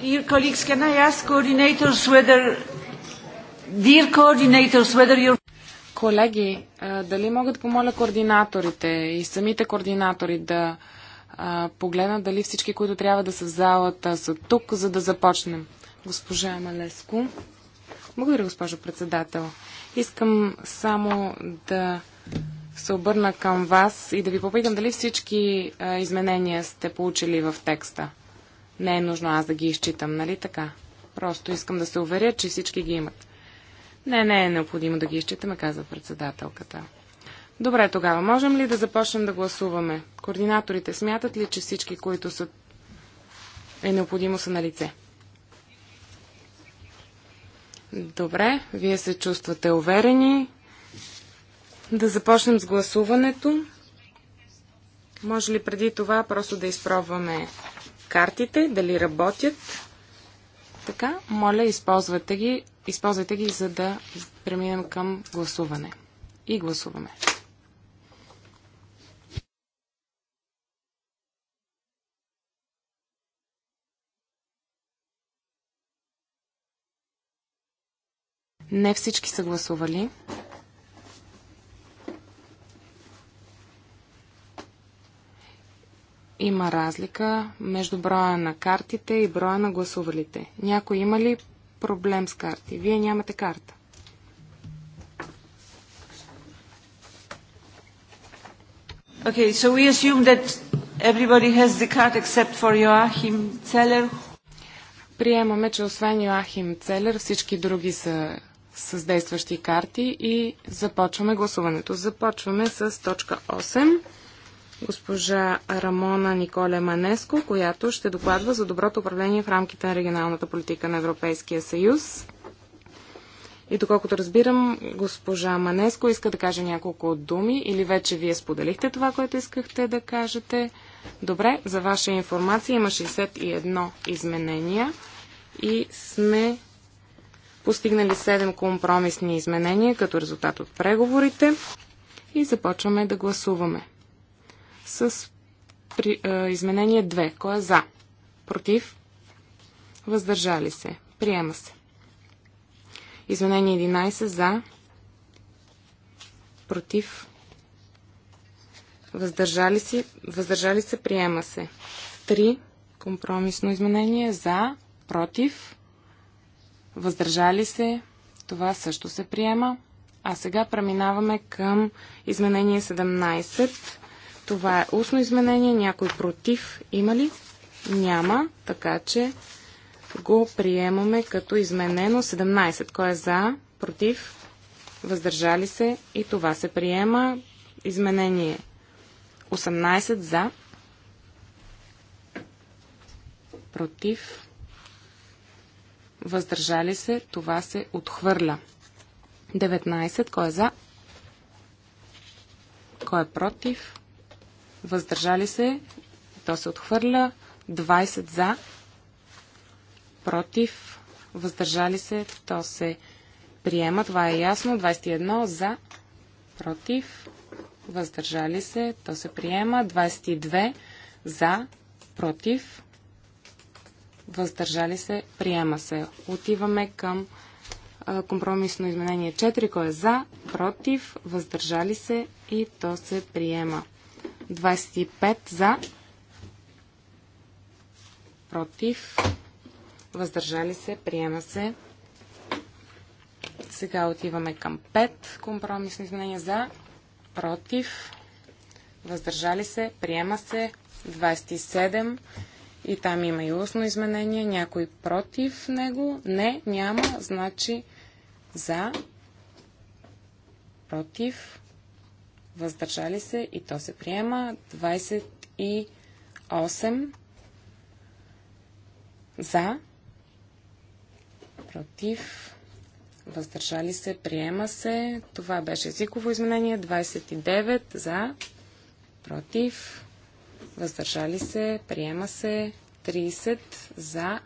Dear colleagues, can I ask coordinators whether... Dear coordinators, whether you're... Колеги, дали могат помоля координаторите и самите координатори да погледнат дали всички, които трябва да са в залата, са тук, за да започнем? Госпожа Малеско. Благодаря, госпожо председател. Искам само да се обърна към вас и да ви попитам дали всички изменения сте получили в текста. Не е нужно аз да ги изчитам, нали така? Просто искам да се уверя, че всички ги имат. Не, не е необходимо да ги изчитаме, казва председателката. Добре, тогава можем ли да започнем да гласуваме? Координаторите смятат ли, че всички, които са е необходимо са на лице? Добре, вие се чувствате уверени. Да започнем с гласуването. Може ли преди това просто да изпробваме картите, дали работят. Така, моля, използвайте ги, използвайте ги, за да преминем към гласуване. И гласуваме. Не всички са гласували. има разлика между броя на картите и броя на гласувалите. Някой има ли проблем с карти? Вие нямате карта. Okay, so we assume that everybody has the card except for Joachim Zeller. Приемаме, че освен Йоахим Целер всички други са с действащи карти и започваме гласуването. Започваме с точка 8 госпожа Рамона Николе Манеско, която ще докладва за доброто управление в рамките на регионалната политика на Европейския съюз. И доколкото разбирам, госпожа Манеско иска да каже няколко думи или вече вие споделихте това, което искахте да кажете. Добре, за ваша информация има 61 изменения и сме постигнали 7 компромисни изменения като резултат от преговорите и започваме да гласуваме с при, а, изменение 2. Кой е за? Против? Въздържали се. Приема се. Изменение 11 за. Против. Въздържали се. Въздържали се. Приема се. 3. Компромисно изменение за. Против. Въздържали се. Това също се приема. А сега преминаваме към изменение 17 това е устно изменение. Някой против има ли? Няма, така че го приемаме като изменено 17. Кой е за? Против? Въздържали се? И това се приема. Изменение 18 за. Против? Въздържали се? Това се отхвърля. 19. Кой е за? Кой е против? въздържали се, то се отхвърля. 20 за, против, въздържали се, то се приема, това е ясно. 21 за, против, въздържали се, то се приема. 22 за, против, въздържали се, приема се. Отиваме към компромисно изменение 4, кое е за, против, въздържали се и то се приема. 25 за, против, въздържали се, приема се. Сега отиваме към 5 компромисни изменения за, против, въздържали се, приема се, 27 и там има и устно изменение, някой против него, не, няма, значи за, против, въздържали се и то се приема. 28 за, против, въздържали се, приема се. Това беше езиково изменение. 29 за, против, въздържали се, приема се. 30 за,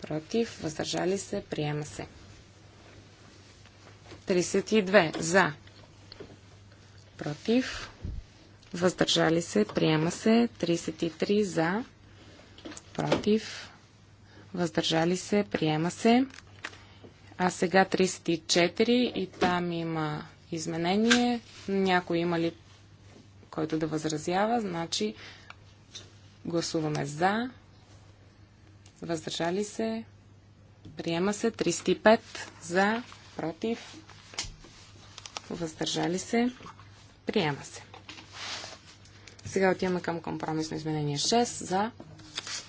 против, въздържали се, приема се. 32 за, против, въздържали се, приема се, 33 за, против, въздържали се, приема се. А сега 34 и там има изменение. Някой има ли който да възразява? Значи гласуваме за, въздържали се, приема се, 35 за, против, въздържали се. Приема се. Сега отиваме към компромисно изменение 6 за,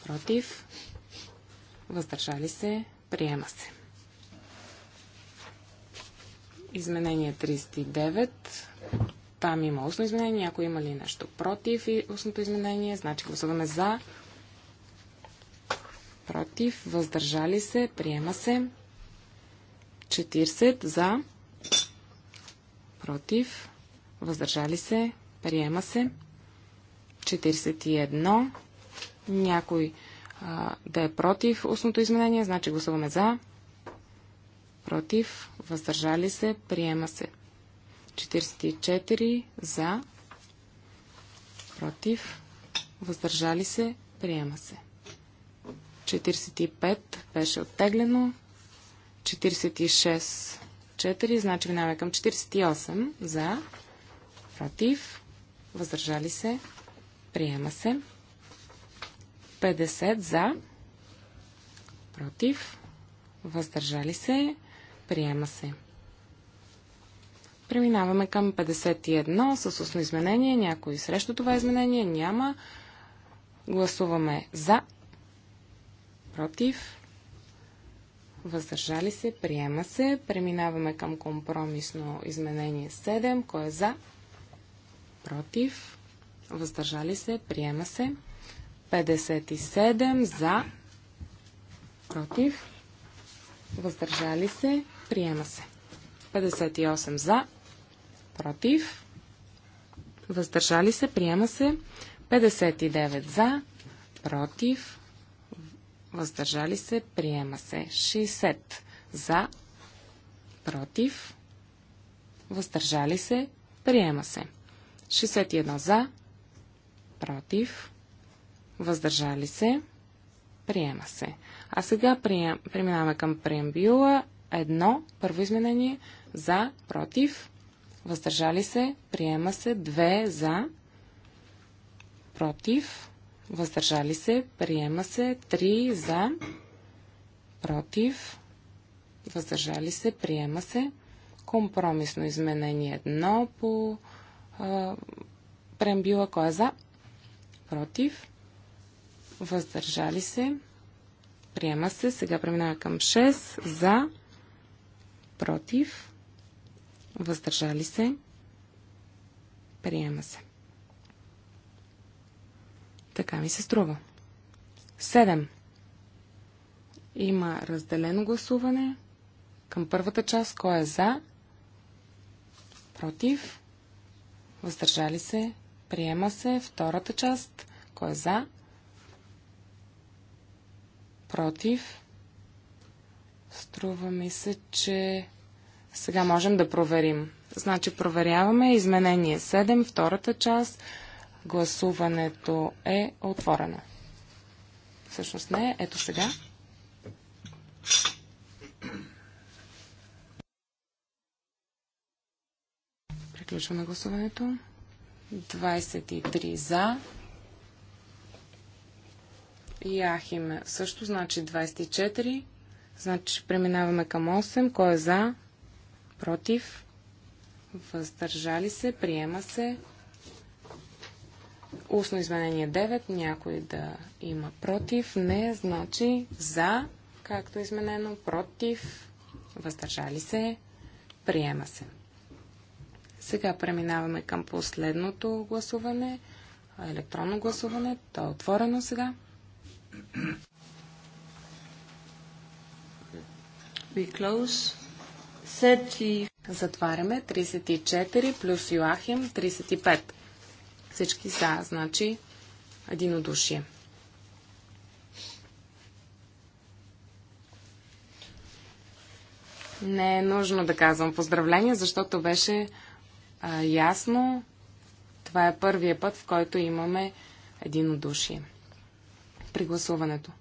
против, въздържали се, приема се. Изменение 39. Там има устно изменение. Ако има ли нещо против и устното изменение, значи гласуваме за, против, въздържали се, приема се. 40 за, против, въздържали се, приема се. 41. Някой а, да е против устното изменение, значи гласуваме за. Против, въздържали се, приема се. 44 за, против, въздържали се, приема се. 45 беше оттеглено. 46 4, значи минаваме към 48 за, против, въздържали се, приема се. 50 за, против, въздържали се, приема се. Преминаваме към 51 с устно изменение. Някой срещу това изменение няма. Гласуваме за, против, въздържали се, приема се. Преминаваме към компромисно изменение 7. Кой е за? против, въздържали се, приема се. 57 за, против, въздържали се, приема се. 58 за, против, въздържали се, приема се. 59 за, против, въздържали се, приема се. 60 за, против, въздържали се, приема се. 61 за, против, въздържали се, приема се. А сега прием, преминаваме към преамбюла. Едно, първо изменение, за, против, въздържали се, приема се. Две, за, против, въздържали се, приема се. Три, за, против, въздържали се, приема се. Компромисно изменение едно по Прембила Кой е за? Против. Въздържали се. Приема се. Сега преминава към 6. За. Против. Въздържали се. Приема се. Така ми се струва. 7. Има разделено гласуване към първата част. Кой е за? Против? въздържали се, приема се. Втората част, кой е за, против. Струва ми се, че сега можем да проверим. Значи проверяваме изменение 7, втората част. Гласуването е отворено. Всъщност не, е. ето сега. Приключваме гласуването. 23 за. Яхим също, значи 24. Значи преминаваме към 8. Кой е за? Против? Въздържали се? Приема се? Устно изменение 9. Някой да има против? Не. Значи за, както е изменено, против? Въздържали се? Приема се. Сега преминаваме към последното гласуване, електронно гласуване. То е отворено сега. We close. 30. Затваряме 34 плюс Йоахим 35. Всички са, значи единодушие. Не е нужно да казвам поздравления, защото беше а, ясно. Това е първия път, в който имаме единодушие при гласуването.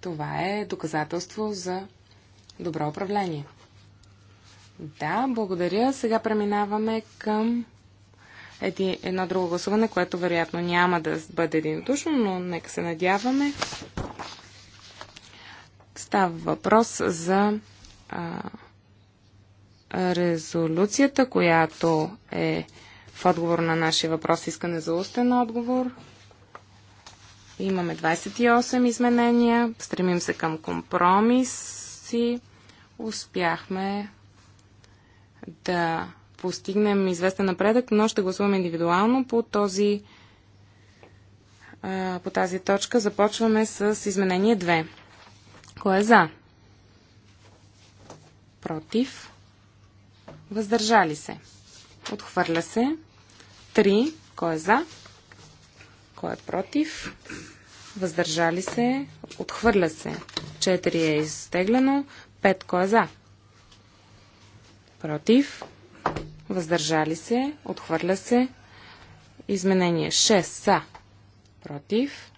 Това е доказателство за добро управление. Да, благодаря. Сега преминаваме към еди, едно друго гласуване, което вероятно няма да бъде единодушно, но нека се надяваме. Става въпрос за а, резолюцията, която е в отговор на нашия въпрос искане за устен отговор. Имаме 28 изменения, стремим се към компромиси. Успяхме да постигнем известен напредък, но ще гласуваме индивидуално по този по тази точка. Започваме с изменение 2. Кое е за? Против? Въздържали се. Отхвърля се. 3. Кой е за? Кой е против? Въздържали се. Отхвърля се. 4 е изтеглено. 5. Кой е за? Против. Въздържали се. Отхвърля се. Изменение 6 са. Против.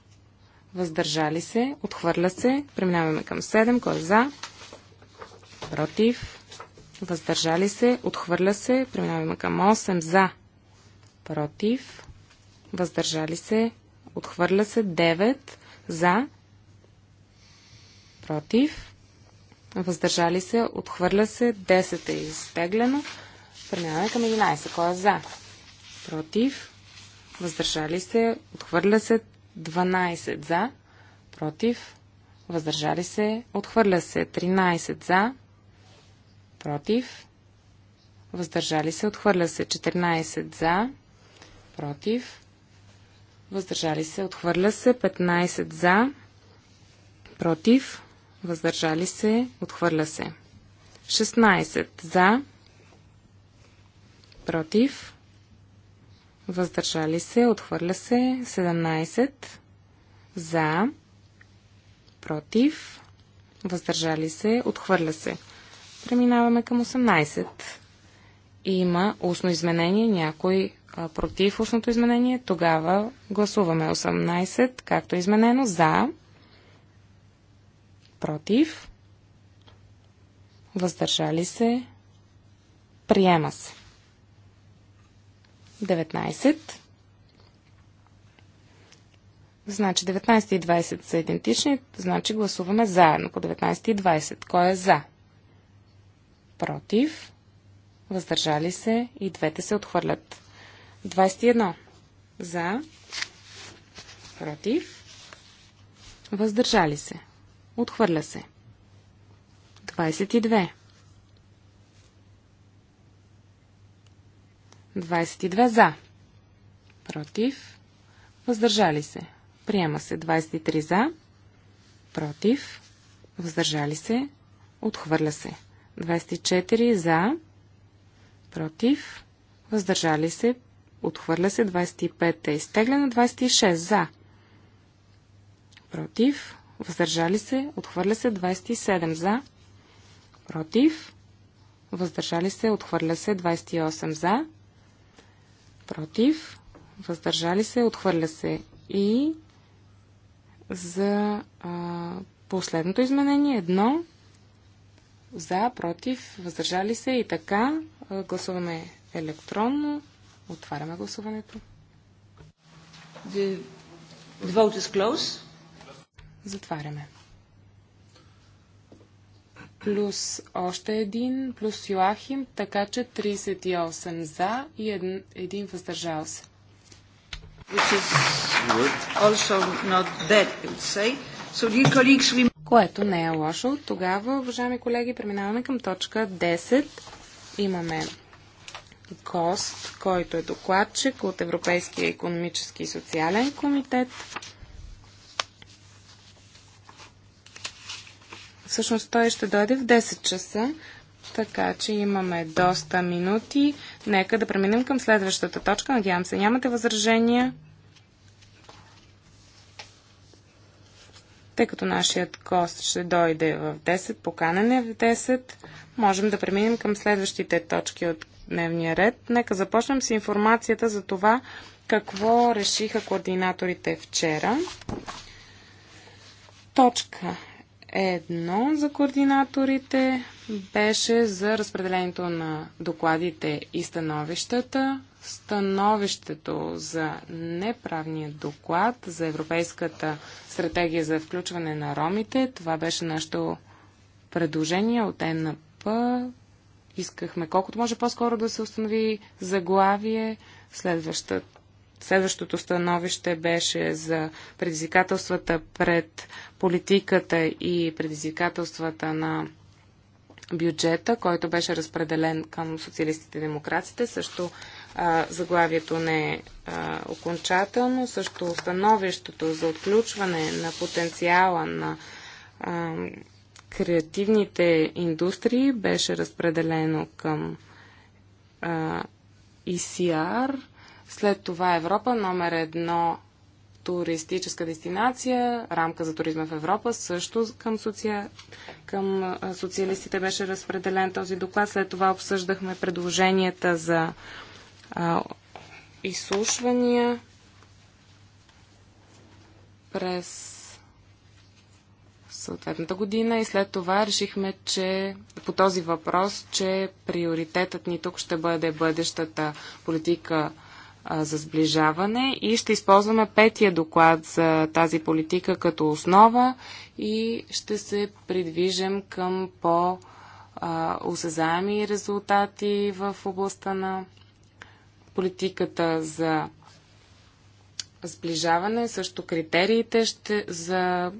Въздържали се. Отхвърля се. Преминаваме към 7. Кой е за? Против въздържали се, отхвърля се. Преминаваме към 8 за, против, въздържали се, отхвърля се. 9 за, против, въздържали се, отхвърля се. 10 е изтеглено. Преминаваме към 11. Кой е за? Против, въздържали се, отхвърля се. 12 за, против, въздържали се, отхвърля се. 13 за, против, въздържали се, отхвърля се 14 за, против, въздържали се, отхвърля се 15 за, против, въздържали се, отхвърля се 16 за, против, въздържали се, отхвърля се 17 за, против, въздържали се, отхвърля се Преминаваме към 18. Има устно изменение, някой а, против устното изменение, тогава гласуваме 18, както е изменено, за, против, въздържали се, приема се. 19. Значи 19 и 20 са идентични, значи гласуваме заедно по 19 и 20. Кой е за? против, въздържали се и двете се отхвърлят. 21 за, против, въздържали се, отхвърля се. 22 22 за, против, въздържали се, приема се 23 за, против, въздържали се, отхвърля се. 24 за, против, въздържали се, отхвърля се 25 е изтеглена, 26 за, против, въздържали се, отхвърля се 27 за, против, въздържали се, отхвърля се 28 за, против, въздържали се, отхвърля се и за а, последното изменение едно за, против, въздържали се и така. Гласуваме електронно. Отваряме гласуването. The, the vote is close. Затваряме. Плюс още един, плюс Йоахим, така че 38 за и един, един въздържал се. Which is also not bad, I would say. So, dear colleagues, we което не е лошо. Тогава, уважаеми колеги, преминаваме към точка 10. Имаме гост, който е докладчик от Европейския економически и социален комитет. Всъщност той ще дойде в 10 часа, така че имаме доста минути. Нека да преминем към следващата точка. Надявам се, нямате възражения. Тъй като нашият гост ще дойде в 10, поканен е в 10, можем да преминем към следващите точки от дневния ред. Нека започнем с информацията за това какво решиха координаторите вчера. Точка едно за координаторите беше за разпределението на докладите и становищата становището за неправния доклад за Европейската стратегия за включване на ромите. Това беше нашето предложение от НП. Искахме колкото може по-скоро да се установи заглавие. Следващата Следващото становище беше за предизвикателствата пред политиката и предизвикателствата на бюджета, който беше разпределен към социалистите и демократите. Също а, заглавието не е а, окончателно. Също становището за отключване на потенциала на а, креативните индустрии беше разпределено към а, ECR. След това Европа номер едно туристическа дестинация, рамка за туризма в Европа, също към, социал... към социалистите беше разпределен този доклад. След това обсъждахме предложенията за а, изслушвания през съответната година и след това решихме, че по този въпрос, че приоритетът ни тук ще бъде бъдещата политика за сближаване и ще използваме петия доклад за тази политика като основа и ще се придвижим към по- осезаеми резултати в областта на политиката за сближаване, също критериите ще, за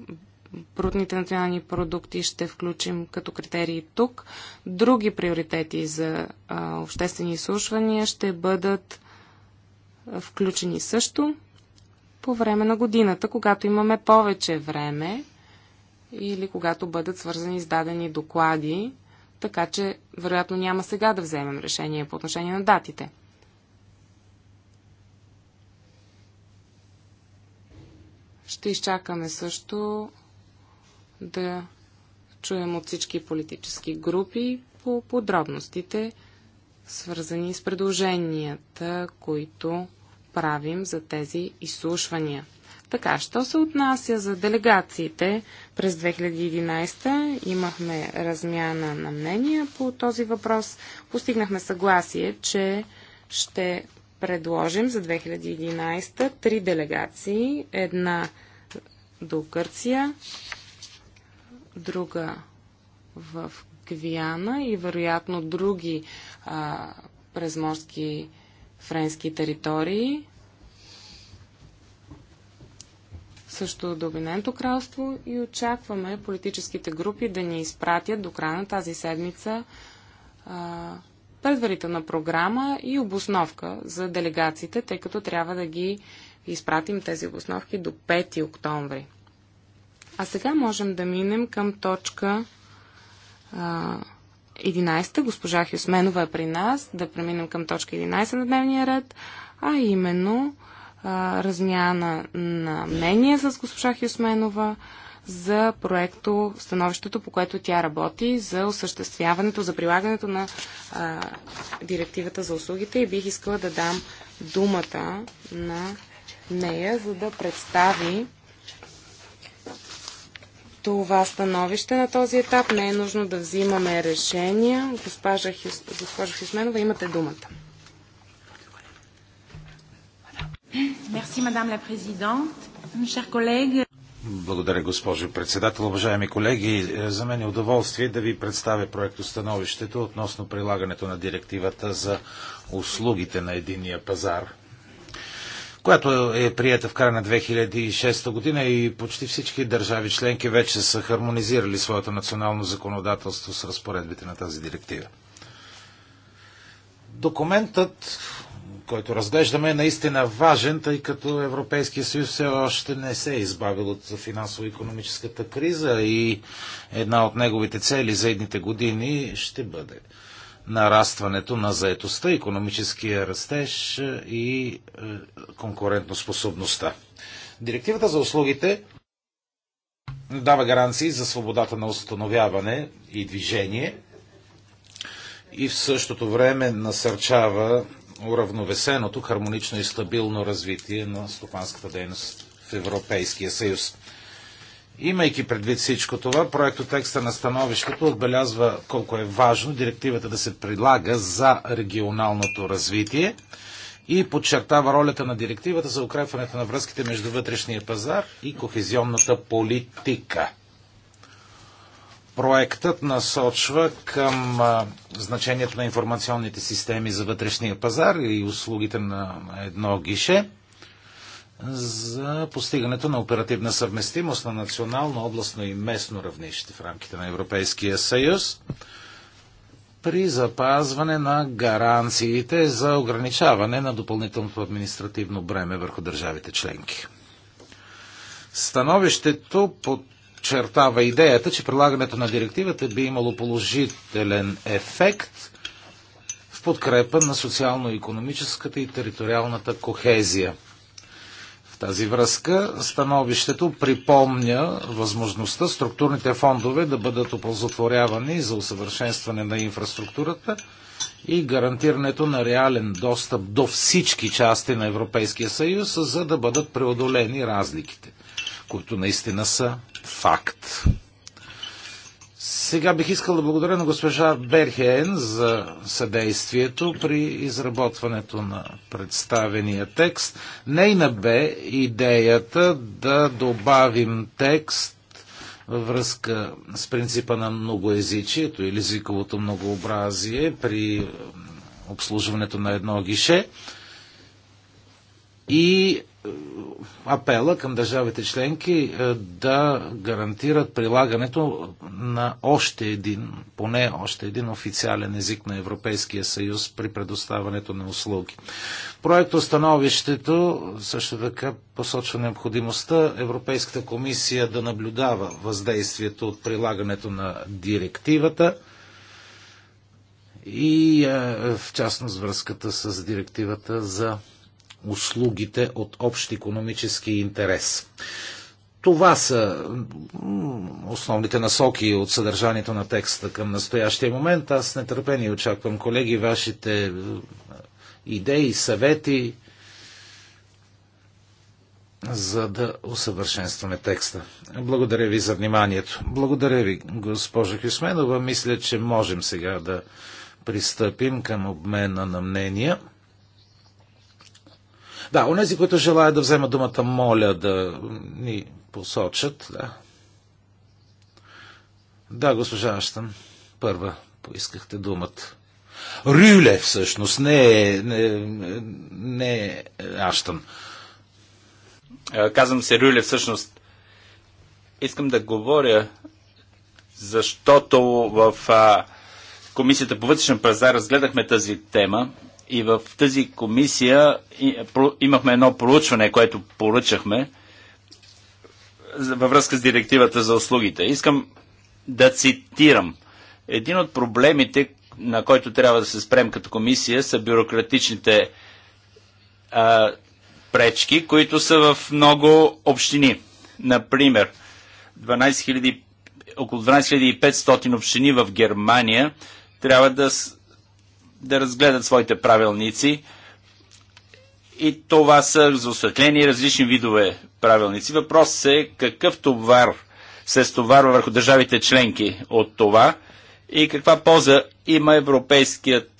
брутните национални продукти ще включим като критерии тук. Други приоритети за а, обществени изслушвания ще бъдат включени също по време на годината, когато имаме повече време или когато бъдат свързани с дадени доклади, така че вероятно няма сега да вземем решение по отношение на датите. Ще изчакаме също да чуем от всички политически групи по подробностите, свързани с предложенията, които правим за тези изслушвания. Така, що се отнася за делегациите през 2011, имахме размяна на мнения по този въпрос. Постигнахме съгласие, че ще предложим за 2011 три делегации. Една до Гърция, друга в Гвиана и вероятно други а, презморски френски територии. Също до Обединеното кралство и очакваме политическите групи да ни изпратят до края на тази седмица а, предварителна програма и обосновка за делегациите, тъй като трябва да ги изпратим тези обосновки до 5 октомври. А сега можем да минем към точка а, 11. Госпожа Хюсменова е при нас. Да преминем към точка 11 на дневния ред, а именно а, размяна на мнение с госпожа Хюсменова за проекто становището, по което тя работи за осъществяването, за прилагането на а, директивата за услугите и бих искала да дам думата на нея, за да представи това становище на този етап. Не е нужно да взимаме решения. Госпожа, Хис... Госпожа Хисменова, имате думата. Merci, Madame la Présidente. Chers collègues, благодаря, госпожо председател. Уважаеми колеги, е, за мен е удоволствие да ви представя проектостановището относно прилагането на директивата за услугите на единия пазар която е прията в края на 2006 година и почти всички държави членки вече са хармонизирали своето национално законодателство с разпоредбите на тази директива. Документът който разглеждаме, е наистина важен, тъй като Европейския съюз все още не се е избавил от финансово-економическата криза и една от неговите цели за едните години ще бъде нарастването на заетостта, економическия растеж и е, конкурентоспособността. Директивата за услугите дава гаранции за свободата на установяване и движение и в същото време насърчава уравновесеното, хармонично и стабилно развитие на стопанската дейност в Европейския съюз. Имайки предвид всичко това, проекто текста на становището отбелязва колко е важно директивата да се прилага за регионалното развитие и подчертава ролята на директивата за укрепването на връзките между вътрешния пазар и кохезионната политика проектът насочва към значението на информационните системи за вътрешния пазар и услугите на едно гише за постигането на оперативна съвместимост на национално, областно и местно равнище в рамките на Европейския съюз при запазване на гаранциите за ограничаване на допълнителното административно бреме върху държавите членки. Становището под подчертава идеята, че прилагането на директивата би имало положителен ефект в подкрепа на социално-економическата и териториалната кохезия. В тази връзка становището припомня възможността структурните фондове да бъдат оползотворявани за усъвършенстване на инфраструктурата и гарантирането на реален достъп до всички части на Европейския съюз, за да бъдат преодолени разликите, които наистина са факт. Сега бих искал да благодаря на госпожа Берхен за съдействието при изработването на представения текст. Нейна бе идеята да добавим текст във връзка с принципа на многоязичието или езиковото многообразие при обслужването на едно гише и апела към държавите членки е, да гарантират прилагането на още един, поне още един официален език на Европейския съюз при предоставането на услуги. Проекто становището също така посочва необходимостта Европейската комисия да наблюдава въздействието от прилагането на директивата и е, в частност връзката с директивата за услугите от общ економически интерес. Това са основните насоки от съдържанието на текста към настоящия момент. Аз нетърпение очаквам, колеги, вашите е, идеи, съвети, за да усъвършенстваме текста. Благодаря ви за вниманието. Благодаря ви, госпожа Хюсменова. Мисля, че можем сега да пристъпим към обмена на мнения. Да, онези, които желаят да вземат думата, моля да ни посочат. Да, да госпожа Аштан, първа поискахте думата. Рюле, всъщност, не, не, не Аштан. Е, казвам се Рюле, всъщност. Искам да говоря, защото в а, Комисията по вътрешен пазар разгледахме тази тема и в тази комисия имахме едно проучване, което поръчахме във връзка с директивата за услугите. Искам да цитирам. Един от проблемите, на който трябва да се спрем като комисия, са бюрократичните а, пречки, които са в много общини. Например, 12 000, около 12 500 общини в Германия трябва да да разгледат своите правилници. И това са за осветлени различни видове правилници. Въпрос е какъв товар се стоварва върху държавите членки от това и каква полза има Европейският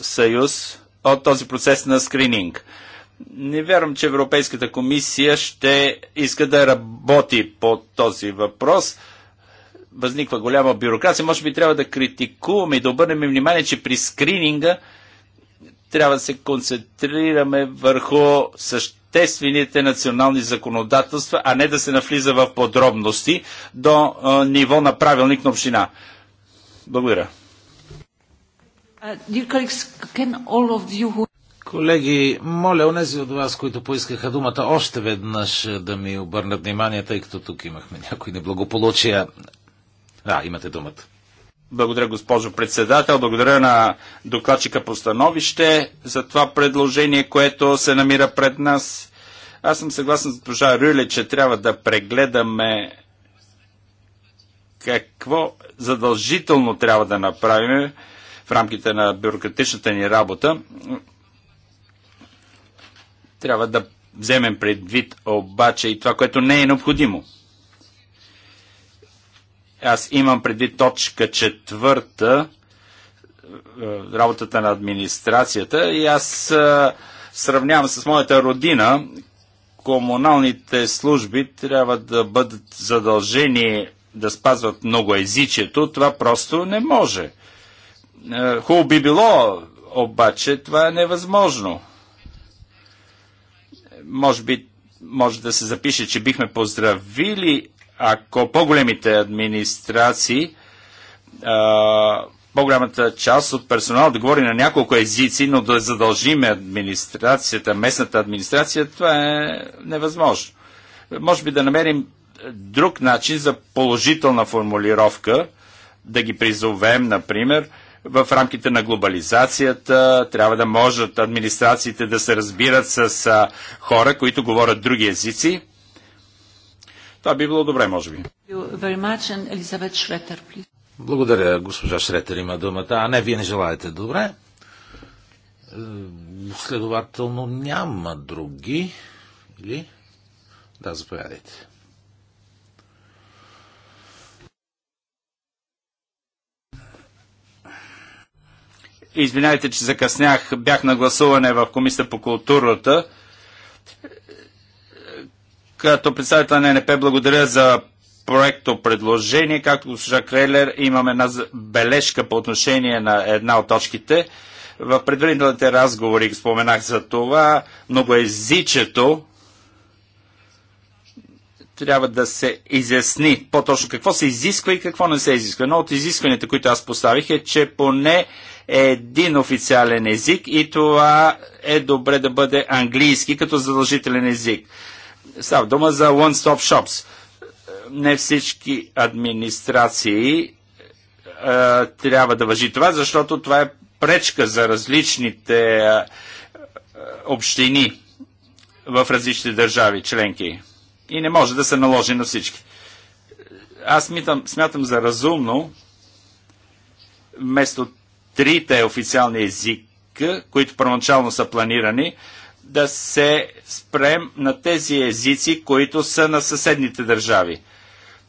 съюз от този процес на скрининг. Не вярвам, че Европейската комисия ще иска да работи по този въпрос възниква голяма бюрокрация, може би трябва да критикуваме и да обърнем внимание, че при скрининга трябва да се концентрираме върху съществените национални законодателства, а не да се навлиза в подробности до а, ниво на правилник на община. Благодаря. Uh, Колеги, моля онези от вас, които поискаха думата, още веднъж да ми обърнат внимание, тъй като тук имахме някои неблагополучия. Да, имате думата. Благодаря, госпожо председател. Благодаря на докладчика по становище за това предложение, което се намира пред нас. Аз съм съгласен с госпожа Рюле, че трябва да прегледаме какво задължително трябва да направим в рамките на бюрократичната ни работа. Трябва да вземем предвид обаче и това, което не е необходимо. Аз имам преди точка четвърта е, работата на администрацията и аз е, сравнявам с моята родина. Комуналните служби трябва да бъдат задължени да спазват много езичието. Това просто не може. Е, хубаво би било, обаче това е невъзможно. Може би може да се запише, че бихме поздравили ако по-големите администрации, по-голямата част от персонала да говори на няколко езици, но да задължиме администрацията, местната администрация, това е невъзможно. Може би да намерим друг начин за положителна формулировка, да ги призовем, например, в рамките на глобализацията, трябва да можат администрациите да се разбират с хора, които говорят други езици, това би било добре, може би. Благодаря, госпожа Шретер има думата. А не, вие не желаете. Добре. Е, следователно няма други. Или? Да, заповядайте. Извинявайте, че закъснях. Бях на гласуване в Комисията по културата. Като представител на НП благодаря за проекто предложение. Както госпожа Крелер, имам една бележка по отношение на една от точките. В предварителните разговори споменах за това. Многоезичето трябва да се изясни по-точно какво се изисква и какво не се изисква. Едно от изискванията, които аз поставих е, че поне е един официален език и това е добре да бъде английски като задължителен език. Става дума за one-stop shops. Не всички администрации а, е, трябва да въжи това, защото това е пречка за различните а, е, е, общини в различни държави членки. И не може да се наложи на всички. Аз смятам, смятам за разумно вместо трите официални езика, които първоначално са планирани, да се спрем на тези езици, които са на съседните държави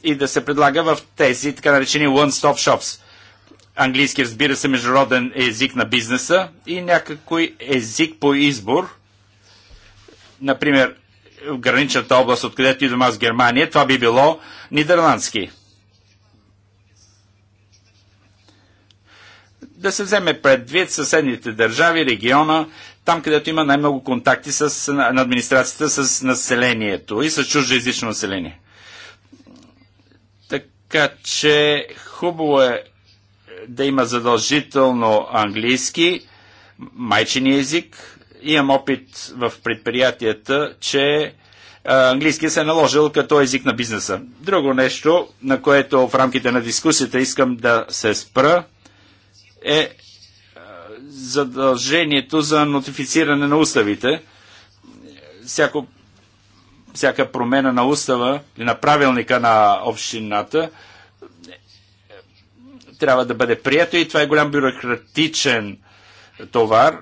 и да се предлага в тези така наречени one-stop shops. Английски, разбира се, международен език на бизнеса и някакой език по избор. Например, в граничната област, откъдето идвам аз Германия, това би било нидерландски. Да се вземе предвид съседните държави, региона, там, където има най-много контакти с, на администрацията с населението и с чуждоязично население. Така че хубаво е да има задължително английски, майчин език. Имам опит в предприятията, че английският се е наложил като език на бизнеса. Друго нещо, на което в рамките на дискусията искам да се спра, е задължението за нотифициране на уставите. Всяко, всяка промена на устава или на правилника на общината трябва да бъде прието и това е голям бюрократичен товар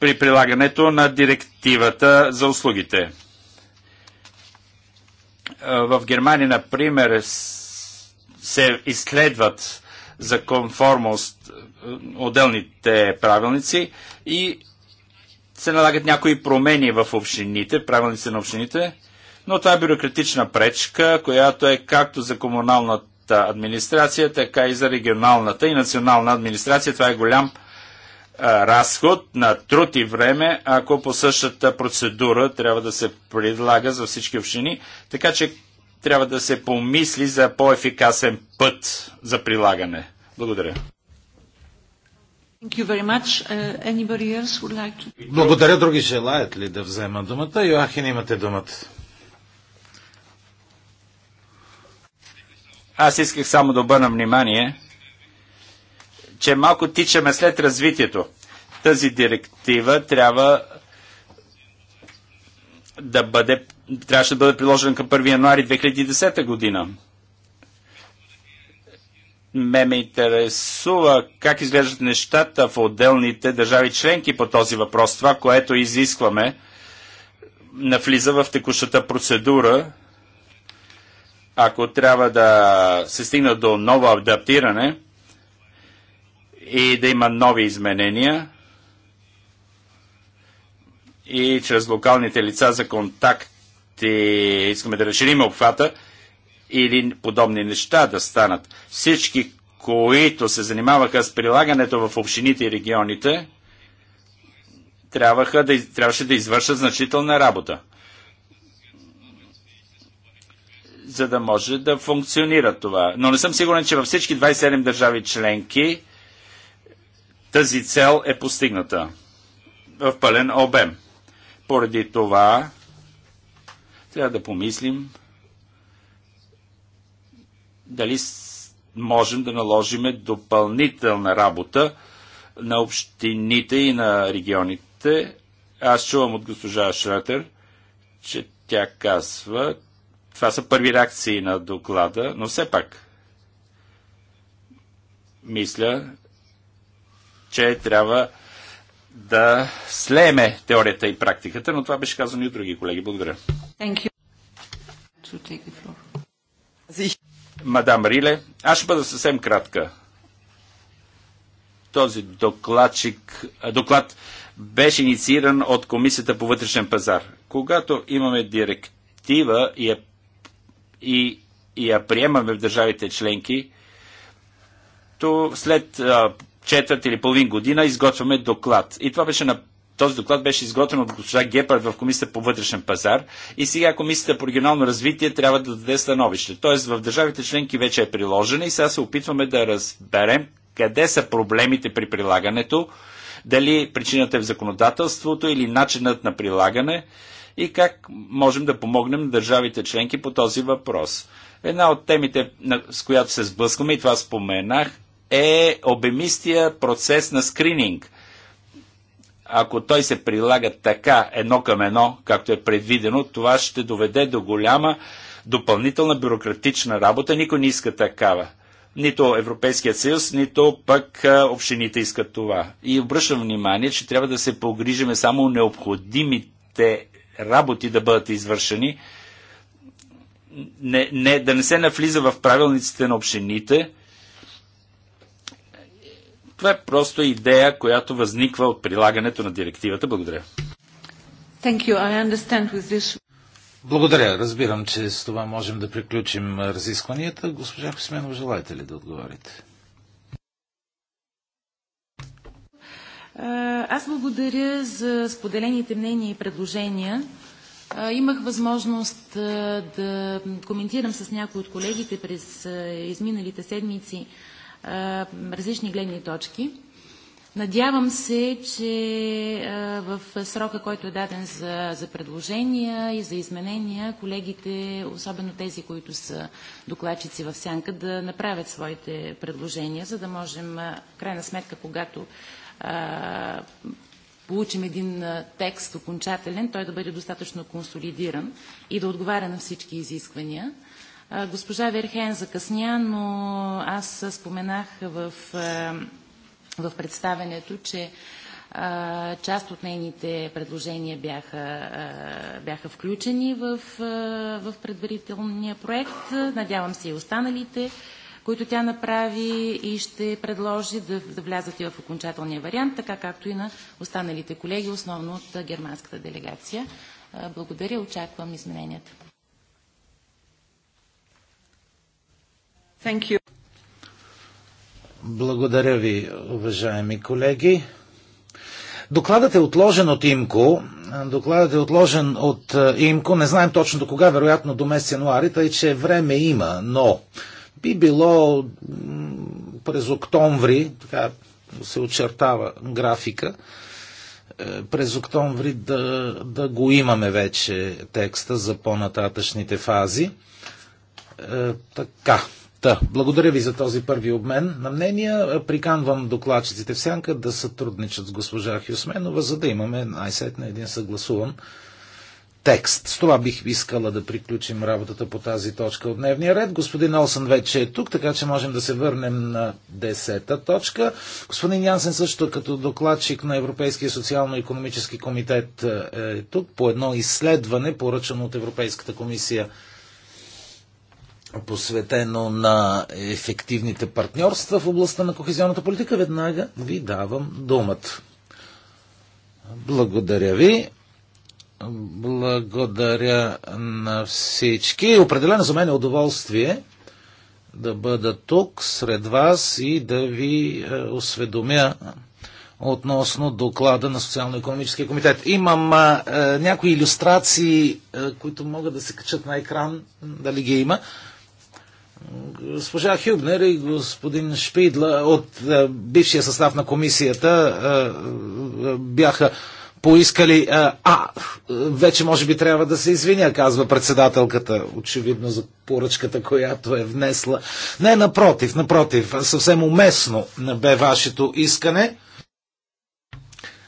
при прилагането на директивата за услугите. Е, в Германия, например, се изследват за конформост е, отделните правилници и се налагат някои промени в общините, правилници на общините, но това е бюрократична пречка, която е както за комуналната администрация, така и за регионалната и национална администрация. Това е голям а, е, разход на труд и време, ако по същата процедура трябва да се предлага за всички общини, така че трябва да се помисли за по-ефикасен път за прилагане. Благодаря. Uh, Благодаря. Други желаят ли да взема думата? Йоахин, имате думата. Аз исках само да обърна внимание, че малко тичаме след развитието. Тази директива трябва да бъде, трябваше да бъде приложена към 1 януари 2010 година ме ме интересува как изглеждат нещата в отделните държави членки по този въпрос. Това, което изискваме, навлиза в текущата процедура. Ако трябва да се стигна до ново адаптиране и да има нови изменения и чрез локалните лица за контакти искаме да разширим обхвата, или подобни неща да станат. Всички, които се занимаваха с прилагането в общините и регионите, трябваха да, трябваше да извършат значителна работа, за да може да функционира това. Но не съм сигурен, че във всички 27 държави членки тази цел е постигната в пълен обем. Поради това трябва да помислим дали можем да наложиме допълнителна работа на общините и на регионите. Аз чувам от госпожа Шратер, че тя казва, това са първи реакции на доклада, но все пак мисля, че трябва да слееме теорията и практиката, но това беше казано и от други колеги. Благодаря. Мадам Риле, аз ще бъда съвсем кратка. Този докладчик, доклад беше иницииран от Комисията по вътрешен пазар. Когато имаме директива и я, и, и я приемаме в държавите членки, то след а, четвърт или половин година изготвяме доклад. И това беше на този доклад беше изготвен от госпожа Гепард в Комисията по вътрешен пазар и сега Комисията по регионално развитие трябва да даде становище. Тоест в държавите членки вече е приложена и сега се опитваме да разберем къде са проблемите при прилагането, дали причината е в законодателството или начинът на прилагане и как можем да помогнем на държавите членки по този въпрос. Една от темите, с която се сблъскваме, и това споменах, е обемистия процес на скрининг – ако той се прилага така едно към едно, както е предвидено, това ще доведе до голяма допълнителна бюрократична работа. Никой не иска такава. Нито Европейският съюз, нито пък общините искат това. И обръщам внимание, че трябва да се погрижиме само необходимите работи да бъдат извършени, не, не, да не се навлиза в правилниците на общините, това е просто идея, която възниква от прилагането на директивата. Благодаря. Thank you. I understand with this... Благодаря. Разбирам, че с това можем да приключим разискванията. Госпожа Хосменов, желаете ли да отговорите? Е, аз благодаря за споделените мнения и предложения. Е, имах възможност е, да коментирам с някои от колегите през изминалите седмици различни гледни точки. Надявам се, че в срока, който е даден за, за предложения и за изменения, колегите, особено тези, които са докладчици в сянка, да направят своите предложения, за да можем, в крайна сметка, когато а, получим един текст окончателен, той да бъде достатъчно консолидиран и да отговаря на всички изисквания. Госпожа Верхен закъсня, но аз споменах в, в представенето, че част от нейните предложения бяха, бяха включени в, в предварителния проект. Надявам се и останалите, които тя направи и ще предложи да, да влязат и в окончателния вариант, така както и на останалите колеги, основно от германската делегация. Благодаря, очаквам измененията. Thank you. Благодаря ви, уважаеми колеги. Докладът е отложен от ИМКО. Докладът е отложен от е, ИМКО. Не знаем точно до кога, вероятно до месец януари, тъй че време има, но би било през октомври, така се очертава графика, е, през октомври да, да го имаме вече текста за по-нататъчните фази. Е, така. Та, благодаря ви за този първи обмен на мнения. Приканвам докладчиците в сянка да сътрудничат с госпожа Хюсменова, за да имаме най-сетне един съгласуван текст. С това бих искала да приключим работата по тази точка от дневния ред. Господин Олсън вече е тук, така че можем да се върнем на десета точка. Господин Янсен също като докладчик на Европейския социално-економически комитет е, е тук по едно изследване, поръчано от Европейската комисия посветено на ефективните партньорства в областта на кохезионната политика, веднага ви давам думата. Благодаря ви. Благодаря на всички. Определено за мен е удоволствие да бъда тук сред вас и да ви е, осведомя относно доклада на Социално-економическия комитет. Имам а, е, някои иллюстрации, а, е, които могат да се качат на екран, дали ги има госпожа Хюбнер и господин Шпидла от е, бившия състав на комисията е, е, бяха поискали, а, вече може би трябва да се извиня, казва председателката, очевидно за поръчката, която е внесла. Не, напротив, напротив, съвсем уместно бе вашето искане.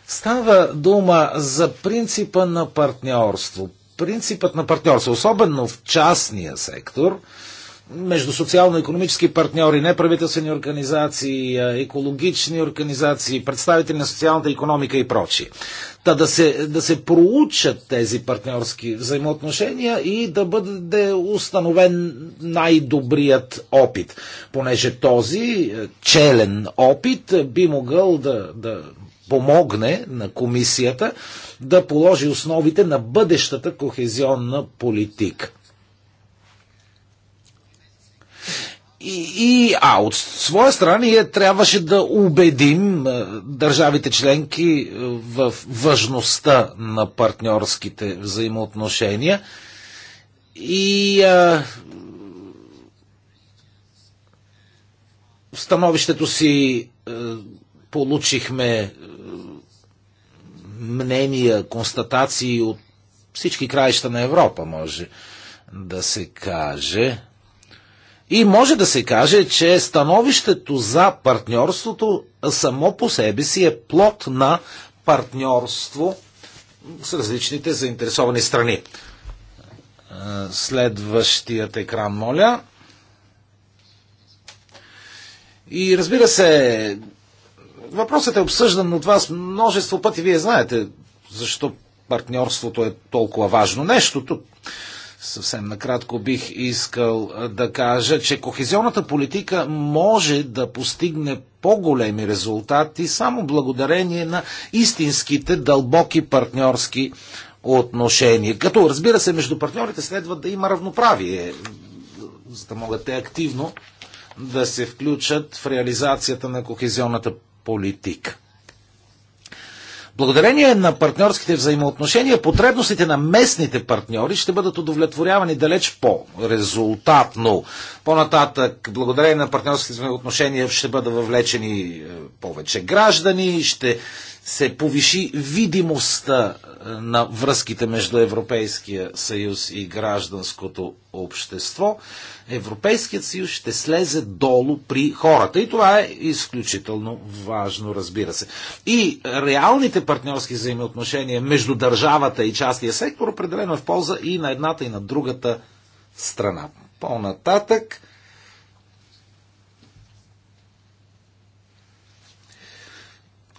Става дума за принципа на партньорство. Принципът на партньорство, особено в частния сектор, между социално-економически партньори, неправителствени организации, е, екологични организации, представители на социалната економика и прочие. Та да се, да се проучат тези партньорски взаимоотношения и да бъде установен най-добрият опит, понеже този е, челен опит би могъл да, да помогне на комисията да положи основите на бъдещата кохезионна политика. И, и, а от своя страна ние трябваше да убедим е, държавите членки е, в важността на партньорските взаимоотношения и а, е, в становището си а, получихме мнения, констатации от всички краища на Европа, може да се каже. И може да се каже, че становището за партньорството само по себе си е плод на партньорство с различните заинтересовани страни. Следващият екран, моля. И разбира се, въпросът е обсъждан от вас множество пъти. Вие знаете защо партньорството е толкова важно. Нещо тук Съвсем накратко бих искал да кажа, че кохезионната политика може да постигне по-големи резултати само благодарение на истинските дълбоки партньорски отношения. Като разбира се, между партньорите следва да има равноправие, за да могат те активно да се включат в реализацията на кохезионната политика. Благодарение на партньорските взаимоотношения, потребностите на местните партньори ще бъдат удовлетворявани далеч по-резултатно. По-нататък, благодарение на партньорските взаимоотношения, ще бъдат въвлечени е, повече граждани, ще се повиши видимостта е, на връзките между Европейския съюз и гражданското общество, Европейският съюз ще слезе долу при хората. И това е изключително важно, разбира се. И реалните партньорски взаимоотношения между държавата и частния сектор определено е в полза и на едната и на другата страна. По-нататък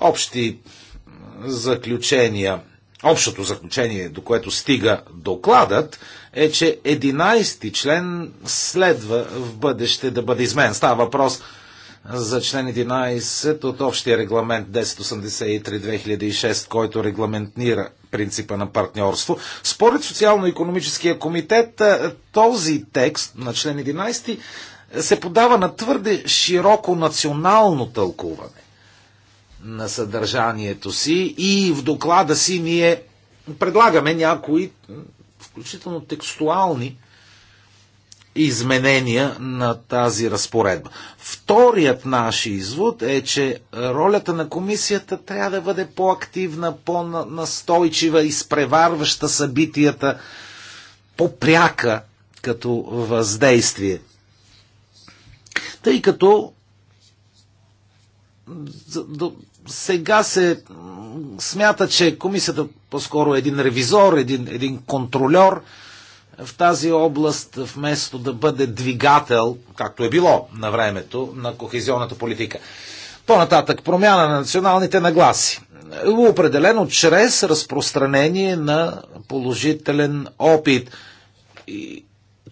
Общи заключения. Общото заключение, до което стига докладът, е, че 11-ти член следва в бъдеще да бъде измен. Става въпрос за член 11 от общия регламент 1083-2006, който регламентира принципа на партньорство. Според Социално-економическия комитет е, този текст на член 11 се подава на твърде широко национално тълкуване на съдържанието си и в доклада си ние предлагаме някои, включително текстуални, изменения на тази разпоредба. Вторият наш извод е, че ролята на комисията трябва да бъде по-активна, по-настойчива, изпреварваща събитията, по-пряка като въздействие. Тъй като сега се смята, че комисията по-скоро е един ревизор, един, един контролер в тази област, вместо да бъде двигател, както е било на времето, на кохезионната политика. По-нататък промяна на националните нагласи. Определено чрез разпространение на положителен опит. И,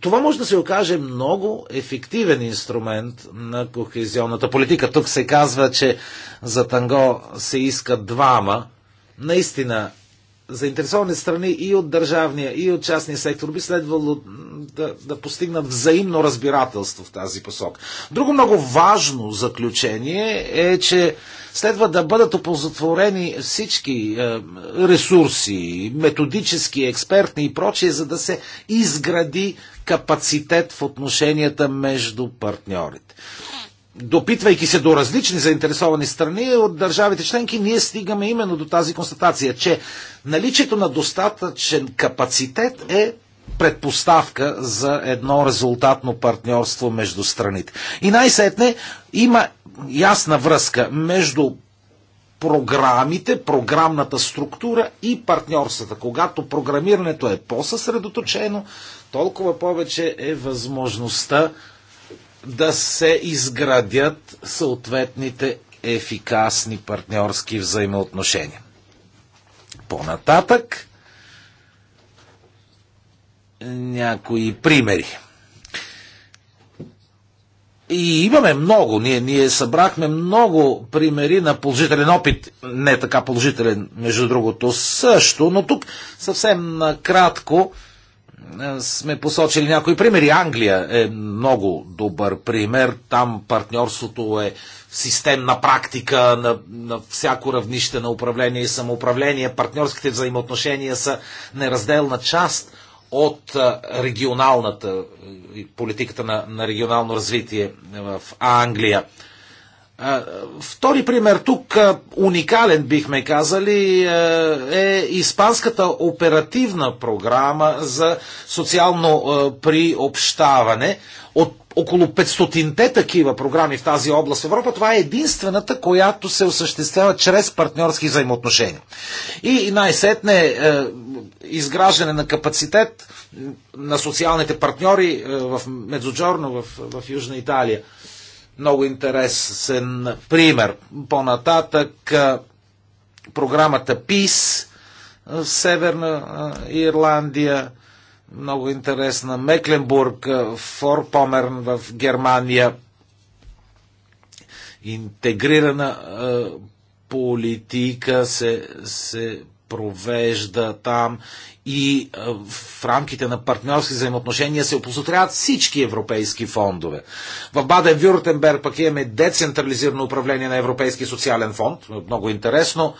това може да се окаже много ефективен инструмент на кохезионната политика. Тук се казва, че за танго се иска двама. Наистина заинтересованите страни и от държавния, и от частния сектор би следвало да, да постигнат взаимно разбирателство в тази посока. Друго много важно заключение е, че следва да бъдат оползотворени всички е, ресурси, методически, експертни и прочие, за да се изгради капацитет в отношенията между партньорите допитвайки се до различни заинтересовани страни от държавите членки, ние стигаме именно до тази констатация, че наличието на достатъчен капацитет е предпоставка за едно резултатно партньорство между страните. И най-сетне има ясна връзка между програмите, програмната структура и партньорствата. Когато програмирането е по-съсредоточено, толкова повече е възможността да се изградят съответните ефикасни партньорски взаимоотношения. По-нататък някои примери. И имаме много, ние, ние събрахме много примери на положителен опит, не така положителен, между другото, също, но тук съвсем накратко кратко е, сме посочили някои примери. Англия е много добър пример. Там партньорството е системна практика на, на всяко равнище на управление и самоуправление. Партньорските взаимоотношения са неразделна част от е, регионалната е, политиката на, на регионално развитие в Англия. Втори пример тук, уникален бихме казали, е Испанската оперативна програма за социално приобщаване. От около 500-те такива програми в тази област в Европа, това е единствената, която се осъществява чрез партньорски взаимоотношения. И най-сетне е, изграждане на капацитет на социалните партньори е, в Медзоджорно, в, в Южна Италия. Много интересен пример. По-нататък програмата ПИС в Северна Ирландия, много интересна, Мекленбург, Форпомерн в Германия, интегрирана политика се, се провежда там и в рамките на партньорски взаимоотношения се опозотряват всички европейски фондове. В Баден-Вюртенберг пък имаме децентрализирано управление на Европейски социален фонд, много интересно.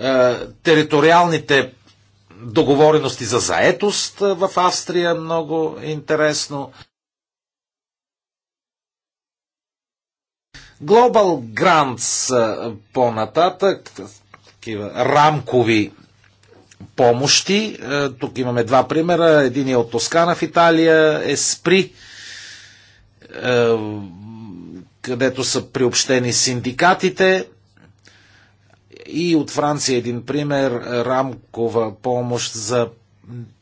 Е, териториалните договорености за заетост е, в Австрия, много интересно. Global Grants е, по-нататък, такива рамкови помощи. Е, тук имаме два примера. Един е от Тоскана в Италия, Еспри, е, където са приобщени синдикатите. И от Франция един пример, рамкова помощ за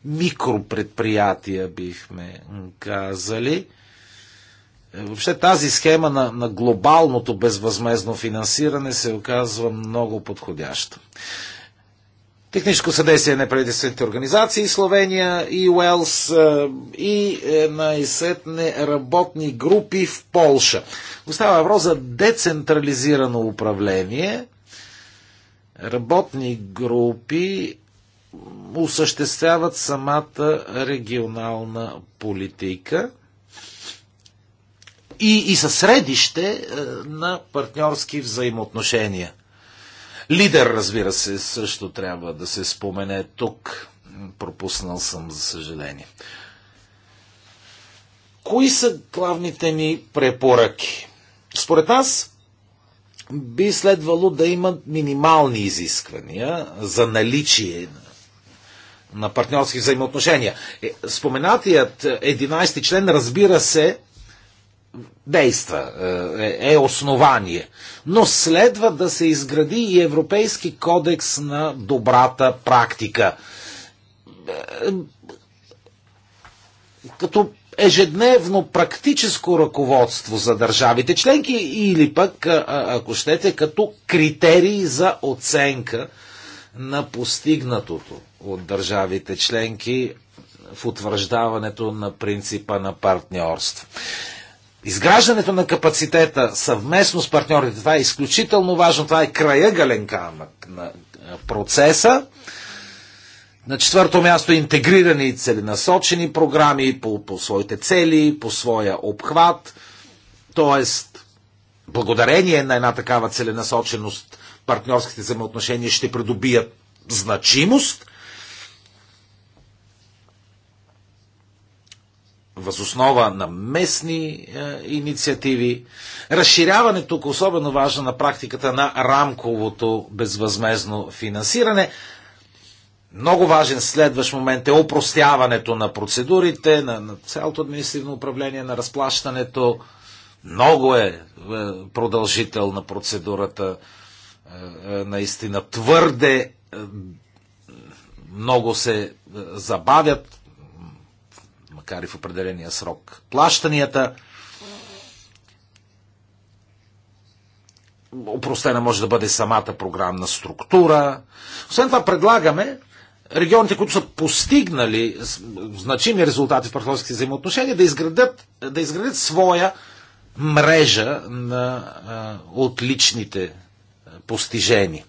микропредприятия, бихме казали. Е, въобще тази схема на, на глобалното безвъзмезно финансиране се оказва много подходяща техническо съдействие на правителствените организации Словения и Уелс и е, на сетне работни групи в Полша. Остава въпрос за децентрализирано управление, работни групи осъществяват самата регионална политика и, и със средище е, на партньорски взаимоотношения – Лидер, разбира се, също трябва да се спомене тук. Пропуснал съм, за съжаление. Кои са главните ни препоръки? Според нас би следвало да има минимални изисквания за наличие на партньорски взаимоотношения. Е, споменатият 11 член, разбира се, действа, е, е основание. Но следва да се изгради и Европейски кодекс на добрата практика. Като ежедневно практическо ръководство за държавите членки или пък, ако щете, като критерии за оценка на постигнатото от държавите членки в утвърждаването на принципа на партньорство. Изграждането на капацитета съвместно с партньорите, това е изключително важно, това е края гален камък на процеса. На четвърто място интегрирани и целенасочени програми по, по своите цели, по своя обхват. Тоест, благодарение на една такава целенасоченост, партньорските взаимоотношения ще придобият значимост – възоснова на местни е, инициативи. Разширяване тук е особено важно на практиката на рамковото безвъзмезно финансиране. Много важен следващ момент е опростяването на процедурите, на, на цялото административно управление, на разплащането. Много е, е продължител на процедурата. Е, е, наистина твърде е, много се е, забавят макар и в определения срок, плащанията. Опростена може да бъде самата програмна структура. Освен това предлагаме регионите, които са постигнали значими резултати в партньорските взаимоотношения, да изградят, да изградят своя мрежа на а, отличните постижения.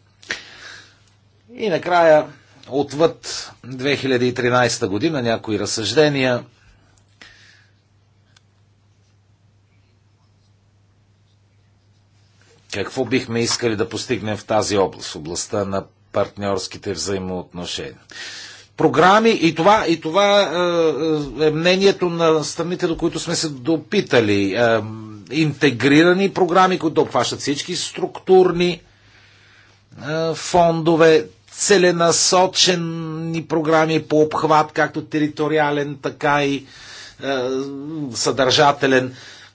И накрая, отвъд 2013 година, някои разсъждения Какво бихме искали да постигнем в тази област, в областта на партньорските взаимоотношения? Програми и това, и това е, е, е мнението на страните, до които сме се допитали. Е, интегрирани програми, които обхващат всички структурни е, фондове, целенасочени програми по обхват, както териториален, така и е, е съдържателен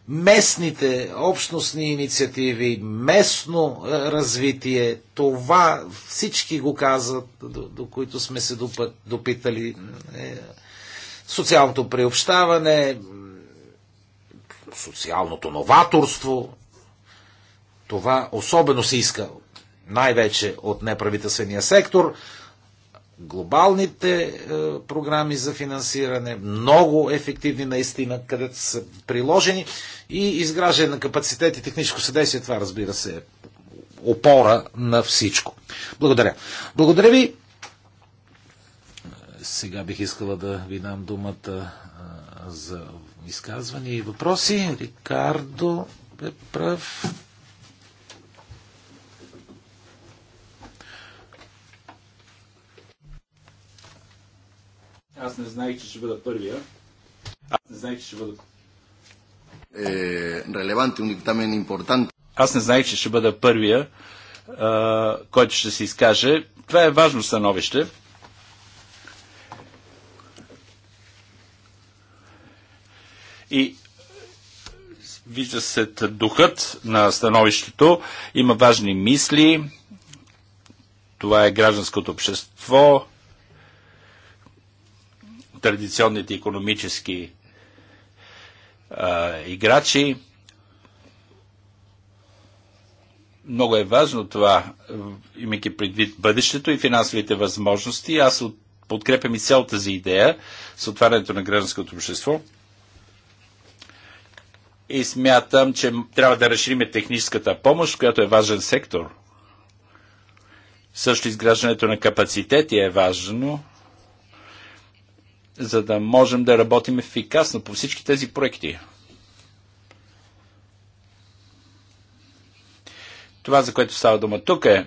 местните общностни инициативи, местно е, развитие, това всички го казват, до, до които сме се допът, допитали. Е, социалното приобщаване, социалното новаторство, това особено се иска най-вече от неправителствения сектор глобалните е, програми за финансиране, много ефективни наистина, където са приложени и изграждане на капацитет и техническо съдействие. Това, разбира се, е опора на всичко. Благодаря. Благодаря ви. Сега бих искала да ви дам думата е, за изказвания и въпроси. Рикардо е прав. Аз не знаех, че ще бъда първия. Аз не знаех, че ще бъда... Релевантен е импортант. Аз не знаех, че ще бъда първия, който ще се изкаже. Това е важно становище. И вижда се духът на становището. Има важни мисли. Това е гражданското общество, традиционните економически а, играчи. Много е важно това, имайки предвид бъдещето и финансовите възможности. Аз от, подкрепям и цялата за идея с отварянето на гражданското общество. И смятам, че трябва да разширим техническата помощ, която е важен сектор – също изграждането на капацитети е важно за да можем да работим ефикасно по всички тези проекти. Това, за което става дума тук е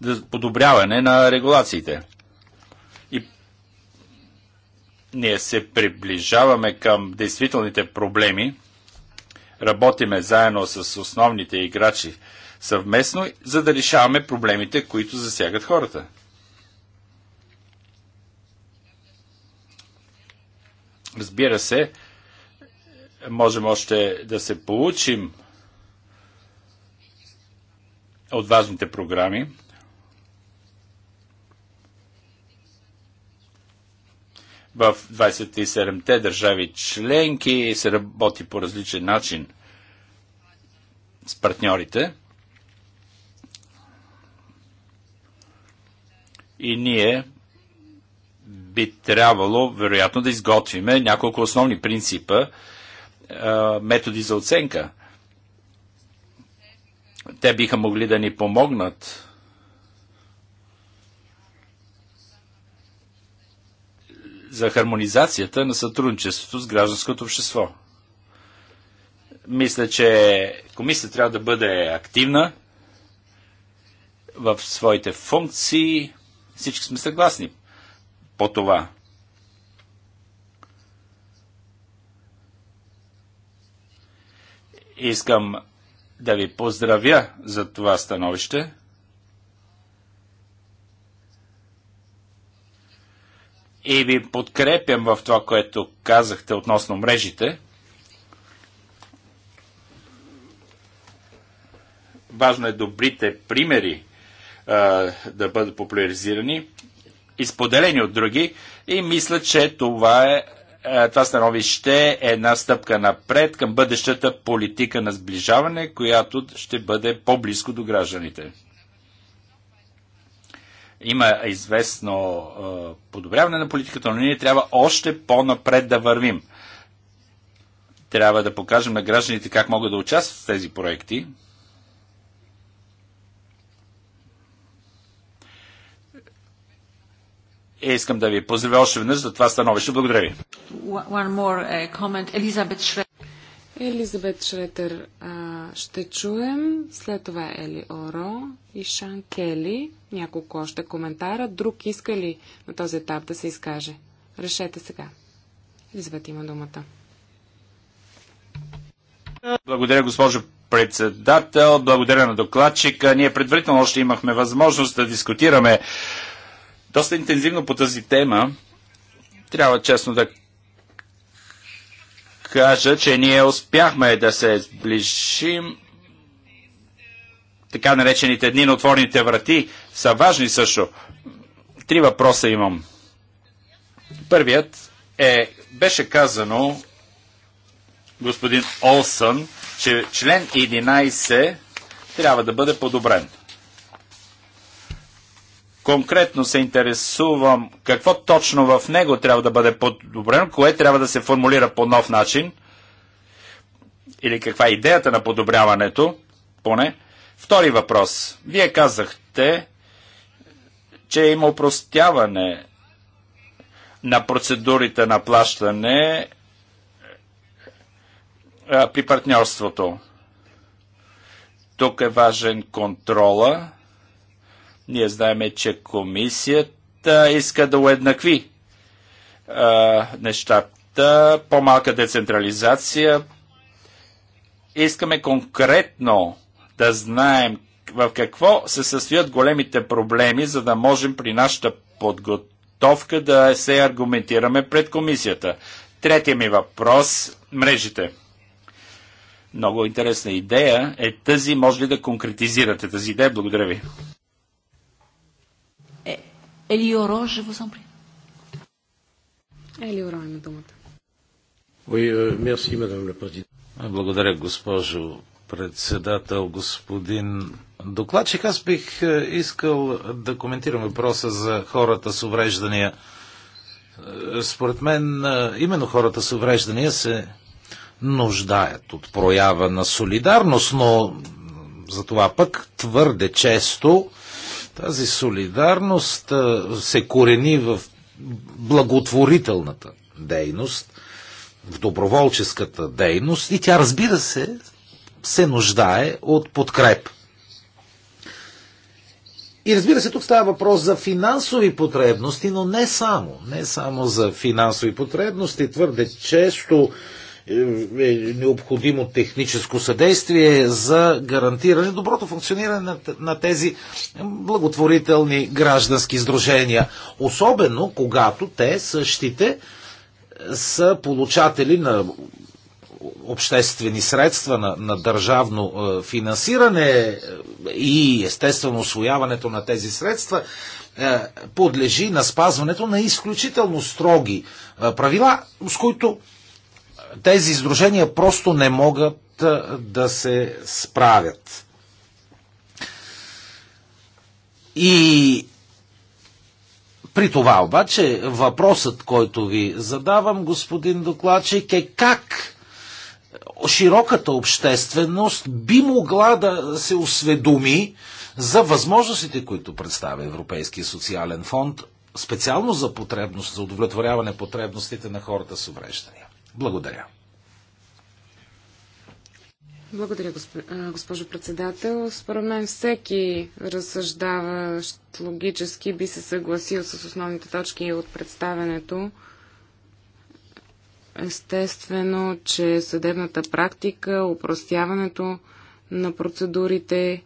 да подобряване на регулациите. И ние се приближаваме към действителните проблеми, работиме заедно с основните играчи съвместно, за да решаваме проблемите, които засягат хората. Разбира се, можем още да се получим от важните програми. В 27-те държави членки се работи по различен начин с партньорите – и ние би трябвало, вероятно, да изготвиме няколко основни принципа, методи за оценка. Те биха могли да ни помогнат за хармонизацията на сътрудничеството с гражданското общество. Мисля, че комисията трябва да бъде активна в своите функции, всички сме съгласни по това. Искам да ви поздравя за това становище. И ви подкрепям в това, което казахте относно мрежите. Важно е добрите примери да бъдат популяризирани, изподелени от други и мисля, че това е това становище е една стъпка напред към бъдещата политика на сближаване, която ще бъде по-близко до гражданите. Има известно е, подобряване на политиката, но ние трябва още по-напред да вървим. Трябва да покажем на гражданите как могат да участват в тези проекти, Е, искам да ви поздравя още веднъж за това становище. Благодаря ви. Uh, Елизабет Шретер ще чуем, след това Ели Оро и Шан Кели. Няколко още коментара. Друг иска ли на този етап да се изкаже? Решете сега. Елизабет има думата. Благодаря, госпожо председател. Благодаря на докладчика. Ние предварително още имахме възможност да дискутираме доста интензивно по тази тема. Трябва честно да кажа, че ние успяхме да се сближим. Така наречените дни на отворните врати са важни също. Три въпроса имам. Първият е, беше казано господин Олсън, че член 11 трябва да бъде подобрен конкретно се интересувам какво точно в него трябва да бъде подобрено, кое трябва да се формулира по нов начин или каква е идеята на подобряването, поне. Втори въпрос. Вие казахте, че има упростяване на процедурите на плащане при партньорството. Тук е важен контрола ние знаеме, че комисията иска да уеднакви а, нещата, по-малка децентрализация. Искаме конкретно да знаем в какво се състоят големите проблеми, за да можем при нашата подготовка да се аргументираме пред комисията. Третия ми въпрос – мрежите. Много интересна идея е тази. Може ли да конкретизирате тази идея? Благодаря ви. Елиоро, je vous en prie. Елиоро има думата. Oui, euh, merci, madame la présidente. Благодаря, госпожо председател, господин докладчик. Аз бих е, искал да коментирам въпроса за хората с увреждания. Е, според мен, е, именно хората с увреждания се нуждаят от проява на солидарност, но за това пък твърде често тази солидарност се корени в благотворителната дейност, в доброволческата дейност и тя, разбира се, се нуждае от подкреп. И разбира се, тук става въпрос за финансови потребности, но не само. Не само за финансови потребности. Твърде често е, е необходимо техническо съдействие за гарантиране доброто функциониране на, на тези благотворителни граждански сдружения. Особено когато те същите са получатели на обществени средства на, на държавно е, финансиране е, и естествено освояването на тези средства е, подлежи на спазването на изключително строги е, правила, с които тези издружения просто не могат да се справят. И при това обаче въпросът, който ви задавам, господин докладчик, е как широката общественост би могла да се осведоми за възможностите, които представя Европейския социален фонд, специално за потребност, за удовлетворяване потребностите на хората с увреждания. Благодаря. Благодаря, госпожо председател. Според мен всеки разсъждаващ логически би се съгласил с основните точки от представенето. Естествено, че съдебната практика, упростяването на процедурите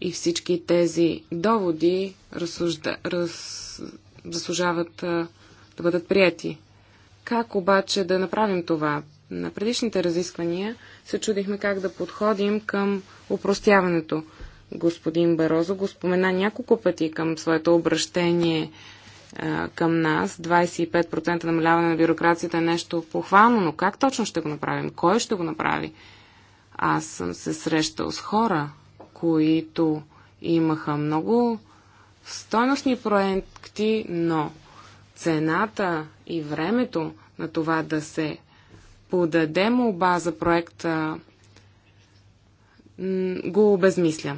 и всички тези доводи раз, заслужават да бъдат прияти. Как обаче да направим това? На предишните разисквания се чудихме как да подходим към упростяването. Господин Барозо го спомена няколко пъти към своето обращение а, към нас. 25% намаляване на бюрокрацията е нещо похвално, но как точно ще го направим? Кой ще го направи? Аз съм се срещал с хора, които имаха много стойностни проекти, но цената и времето на това да се подаде молба за проекта го обезмисля.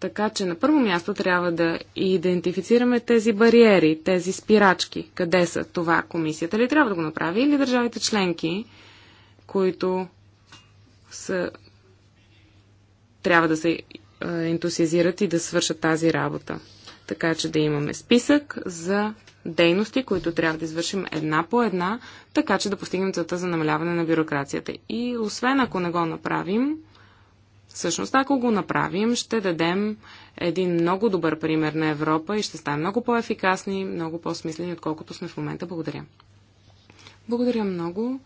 Така че на първо място трябва да идентифицираме тези бариери, тези спирачки. Къде са това? Комисията ли трябва да го направи или държавите членки, които са... трябва да се ентусиазират и да свършат тази работа. Така че да имаме списък за дейности, които трябва да извършим една по една, така че да постигнем целта за намаляване на бюрокрацията. И освен ако не го направим, всъщност ако го направим, ще дадем един много добър пример на Европа и ще станем много по-ефикасни, много по-смислени, отколкото сме в момента. Благодаря. Благодаря много.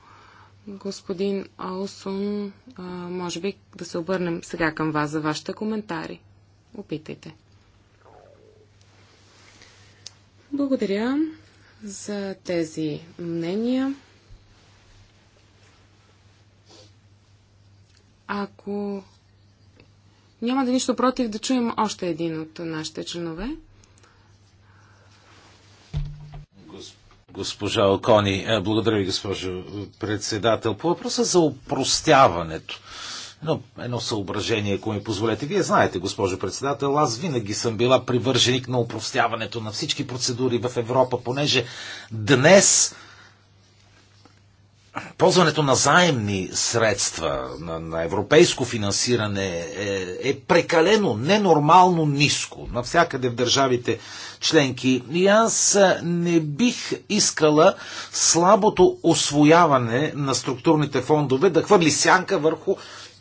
Господин Олсон, може би да се обърнем сега към вас за вашите коментари. Опитайте. Благодаря за тези мнения. Ако няма да нищо против да чуем още един от нашите членове. Госпожа Окони, е, благодаря ви, госпожо председател. По въпроса за упростяването едно, едно съображение, ако ми позволете. Вие знаете, госпожо председател, аз винаги съм била привърженик на упростяването на всички процедури в Европа, понеже днес ползването на заемни средства, на, на европейско финансиране е, е прекалено, ненормално ниско навсякъде в държавите членки. И аз не бих искала слабото освояване на структурните фондове да хвърли сянка върху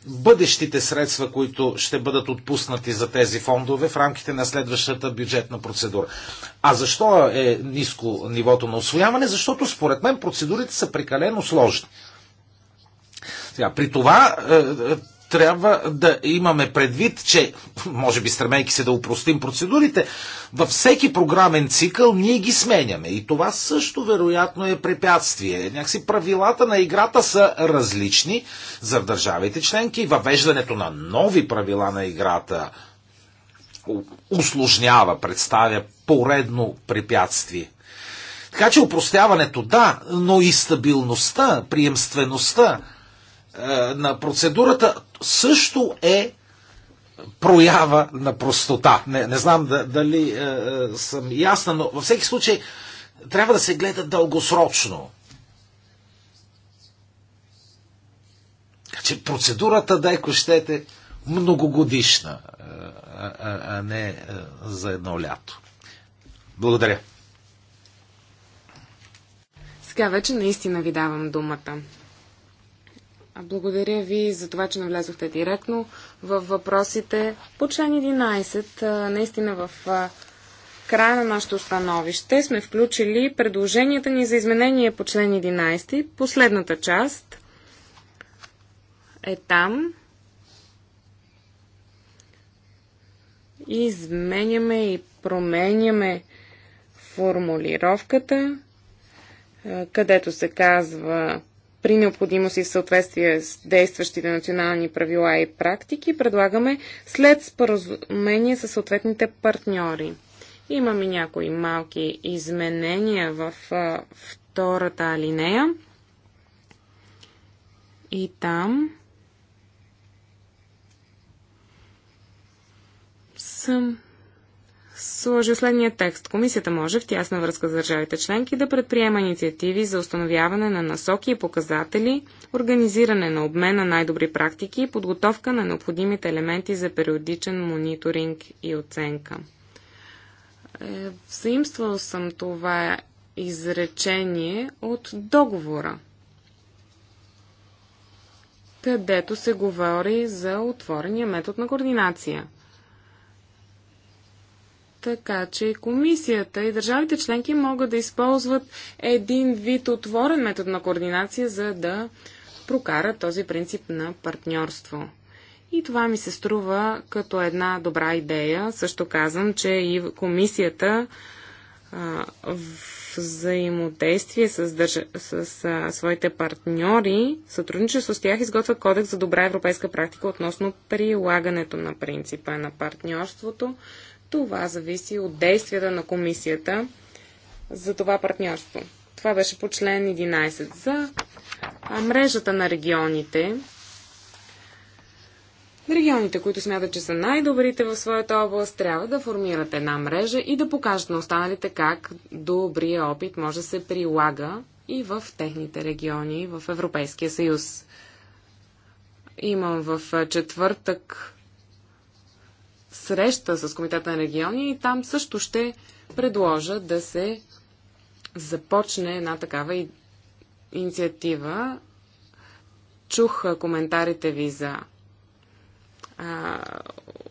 бъдещите средства, които ще бъдат отпуснати за тези фондове в рамките на следващата бюджетна процедура. А защо е ниско нивото на освояване? Защото според мен процедурите са прекалено сложни. при това е, е, трябва да имаме предвид, че, може би стремейки се да упростим процедурите, във всеки програмен цикъл ние ги сменяме. И това също вероятно е препятствие. Някакси правилата на играта са различни за държавите членки въвеждането на нови правила на играта усложнява, представя поредно препятствие. Така че упростяването да, но и стабилността, приемствеността, е, на процедурата, също е проява на простота. Не, не знам дали е, е, съм ясна, но във всеки случай трябва да се гледа дългосрочно. че процедурата, да ако щете, многогодишна, е, е, а не за едно лято. Благодаря. Сега вече наистина ви давам думата. Благодаря ви за това, че навлязохте директно в въпросите. По член 11, наистина в края на нашето становище сме включили предложенията ни за изменение по член 11. Последната част е там. Изменяме и променяме формулировката, където се казва при необходимост и в съответствие с действащите национални правила и практики, предлагаме след споразумение с съответните партньори. Имаме някои малки изменения в втората алинея. И там съм сложи следния текст. Комисията може в тясна връзка с държавите членки да предприема инициативи за установяване на насоки и показатели, организиране на обмен на най-добри практики и подготовка на необходимите елементи за периодичен мониторинг и оценка. Е, взаимствал съм това изречение от договора, където се говори за отворения метод на координация – така че и комисията и държавите членки могат да използват един вид отворен метод на координация, за да прокарат този принцип на партньорство. И това ми се струва като една добра идея. Също казвам, че и комисията в взаимодействие с, с а, своите партньори, сътрудничество с тях, изготвя кодекс за добра европейска практика относно прилагането на принципа на партньорството това зависи от действията на комисията за това партньорство. Това беше по член 11. За мрежата на регионите, Регионите, които смятат, че са най-добрите в своята област, трябва да формират една мрежа и да покажат на останалите как добрия опит може да се прилага и в техните региони в Европейския съюз. Имам в четвъртък среща с Комитета на региони и там също ще предложа да се започне една такава инициатива. Чух коментарите ви за а,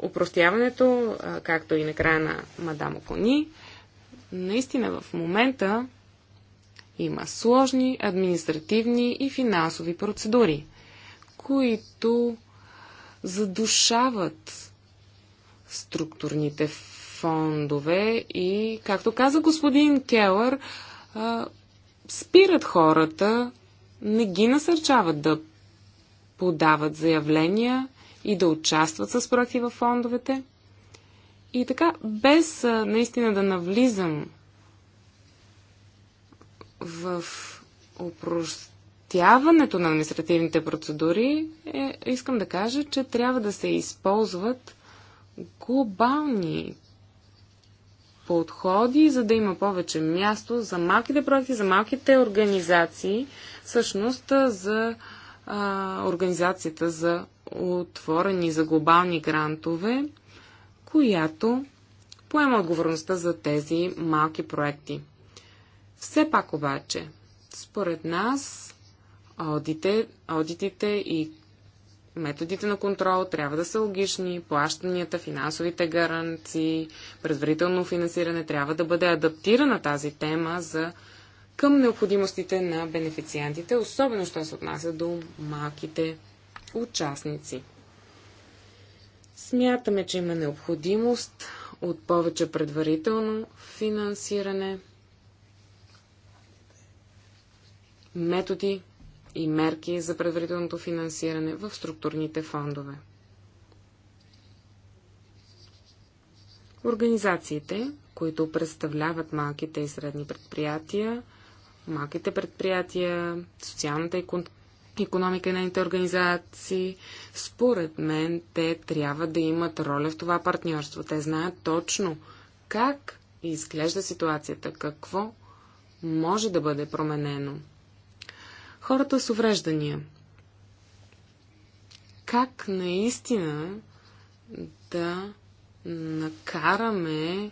упростяването, а, както и накрая на мадам Кони. Наистина в момента има сложни административни и финансови процедури, които задушават структурните фондове и, както каза господин Келър, спират хората, не ги насърчават да подават заявления и да участват с проекти в фондовете. И така, без наистина да навлизам в упростяването на административните процедури, е, искам да кажа, че трябва да се използват глобални подходи, за да има повече място за малките проекти, за малките организации, всъщност за а, организацията за отворени за глобални грантове, която поема отговорността за тези малки проекти. Все пак обаче, според нас, аудите, аудитите и методите на контрол трябва да са логични, плащанията, финансовите гаранции, предварително финансиране трябва да бъде адаптирана тази тема за към необходимостите на бенефициантите, особено що се отнася до малките участници. Смятаме, че има необходимост от повече предварително финансиране, методи, и мерки за предварителното финансиране в структурните фондове. Организациите, които представляват малките и средни предприятия, малките предприятия, социалната екон... економика и нейните организации, според мен те трябва да имат роля в това партньорство. Те знаят точно как изглежда ситуацията, какво може да бъде променено хората с увреждания. Как наистина да накараме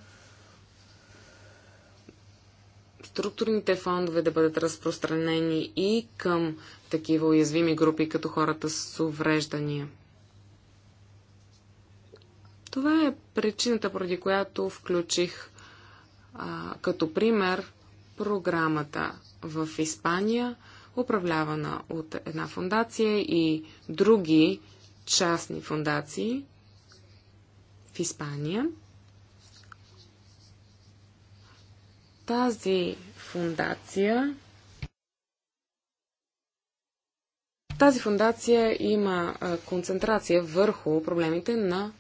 структурните фондове да бъдат разпространени и към такива уязвими групи, като хората с увреждания. Това е причината, поради която включих а, като пример програмата в Испания управлявана от една фундация и други частни фундации в Испания. Тази фундация Тази фундация има концентрация върху проблемите на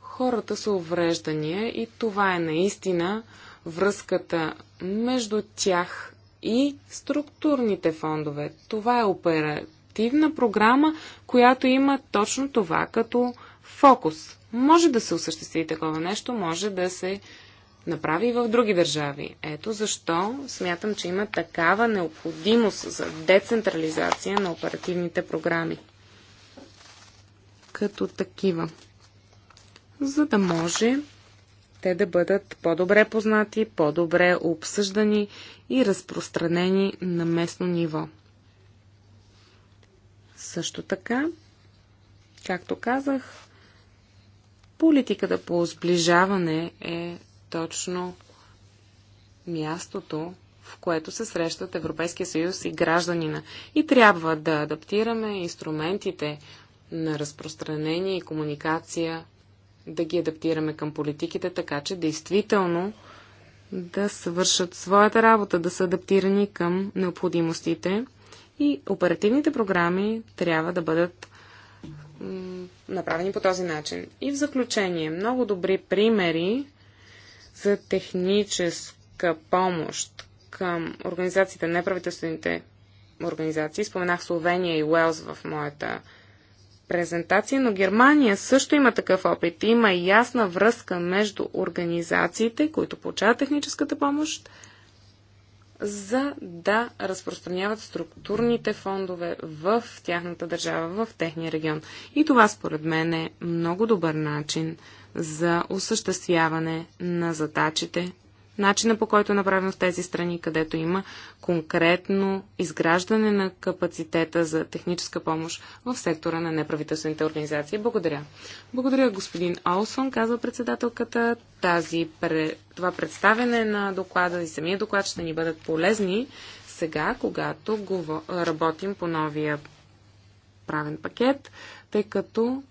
хората с увреждания и това е наистина връзката между тях и структурните фондове. Това е оперативна програма, която има точно това като фокус. Може да се осъществи такова нещо, може да се направи и в други държави. Ето защо смятам, че има такава необходимост за децентрализация на оперативните програми. Като такива. За да може те да бъдат по-добре познати, по-добре обсъждани и разпространени на местно ниво. Също така, както казах, политиката по сближаване е точно мястото, в което се срещат Европейския съюз и гражданина. И трябва да адаптираме инструментите на разпространение и комуникация, да ги адаптираме към политиките, така че действително да свършат своята работа, да са адаптирани към необходимостите и оперативните програми трябва да бъдат направени по този начин. И в заключение, много добри примери за техническа помощ към организациите, неправителствените организации. Споменах Словения и Уелс в моята презентация, но Германия също има такъв опит. Има ясна връзка между организациите, които получават техническата помощ, за да разпространяват структурните фондове в тяхната държава, в техния регион. И това според мен е много добър начин за осъществяване на задачите, начина по който е направено в тези страни, където има конкретно изграждане на капацитета за техническа помощ в сектора на неправителствените организации. Благодаря. Благодаря, господин Олсон, казва председателката. Тази, това представене на доклада и самия доклад ще ни бъдат полезни сега, когато работим по новия правен пакет, тъй като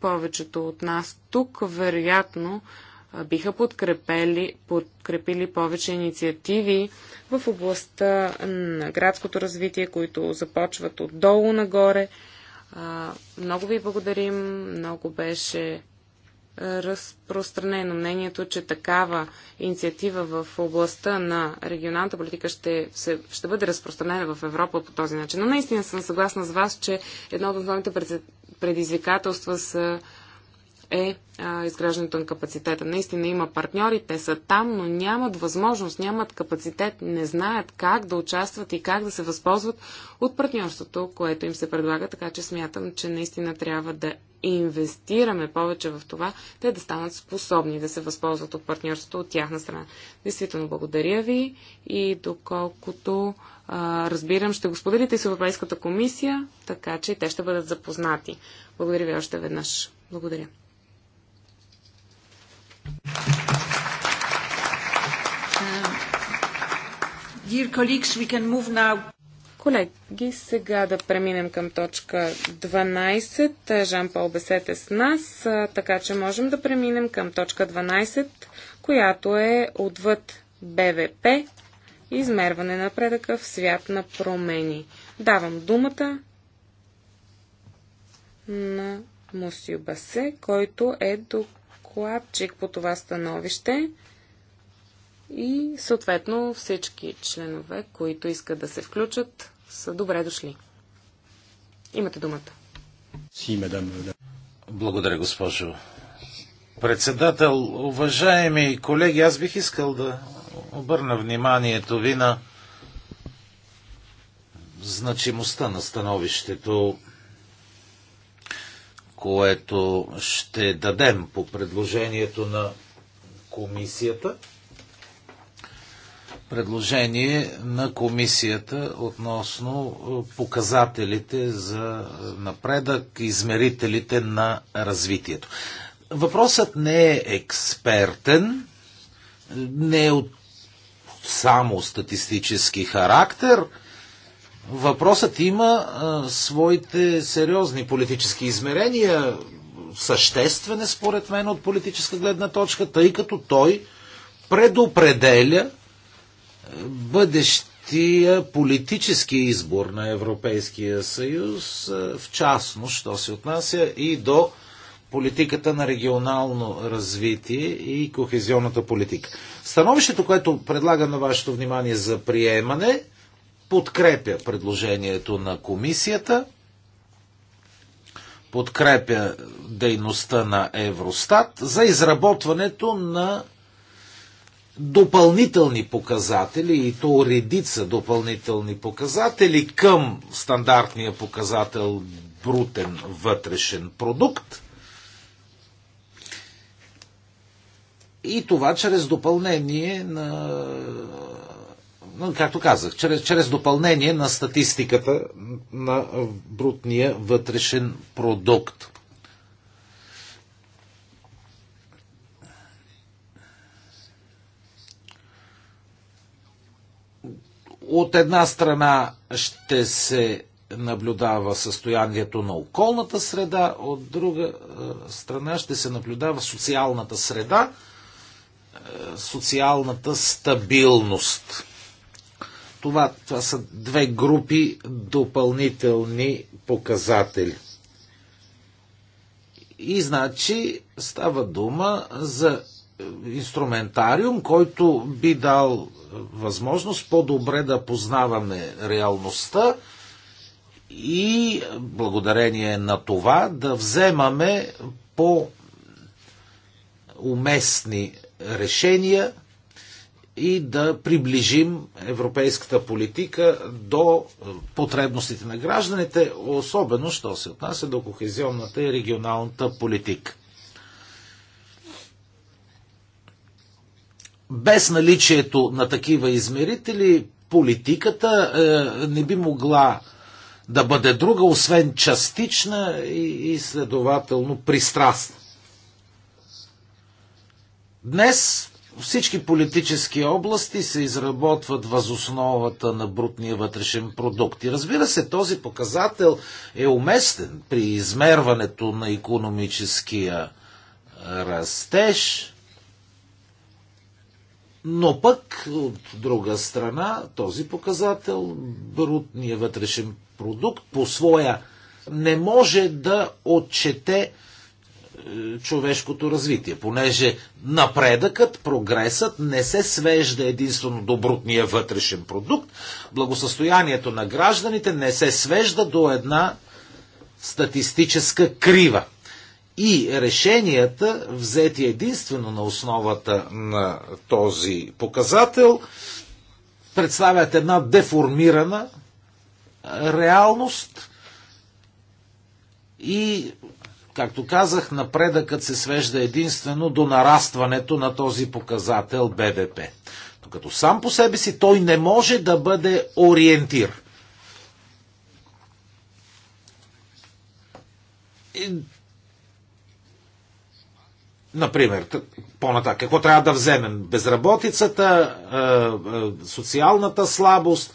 повечето от нас тук вероятно биха подкрепили, подкрепили повече инициативи в областта на градското развитие, които започват отдолу нагоре. Много ви благодарим, много беше разпространено мнението, че такава инициатива в областта на регионалната политика ще, се, ще бъде разпространена в Европа по този начин. Но наистина съм съгласна с вас, че едно от основните предизвикателства са е а, изграждането на капацитета. Наистина има партньори, те са там, но нямат възможност, нямат капацитет, не знаят как да участват и как да се възползват от партньорството, което им се предлага, така че смятам, че наистина трябва да инвестираме повече в това, те да станат способни да се възползват от партньорството от тяхна страна. Действително благодаря ви и доколкото а, разбирам, ще го споделите и с Европейската комисия, така че те ще бъдат запознати. Благодаря ви още веднъж. Благодаря. Колеги, сега да преминем към точка 12. Жан-Пол Бесет е с нас, така че можем да преминем към точка 12, която е отвъд БВП, измерване на предъка в свят на промени. Давам думата на Мусио Басе, който е док докладчик по това становище и съответно всички членове, които искат да се включат, са добре дошли. Имате думата. Благодаря, госпожо председател. Уважаеми колеги, аз бих искал да обърна вниманието ви на значимостта на становището което ще дадем по предложението на комисията. Предложение на комисията относно е, показателите за напредък, измерителите на развитието. Въпросът не е експертен, не е от само статистически характер – въпросът има а, своите сериозни политически измерения, съществене според мен от политическа гледна точка, тъй като той предопределя бъдещия политически избор на Европейския съюз, в частност, що се отнася и до политиката на регионално развитие и кохезионната политика. Становището, което предлагам на вашето внимание за приемане, подкрепя предложението на комисията, подкрепя дейността на Евростат за изработването на допълнителни показатели и то редица допълнителни показатели към стандартния показател брутен вътрешен продукт. И това чрез допълнение на както казах, чрез, чрез допълнение на статистиката на брутния вътрешен продукт. От една страна ще се наблюдава състоянието на околната среда, от друга е, страна ще се наблюдава социалната среда, е, социалната стабилност. Това, това са две групи допълнителни показатели. И значи става дума за инструментариум, който би дал възможност по-добре да познаваме реалността и благодарение на това да вземаме по уместни решения и да приближим европейската политика до потребностите на гражданите, особено що се отнася до кохезионната и регионалната политика. Без наличието на такива измерители, политиката е, не би могла да бъде друга, освен частична и, и следователно пристрастна. Днес всички политически области се изработват възосновата на брутния вътрешен продукт. И разбира се, този показател е уместен при измерването на економическия е, растеж, но пък, от друга страна, този показател, брутния вътрешен продукт, по своя не може да отчете е, човешкото развитие, понеже напредъкът, прогресът не се свежда единствено до брутния вътрешен продукт, благосъстоянието на гражданите не се свежда до една статистическа крива. И решенията, взети единствено на основата на този показател, представят една деформирана реалност и Както казах, напредъкът се свежда единствено до нарастването на този показател БВП. Докато сам по себе си той не може да бъде ориентир. И... Например, по-нататък, какво трябва да вземем? Безработицата, социалната слабост,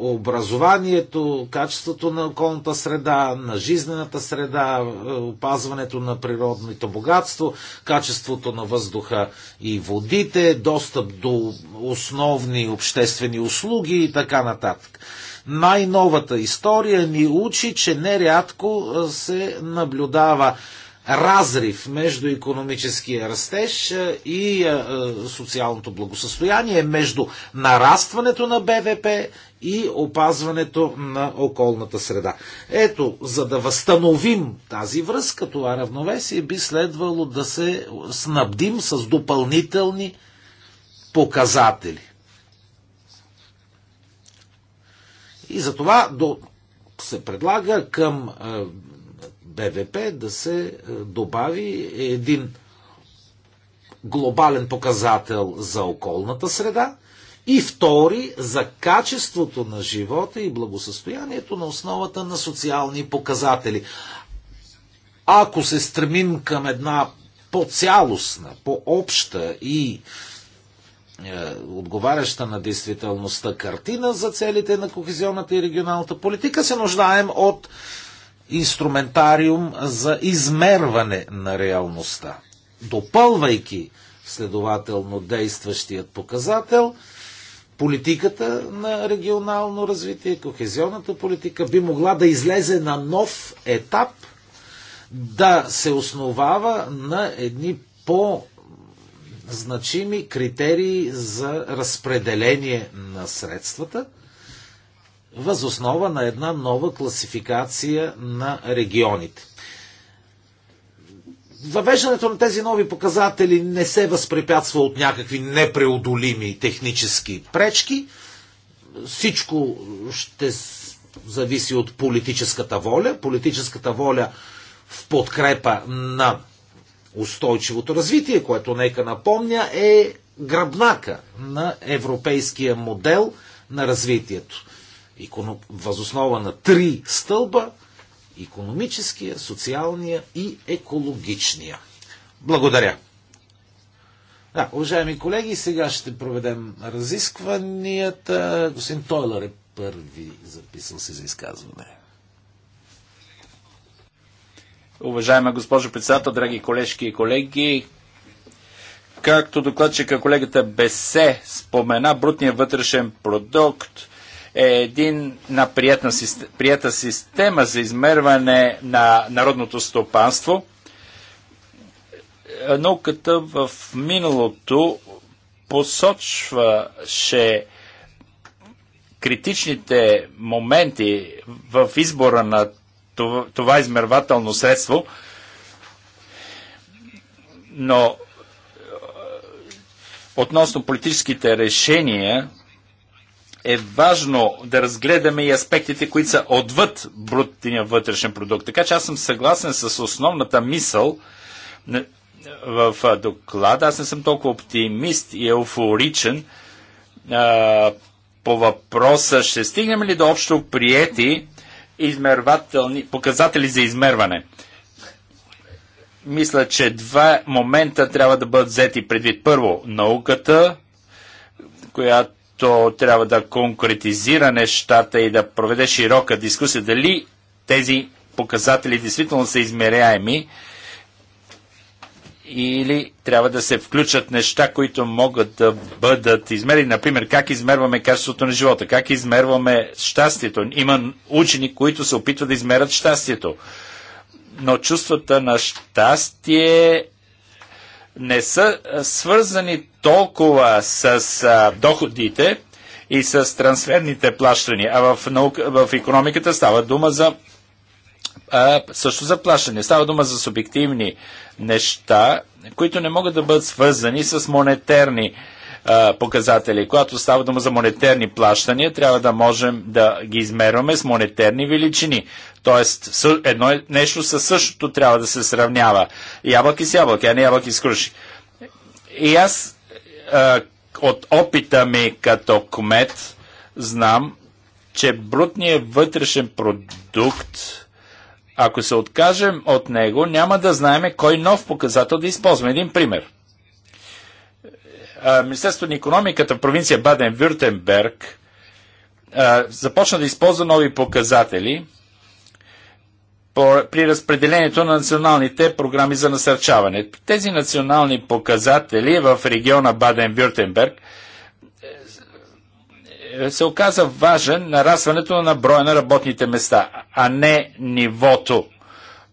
образованието, качеството на околната среда, на жизнената среда, е, опазването на природното богатство, качеството на въздуха и водите, достъп до основни обществени услуги и така нататък. Най-новата история ни учи, че нерядко е, се наблюдава разрив между економическия растеж и социалното благосъстояние, между нарастването на БВП и опазването на околната среда. Ето, за да възстановим тази връзка, това равновесие би следвало да се снабдим с допълнителни показатели. И затова до, се предлага към БВП да се е, добави един глобален показател за околната среда и втори за качеството на живота и благосъстоянието на основата на социални показатели. Ако се стремим към една по-цялостна, по-обща и е, отговаряща на действителността картина за целите на кохезионната и регионалната политика, се нуждаем от инструментариум за измерване на реалността. Допълвайки следователно действащият показател, политиката на регионално развитие, кохезионната политика би могла да излезе на нов етап, да се основава на едни по значими критерии за разпределение на средствата – възоснова на една нова класификация на регионите. Въвеждането на тези нови показатели не се възпрепятства от някакви непреодолими технически пречки. Всичко ще зависи от политическата воля. Политическата воля в подкрепа на устойчивото развитие, което нека напомня, е гръбнака на европейския модел на развитието възоснова на три стълба економическия, социалния и екологичния. Благодаря. Да, уважаеми колеги, сега ще проведем разискванията. Господин Тойлер е първи записал се за изказване. Уважаема госпожо председател, драги колежки и колеги, както докладчика колегата Бесе спомена, брутният вътрешен продукт е един на приятна, прията система за измерване на народното стопанство. Науката в миналото посочваше критичните моменти в избора на това, това измервателно средство, но е, относно политическите решения, е важно да разгледаме и аспектите, които са отвъд брутния вътрешен продукт. Така че аз съм съгласен с основната мисъл в доклада. Аз не съм толкова оптимист и еуфоричен а, по въпроса ще стигнем ли до общо приети измервателни показатели за измерване. Мисля, че два момента трябва да бъдат взети предвид. Първо, науката, която то трябва да конкретизира нещата и да проведе широка дискусия дали тези показатели действително са измеряеми или трябва да се включат неща, които могат да бъдат измерени. Например, как измерваме качеството на живота, как измерваме щастието. Има учени, които се опитват да измерят щастието. Но чувствата на щастие не са свързани толкова с а, доходите и с трансферните плащания, а в, наука, в економиката става дума за а, също за плащане. Става дума за субективни неща, които не могат да бъдат свързани с монетерни а, показатели. Когато става дума за монетерни плащания, трябва да можем да ги измерваме с монетерни величини. Тоест, едно е нещо със същото трябва да се сравнява. Ябълки и с ябълки, а не ябълки и с круши. И аз е, от опита ми като кмет знам, че брутният вътрешен продукт, ако се откажем от него, няма да знаем кой нов показател да използваме. Един пример. Е, Министерството на економиката в провинция Баден-Вюртенберг е, започна да използва нови показатели – при разпределението на националните програми за насърчаване. Тези национални показатели в региона Баден-Бюртенберг е, е, се оказа важен нарастването на броя на работните места, а не нивото,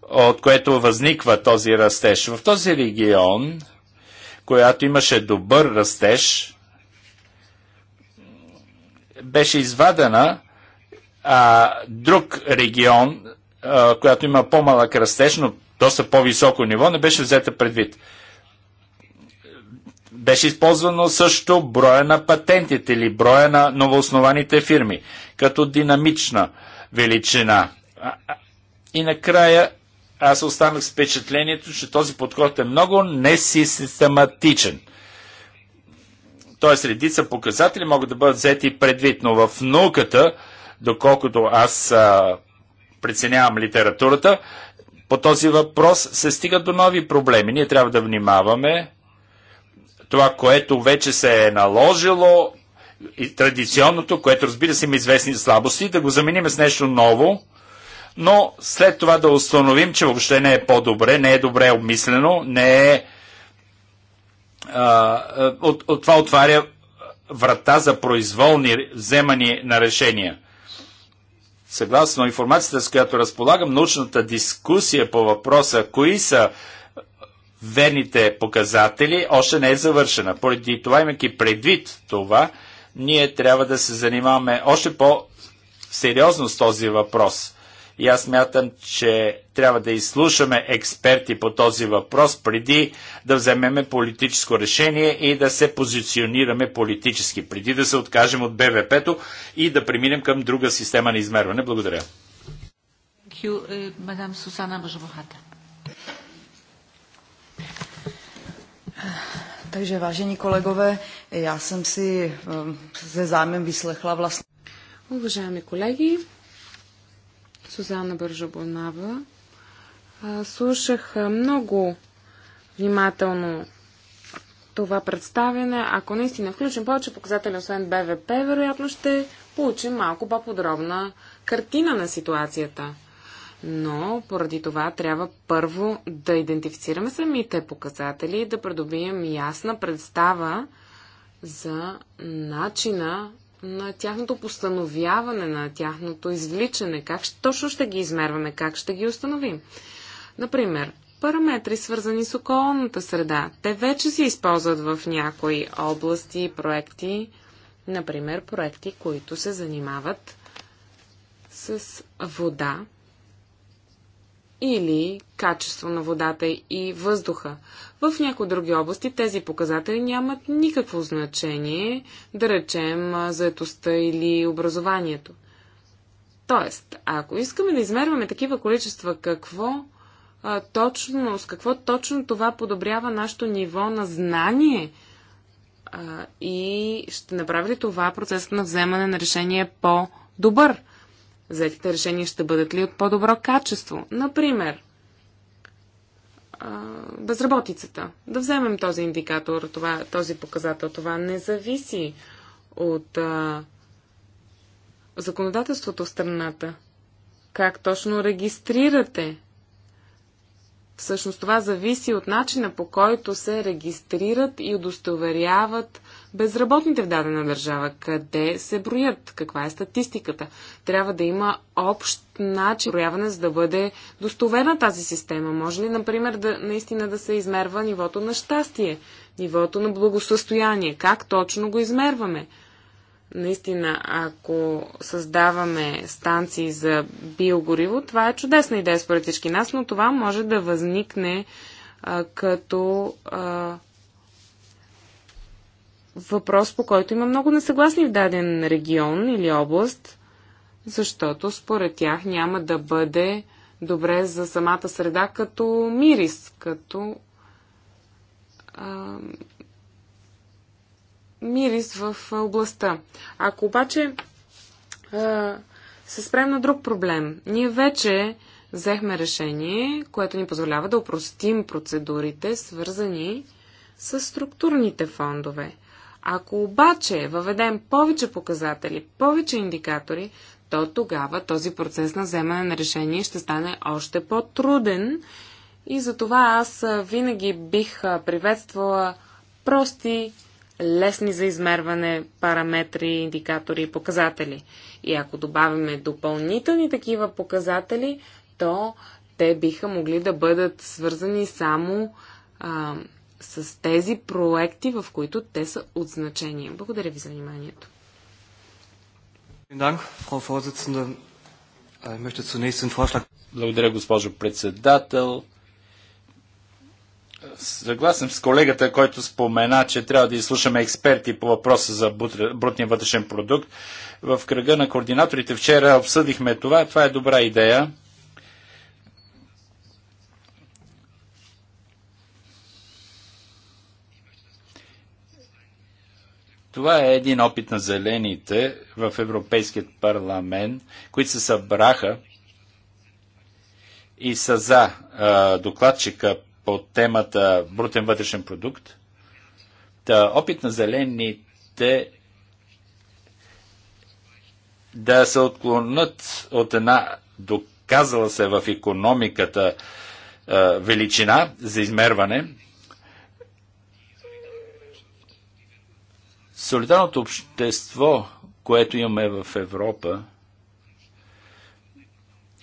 от което възниква този растеж. В този регион, която имаше добър растеж, беше извадена а, друг регион която има по-малък растеж, но доста по-високо ниво, не беше взета предвид. Беше използвано също броя на патентите или броя на новооснованите фирми, като динамична величина. И накрая аз останах с впечатлението, че този подход е много несистематичен. Тоест, редица показатели могат да бъдат взети предвид, но в науката, доколкото аз а, преценявам литературата, по този въпрос се стига до нови проблеми. Ние трябва да внимаваме това, което вече се е наложило и традиционното, което разбира се има известни слабости, да го заменим с нещо ново, но след това да установим, че въобще не е по-добре, не е добре обмислено, не е... А, от, от това отваря врата за произволни вземани на решения. Съгласно информацията, с която разполагам, научната дискусия по въпроса кои са верните показатели още не е завършена. Поради това, имайки предвид това, ние трябва да се занимаваме още по-сериозно с този въпрос. И аз мятам, че трябва да изслушаме експерти по този въпрос преди да вземеме политическо решение и да се позиционираме политически, преди да се откажем от БВП-то и да преминем към друга система на измерване. Благодаря. Е, Takže vážení kolegové, já jsem si е, se zájmem vyslechla vlastně. Уважаеми колеги, Сузана Бържабонава. Слушах много внимателно това представяне. Ако наистина включим повече показатели, освен БВП, вероятно ще получим малко по-подробна картина на ситуацията. Но поради това трябва първо да идентифицираме самите показатели и да придобием ясна представа за начина на тяхното постановяване, на тяхното извличане, как точно ще ги измерваме, как ще ги установим. Например, параметри, свързани с околната среда. Те вече се използват в някои области и проекти, например проекти, които се занимават с вода или качество на водата и въздуха. В някои други области тези показатели нямат никакво значение, да речем заетостта или образованието. Тоест, ако искаме да измерваме такива количества, какво а, точно, с какво точно това подобрява нашето ниво на знание а, и ще направи ли това процесът на вземане на решение по-добър? взетите решения ще бъдат ли от по-добро качество. Например, безработицата. Да вземем този индикатор, това, този показател. Това не зависи от а, законодателството в страната. Как точно регистрирате? Всъщност това зависи от начина по който се регистрират и удостоверяват безработните в дадена държава, къде се броят, каква е статистиката. Трябва да има общ начин брояване, за да бъде достоверна тази система. Може ли, например, да, наистина да се измерва нивото на щастие, нивото на благосъстояние? Как точно го измерваме? наистина, ако създаваме станции за биогориво, това е чудесна идея според всички нас, но това може да възникне а, като а, въпрос, по който има много несъгласни в даден регион или област, защото според тях няма да бъде добре за самата среда като мирис, като а, мирис в областта. Ако обаче а, се спрем на друг проблем, ние вече взехме решение, което ни позволява да упростим процедурите, свързани с структурните фондове. Ако обаче въведем повече показатели, повече индикатори, то тогава този процес на вземане на решение ще стане още по-труден и затова аз винаги бих приветствала прости, лесни за измерване параметри, индикатори и показатели. И ако добавяме допълнителни такива показатели, то те биха могли да бъдат свързани само а, с тези проекти, в които те са от значение. Благодаря ви за вниманието. Благодаря, госпожо председател. Съгласен с колегата, който спомена, че трябва да изслушаме експерти по въпроса за брутния вътрешен продукт. В кръга на координаторите вчера обсъдихме това. Това е добра идея. Това е един опит на зелените в Европейският парламент, които се събраха и са за а, докладчика по темата брутен вътрешен продукт. Та, опит на зелените да се отклонят от една доказала се в економиката а, величина за измерване Солидарното общество, което имаме в Европа,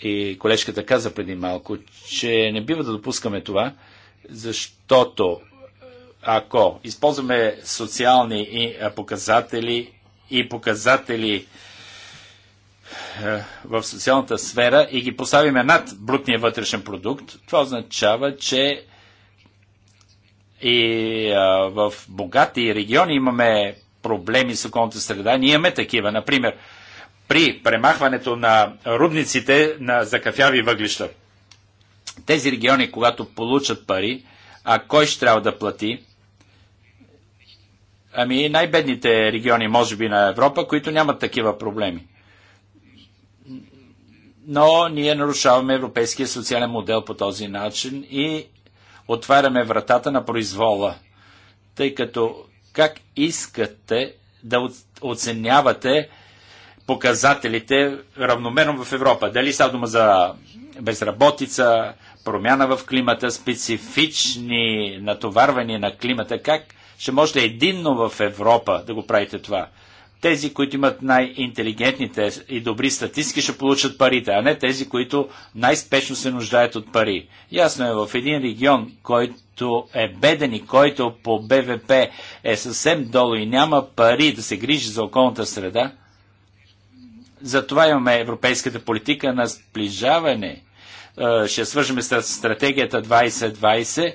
и колежката каза преди малко, че не бива да допускаме това, защото ако използваме социални показатели и показатели в социалната сфера и ги поставиме над брутния вътрешен продукт, това означава, че и в богати региони имаме проблеми с околната среда. Ние имаме такива. Например, при премахването на рудниците на закафяви въглища. Тези региони, когато получат пари, а кой ще трябва да плати? Ами най-бедните региони, може би, на Европа, които нямат такива проблеми. Но ние нарушаваме европейския социален модел по този начин и отваряме вратата на произвола, тъй като как искате да оценявате показателите равномерно в Европа? Дали става дума за безработица, промяна в климата, специфични натоварвания на климата? Как ще можете единно в Европа да го правите това? тези, които имат най-интелигентните и добри статистики, ще получат парите, а не тези, които най-спешно се нуждаят от пари. Ясно е, в един регион, който е беден и който по БВП е съвсем долу и няма пари да се грижи за околната среда, затова имаме европейската политика на сближаване. Е, ще свържем с стратегията 2020,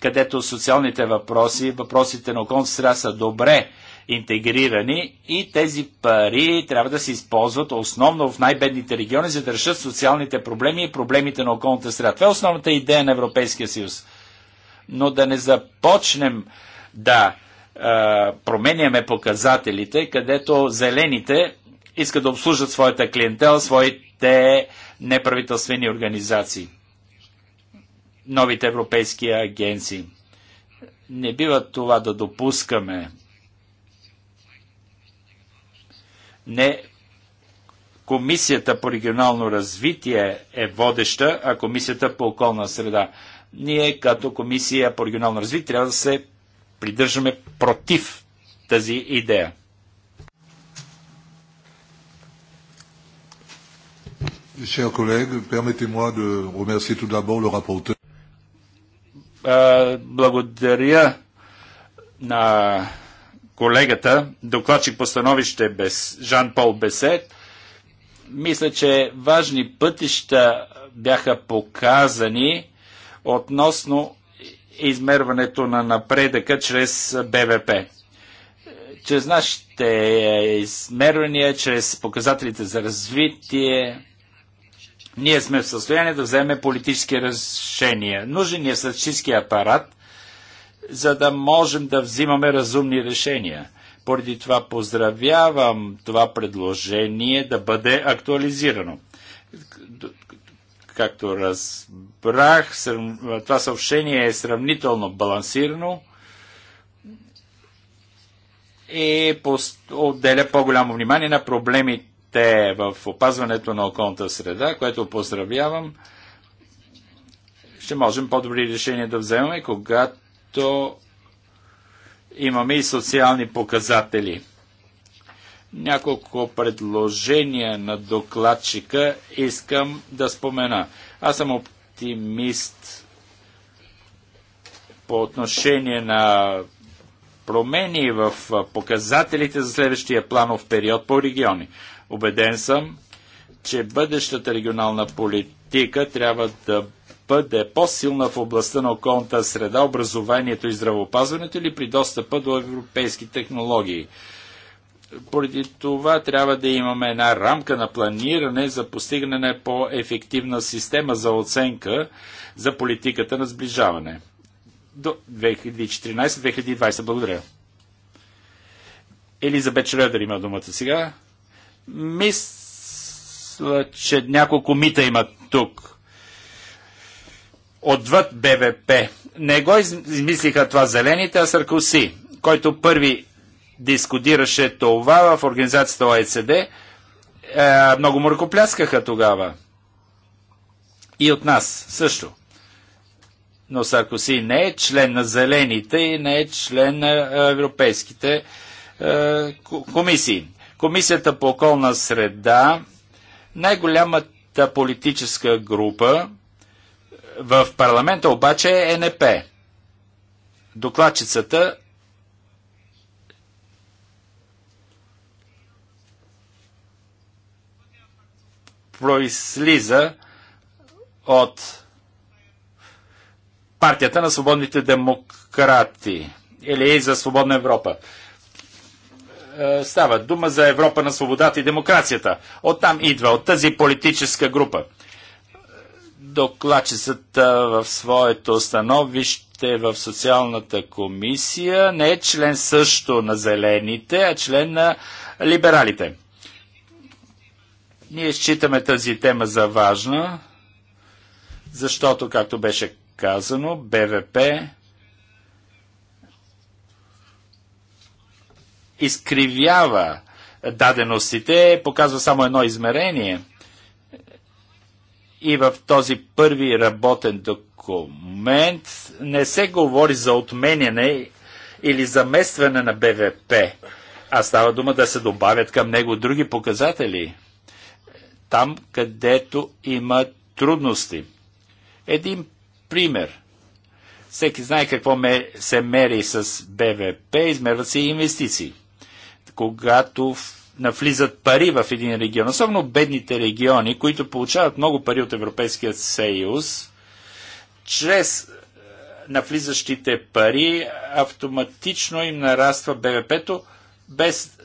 където социалните въпроси, въпросите на околната среда са добре интегрирани и тези пари трябва да се използват основно в най-бедните региони, за да решат социалните проблеми и проблемите на околната среда. Това е основната идея на Европейския съюз. Но да не започнем да а, променяме показателите, където зелените искат да обслужат своята клиентела, своите неправителствени организации, новите европейски агенции. Не бива това да допускаме. не Комисията по регионално развитие е водеща, а Комисията по околна среда. Ние като Комисия по регионално развитие трябва да се придържаме против тази идея. Е, благодаря на колегата, докладчик по становище без Жан-Пол Бесет, мисля, че важни пътища бяха показани относно измерването на напредъка чрез БВП. Чрез нашите измервания, чрез показателите за развитие, ние сме в състояние да вземе политически решения. Нужен е статистически апарат, за да можем да взимаме разумни решения. Поради това поздравявам това предложение да бъде актуализирано. Както разбрах, това съобщение е сравнително балансирано и отделя по-голямо внимание на проблемите в опазването на околната среда, което поздравявам. Ще можем по-добри решения да вземем, когато то имаме и социални показатели. Няколко предложения на докладчика искам да спомена. Аз съм оптимист по отношение на промени в показателите за следващия планов период по региони. Обеден съм, че бъдещата регионална политика трябва да да е по-силна в областта на околната среда, образованието и здравопазването или при достъпа до европейски технологии. Поради това трябва да имаме една рамка на планиране за постигане по-ефективна система за оценка за политиката на сближаване. До 2014-2020. Благодаря. Елизабет Шредер има думата сега. Мисля, че няколко мита има тук отвъд БВП. Не го измислиха това зелените, а Саркоси, който първи дискутираше това в организацията ОЕЦД. Е, много му ръкопляскаха тогава. И от нас също. Но Саркоси не е член на зелените и не е член на е, европейските е, комисии. Комисията по околна среда, най-голямата политическа група, в парламента обаче е НП. Докладчицата произлиза от партията на свободните демократи или за свободна Европа. Е, става дума за Европа на свободата и демокрацията. Оттам идва, от тази политическа група докладчицата в своето становище в социалната комисия не е член също на зелените, а член на либералите. Ние считаме тази тема за важна, защото, както беше казано, БВП изкривява даденостите, показва само едно измерение – и в този първи работен документ не се говори за отменяне или заместване на БВП, а става дума да се добавят към него други показатели. Там, където има трудности. Един пример. Всеки знае какво се мери с БВП, измерват се и инвестиции. Когато навлизат пари в един регион, особено бедните региони, които получават много пари от Европейския съюз, чрез е, навлизащите пари автоматично им нараства БВП-то, без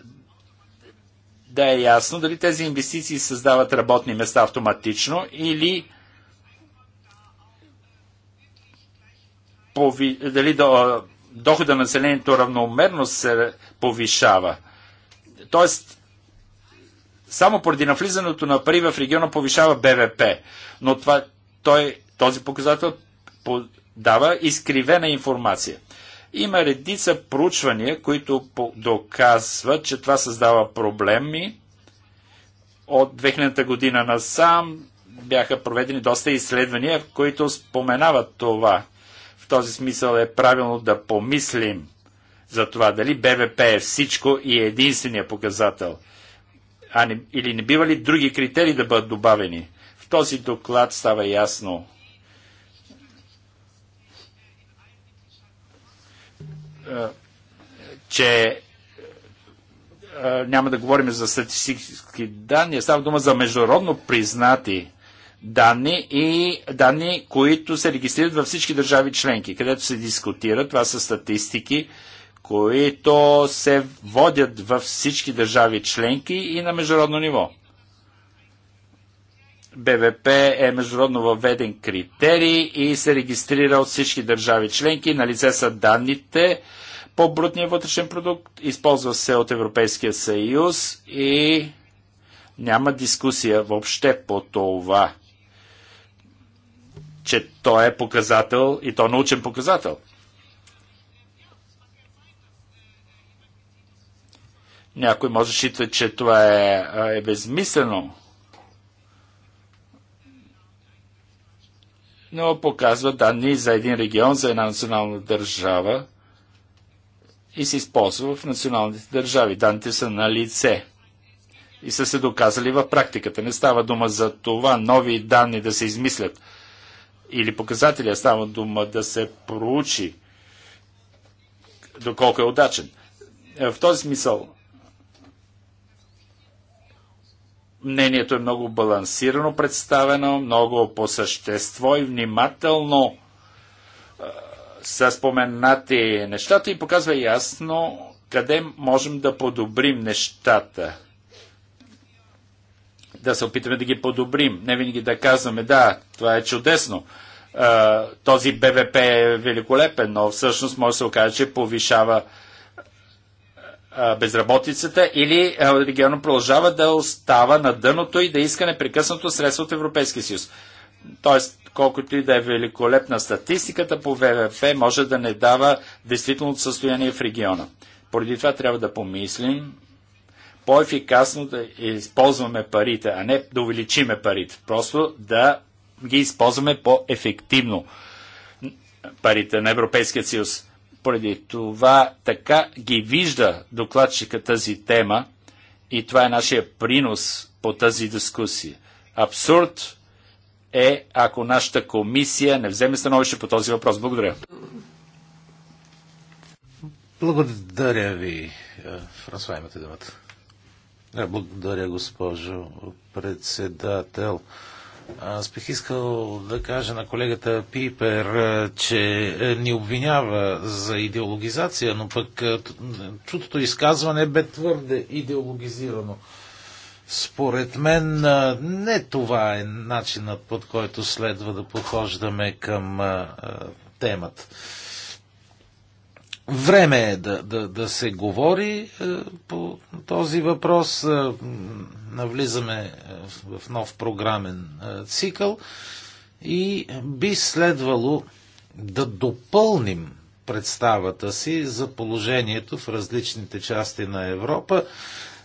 да е ясно дали тези инвестиции създават работни места автоматично или дали дохода на населението равномерно се повишава. Тоест, само поради навлизането на пари в региона повишава БВП. Но това, той, този показател дава изкривена информация. Има редица проучвания, които доказват, че това създава проблеми. От 2000-та година насам бяха проведени доста изследвания, които споменават това. В този смисъл е правилно да помислим за това дали БВП е всичко и единствения показател – а не, или не бива ли други критерии да бъдат добавени? В този доклад става ясно. че няма да говорим за статистически данни, става дума за международно признати данни и данни, които се регистрират във всички държави членки, където се дискутира. Това са статистики, които се водят във всички държави членки и на международно ниво. БВП е международно въведен критерий и се регистрира от всички държави членки. На лице са данните по брутния вътрешен продукт, използва се от Европейския съюз и няма дискусия въобще по това, че то е показател и то научен показател. Някой може да счита, че това е, е безмислено. Но показва данни за един регион, за една национална държава и се използва в националните държави. Данните са на лице и са се доказали в практиката. Не става дума за това нови данни да се измислят или показателя, става дума да се проучи доколко е удачен. Е, в този смисъл Мнението е много балансирано представено, много по същество и внимателно са споменати нещата и показва ясно къде можем да подобрим нещата. Да се опитаме да ги подобрим. Не винаги да казваме, да, това е чудесно. Този БВП е великолепен, но всъщност може да се окаже, че повишава безработицата или региона продължава да остава на дъното и да иска непрекъснато средства от Европейския съюз. Тоест, колкото и да е великолепна статистиката по ВВП, може да не дава действителното състояние в региона. Поради това трябва да помислим по-ефикасно да използваме парите, а не да увеличиме парите. Просто да ги използваме по-ефективно парите на Европейския съюз. Поради това така ги вижда докладчика тази тема и това е нашия принос по тази дискусия. Абсурд е, ако нашата комисия не вземе становище по този въпрос. Благодаря. Благодаря ви, Франсуа, имате думата. Благодаря, госпожо председател. Аз бих искал да кажа на колегата Пипер, че е, ни обвинява за идеологизация, но пък е, чутото изказване бе твърде идеологизирано. Според мен не това е начинът, под който следва да подхождаме към темата. Време е да, да, да се говори е, по този въпрос. Е, навлизаме е, в нов програмен цикъл и би следвало да допълним представата си за положението в различните части на Европа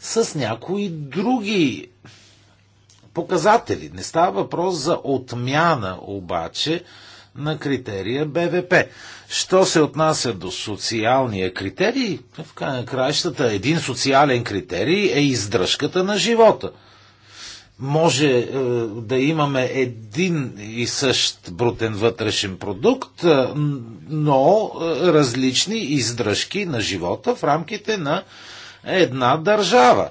с някои други показатели. Не става въпрос за отмяна обаче на критерия БВП. Що се отнася до социалния критерий, в край на краищата един социален критерий е издръжката на живота. Може е, да имаме един и същ брутен вътрешен продукт, е, но е, различни издръжки на живота в рамките на една държава.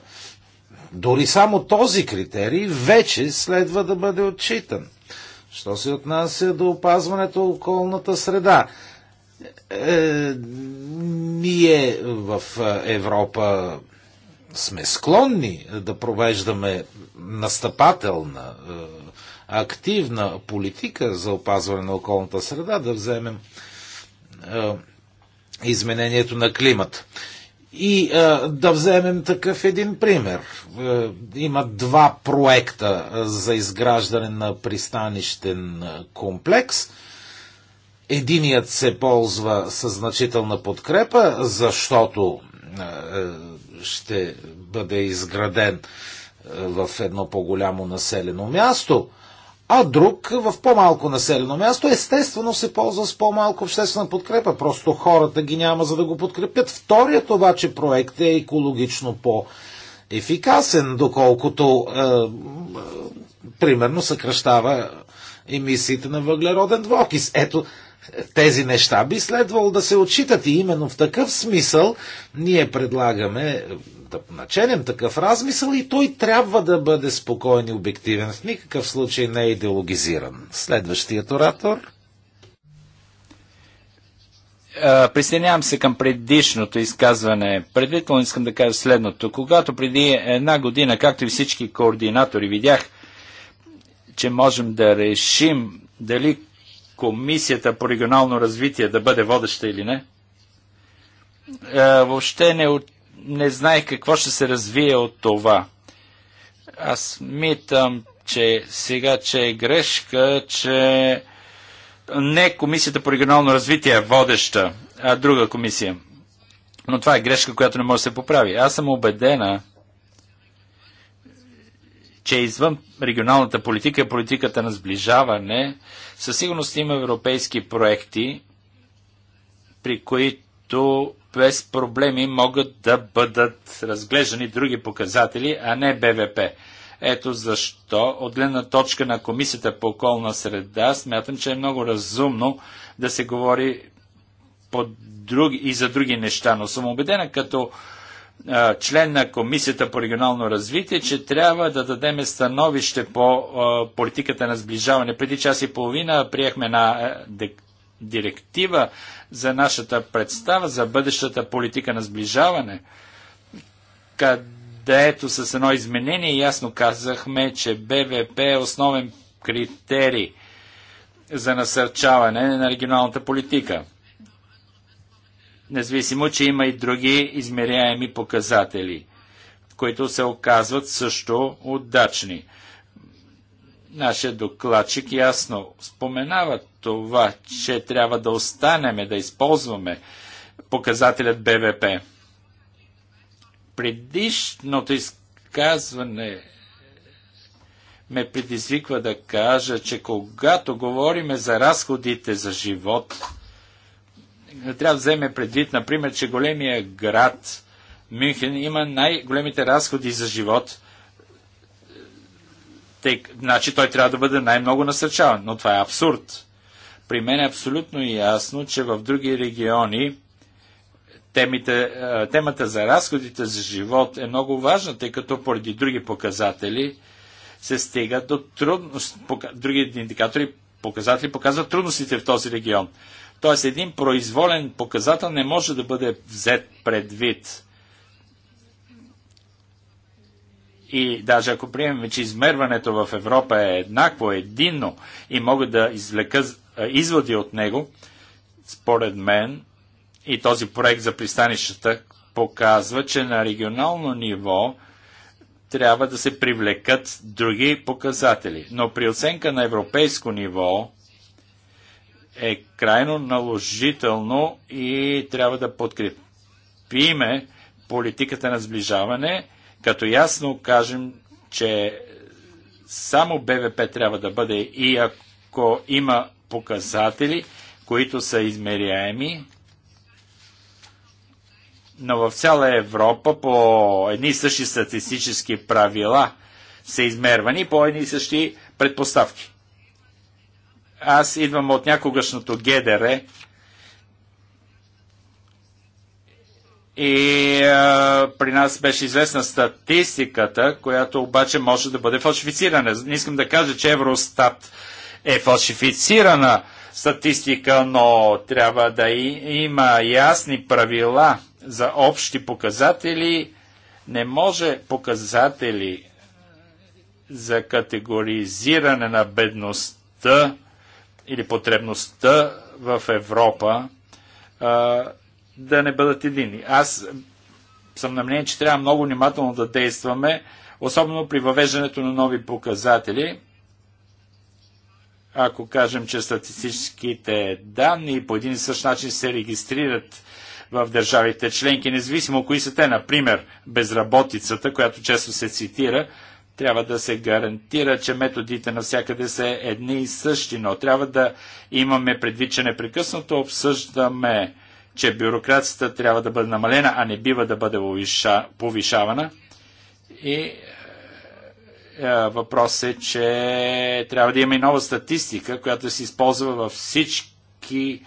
Дори само този критерий вече следва да бъде отчитан. Що се отнася до опазването околната среда? Е, ние в Европа сме склонни да провеждаме настъпателна, е, активна политика за опазване на околната среда, да вземем е, изменението на климата. И е, да вземем такъв един пример. Е, има два проекта е, за изграждане на пристанищен комплекс. Единият се ползва с значителна подкрепа, защото ще бъде изграден в едно по-голямо населено място – а друг в по-малко населено място, естествено се ползва с по-малко обществена подкрепа. Просто хората ги няма за да го подкрепят. Вторият обаче проект е екологично по- ефикасен, доколкото е, е, примерно съкръщава емисиите на въглероден двокис. Ето, тези неща би следвало да се отчитат и именно в такъв смисъл ние предлагаме е, да наченем такъв размисъл и той трябва да бъде спокоен и обективен. В никакъв случай не е идеологизиран. Следващият оратор. Е, присъединявам се към предишното изказване. Предварително искам да кажа следното. Когато преди една година, както и всички координатори, видях, че можем да решим дали Комисията по регионално развитие да бъде водеща или не, е, въобще не, не знаех какво ще се развие от това. Аз митам, че сега, че е грешка, че не Комисията по регионално развитие е водеща, а друга комисия. Но това е грешка, която не може да се поправи. Аз съм убедена, че е извън регионалната политика и политиката на сближаване, със сигурност има европейски проекти, при които без проблеми могат да бъдат разглеждани други показатели, а не БВП. Ето защо, от гледна точка на Комисията по околна среда, смятам, че е много разумно да се говори по други, и за други неща, но съм убедена като член на Комисията по регионално развитие, че трябва да дадем становище по политиката на сближаване. Преди час и половина приехме на директива за нашата представа за бъдещата политика на сближаване, където с едно изменение ясно казахме, че БВП е основен критерий за насърчаване на регионалната политика независимо, че има и други измеряеми показатели, които се оказват също удачни. Нашия докладчик ясно споменава това, че трябва да останеме, да използваме показателят БВП. Предишното изказване ме предизвиква да кажа, че когато говориме за разходите за живот, трябва да вземе предвид, например, че големия град Мюнхен има най-големите разходи за живот. Тъй, значи той трябва да бъде най-много насърчаван, но това е абсурд. При мен е абсолютно ясно, че в други региони темите, темата за разходите за живот е много важна, тъй като поради други показатели се стига до трудност. Други индикатори показатели показват трудностите в този регион. Т.е. един произволен показател не може да бъде взет предвид. И даже ако приемем, че измерването в Европа е еднакво, единно и мога да извлека изводи от него, според мен и този проект за пристанищата показва, че на регионално ниво трябва да се привлекат други показатели. Но при оценка на европейско ниво е крайно наложително и трябва да подкрепиме политиката на сближаване, като ясно кажем, че само БВП трябва да бъде и ако има показатели, които са измеряеми, но в цяла Европа по едни и същи статистически правила са измервани по едни и същи предпоставки. Аз идвам от някогашното ГДР и а, при нас беше известна статистиката, която обаче може да бъде фалшифицирана. Не искам да кажа, че Евростат е фалшифицирана статистика, но трябва да и, има ясни правила за общи показатели. Не може показатели за категоризиране на бедността или потребността в Европа а, да не бъдат едини. Аз съм на мнение, че трябва много внимателно да действаме, особено при въвеждането на нови показатели. Ако кажем, че статистическите данни по един и същ начин се регистрират в държавите членки, независимо кои са те, например, безработицата, която често се цитира, трябва да се гарантира, че методите навсякъде са едни и същи, но трябва да имаме предвид, че непрекъснато обсъждаме, че бюрокрацията трябва да бъде намалена, а не бива да бъде повишавана. И е, е, въпрос е, че трябва да имаме нова статистика, която се използва във всички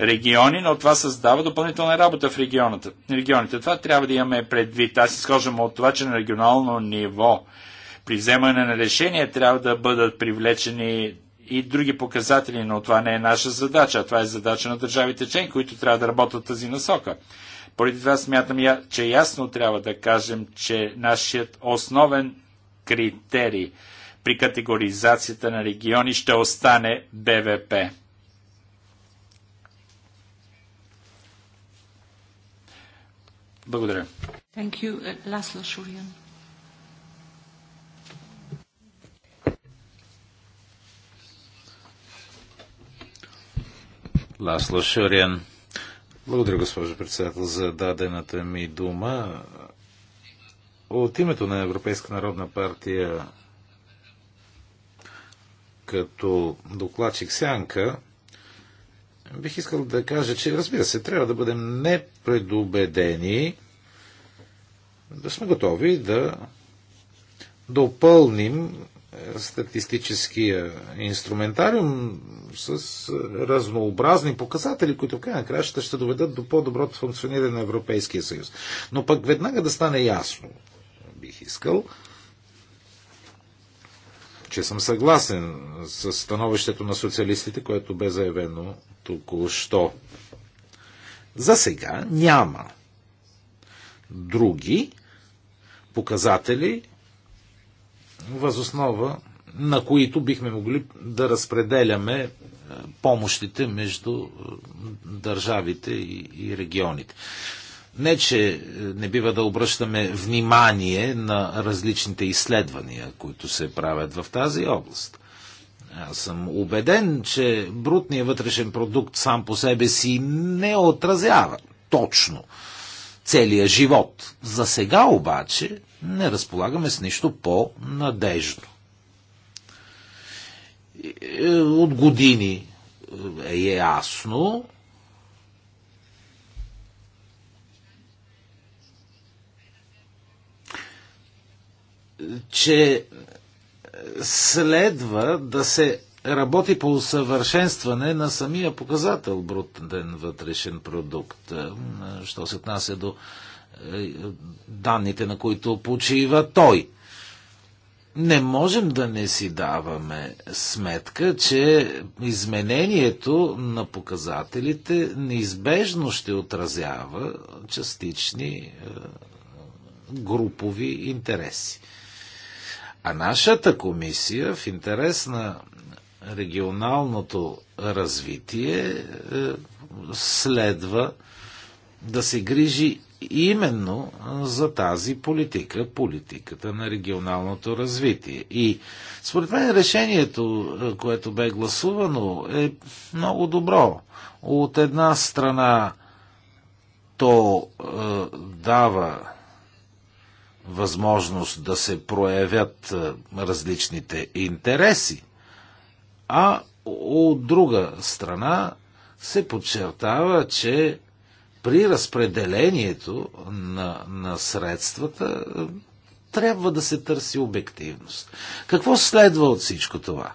региони, но това създава допълнителна работа в регионите. Това трябва да имаме предвид. Аз изхождам от това, че на регионално ниво при вземане на решение трябва да бъдат привлечени и други показатели, но това не е наша задача, а това е задача на държавите член, които трябва да работят тази насока. Поради това смятам, че ясно трябва да кажем, че нашият основен критерий при категоризацията на региони ще остане БВП. Благодаря. Thank you. Laszlo Shurian. Ласло Шуриан. Благодаря, госпожо председател, за дадената ми дума. От името на Европейска народна партия като докладчик Сянка, бих искал да кажа, че разбира се, трябва да бъдем непредубедени, да сме готови да допълним статистическия инструментариум с е, разнообразни показатели, които в край краща ще доведат до по-доброто функциониране на Европейския съюз. Но пък веднага да стане ясно, бих искал, че съм съгласен с становището на социалистите, което бе заявено току-що. За сега няма други показатели, възоснова на които бихме могли да разпределяме е, помощите между е, държавите и регионите. Не, че е, не бива да обръщаме внимание на различните изследвания, които се правят в тази област. Аз съм убеден, че брутният вътрешен продукт сам по себе си не отразява точно целия живот. За сега обаче не разполагаме с нищо по-надежно. Е, от години е, е ясно, че е, следва да се работи по усъвършенстване на самия показател брутен вътрешен продукт. Що се отнася до е, данните, на които почива той. Не можем да не си даваме сметка, че изменението на показателите неизбежно ще отразява частични е, групови интереси. А нашата комисия в интерес на регионалното развитие е, следва да се грижи именно за тази политика, политиката на регионалното развитие. И според мен решението, което бе гласувано, е много добро. От една страна то е, дава възможност да се проявят различните интереси, а от друга страна се подчертава, че при разпределението на, на средствата е, трябва да се търси обективност. Какво следва от всичко това?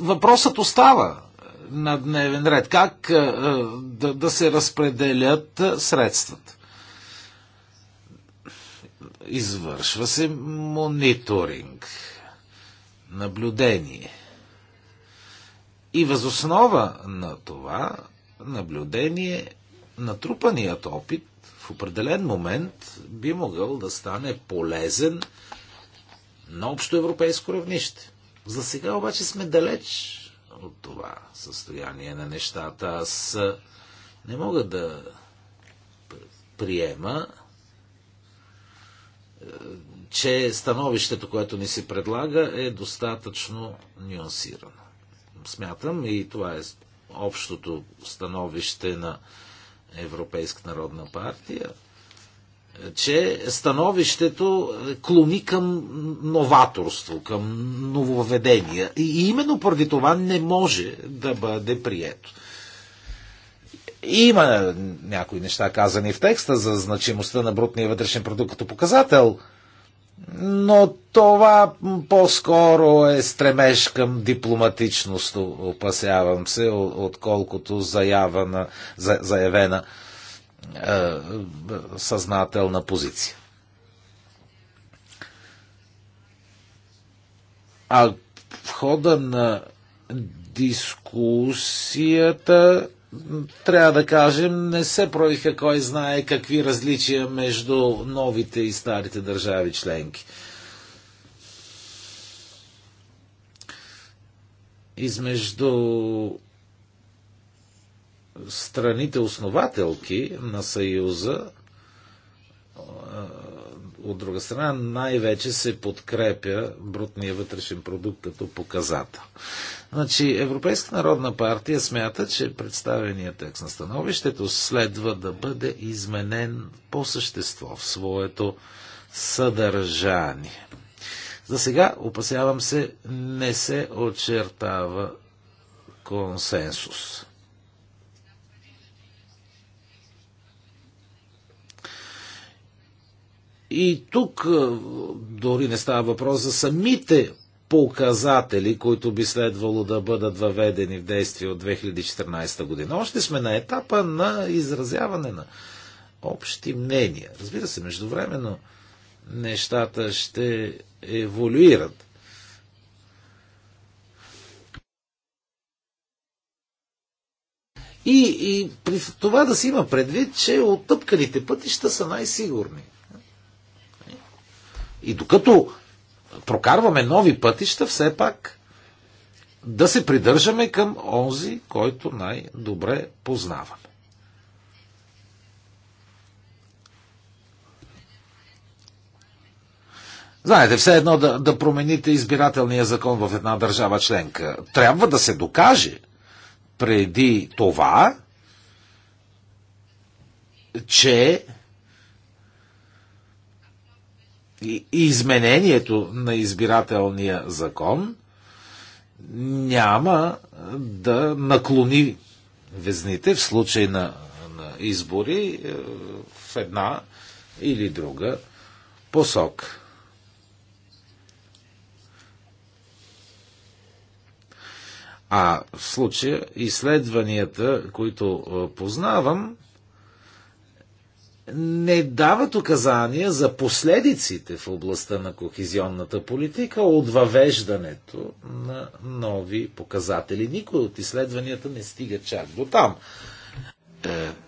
Въпросът остава на дневен ред. Как е, е, да, да се разпределят средствата? Извършва се мониторинг, наблюдение. И възоснова на това наблюдение натрупаният опит в определен момент би могъл да стане полезен на общо европейско равнище. За сега обаче сме далеч от това състояние на нещата. Аз не мога да приема че становището, което ни се предлага, е достатъчно нюансирано. Смятам и това е общото становище на Европейска народна партия, че становището клони към новаторство, към нововведения. И именно поради това не може да бъде прието. Има някои неща казани в текста за значимостта на брутния вътрешен продукт като показател, но това по-скоро е стремеж към дипломатичност, опасявам се, отколкото заява на, заявена е, съзнателна позиция. А в хода на дискусията трябва да кажем, не се проявиха кой знае какви различия между новите и старите държави членки. Измежду страните основателки на Съюза, от друга страна, най-вече се подкрепя брутния вътрешен продукт като показател. Значи, Европейска народна партия смята, че представения текст на становището следва да бъде изменен по същество в своето съдържание. За сега, опасявам се, не се очертава консенсус. И тук дори не става въпрос за самите показатели, които би следвало да бъдат въведени в действие от 2014 година. Още сме на етапа на изразяване на общи мнения. Разбира се, междувременно нещата ще еволюират. И, и при това да си има предвид, че оттъпканите пътища са най-сигурни. И докато прокарваме нови пътища, все пак да се придържаме към онзи, който най-добре познаваме. Знаете, все едно да, да промените избирателния закон в една държава членка. Трябва да се докаже преди това, че изменението на избирателния закон няма да наклони везните в случай на, на избори е, в една или друга посок. А в случая изследванията, които е, познавам, не дават указания за последиците в областта на кохезионната политика от въвеждането на нови показатели. Никой от изследванията не стига чак до там.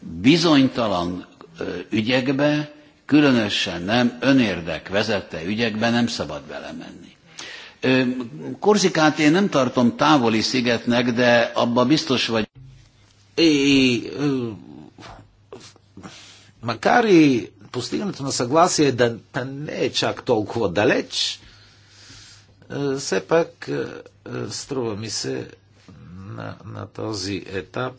Bizonytalan е, е, ügyekbe, különösen nem önérdek vezette ügyekbe nem szabad belemenni. Е, Korzikát én nem tartom távoli szigetnek, de abba biztos vagy макар и постигането на съгласие да, да не е чак толкова далеч, е, все пак е, е, струва ми се на, на този етап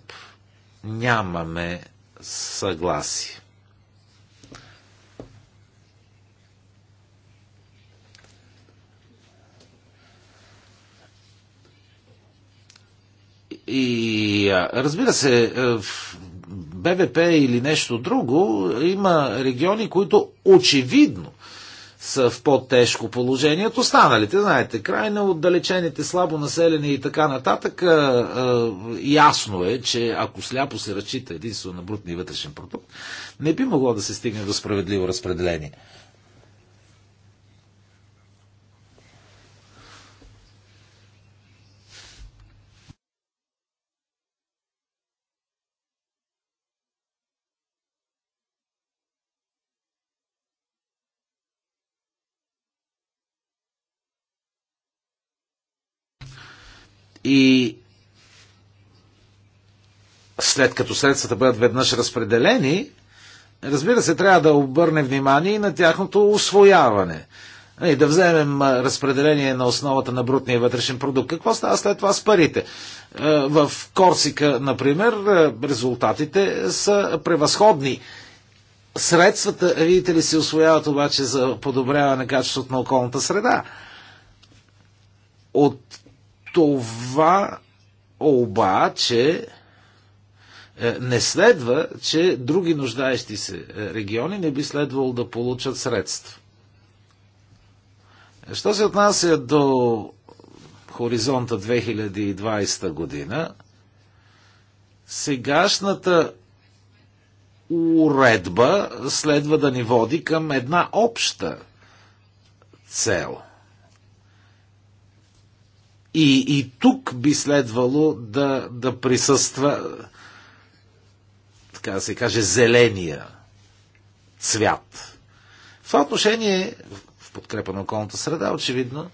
нямаме съгласие. И разбира се, в БВП или нещо друго, има региони, които очевидно са в по-тежко положение от останалите. Знаете, крайно отдалечените, слабо населени и така нататък, а, а, ясно е, че ако сляпо се разчита единствено на брутния вътрешен продукт, не би могло да се стигне до справедливо разпределение. И след като средствата бъдат веднъж разпределени, разбира се, трябва да обърне внимание и на тяхното освояване. И нали, да вземем разпределение на основата на брутния вътрешен продукт. Какво става след това с парите? В Корсика, например, резултатите са превъзходни. Средствата, видите ли, се освояват обаче за подобряване качеството на околната среда. От това обаче е, не следва, че други нуждаещи се е, региони не би следвало да получат средства. Що се отнася до хоризонта 2020 година, сегашната уредба следва да ни води към една обща цел – и, и тук би следвало да, да присъства, така да се каже, зеления цвят. В това отношение, в подкрепа на околната среда, очевидно,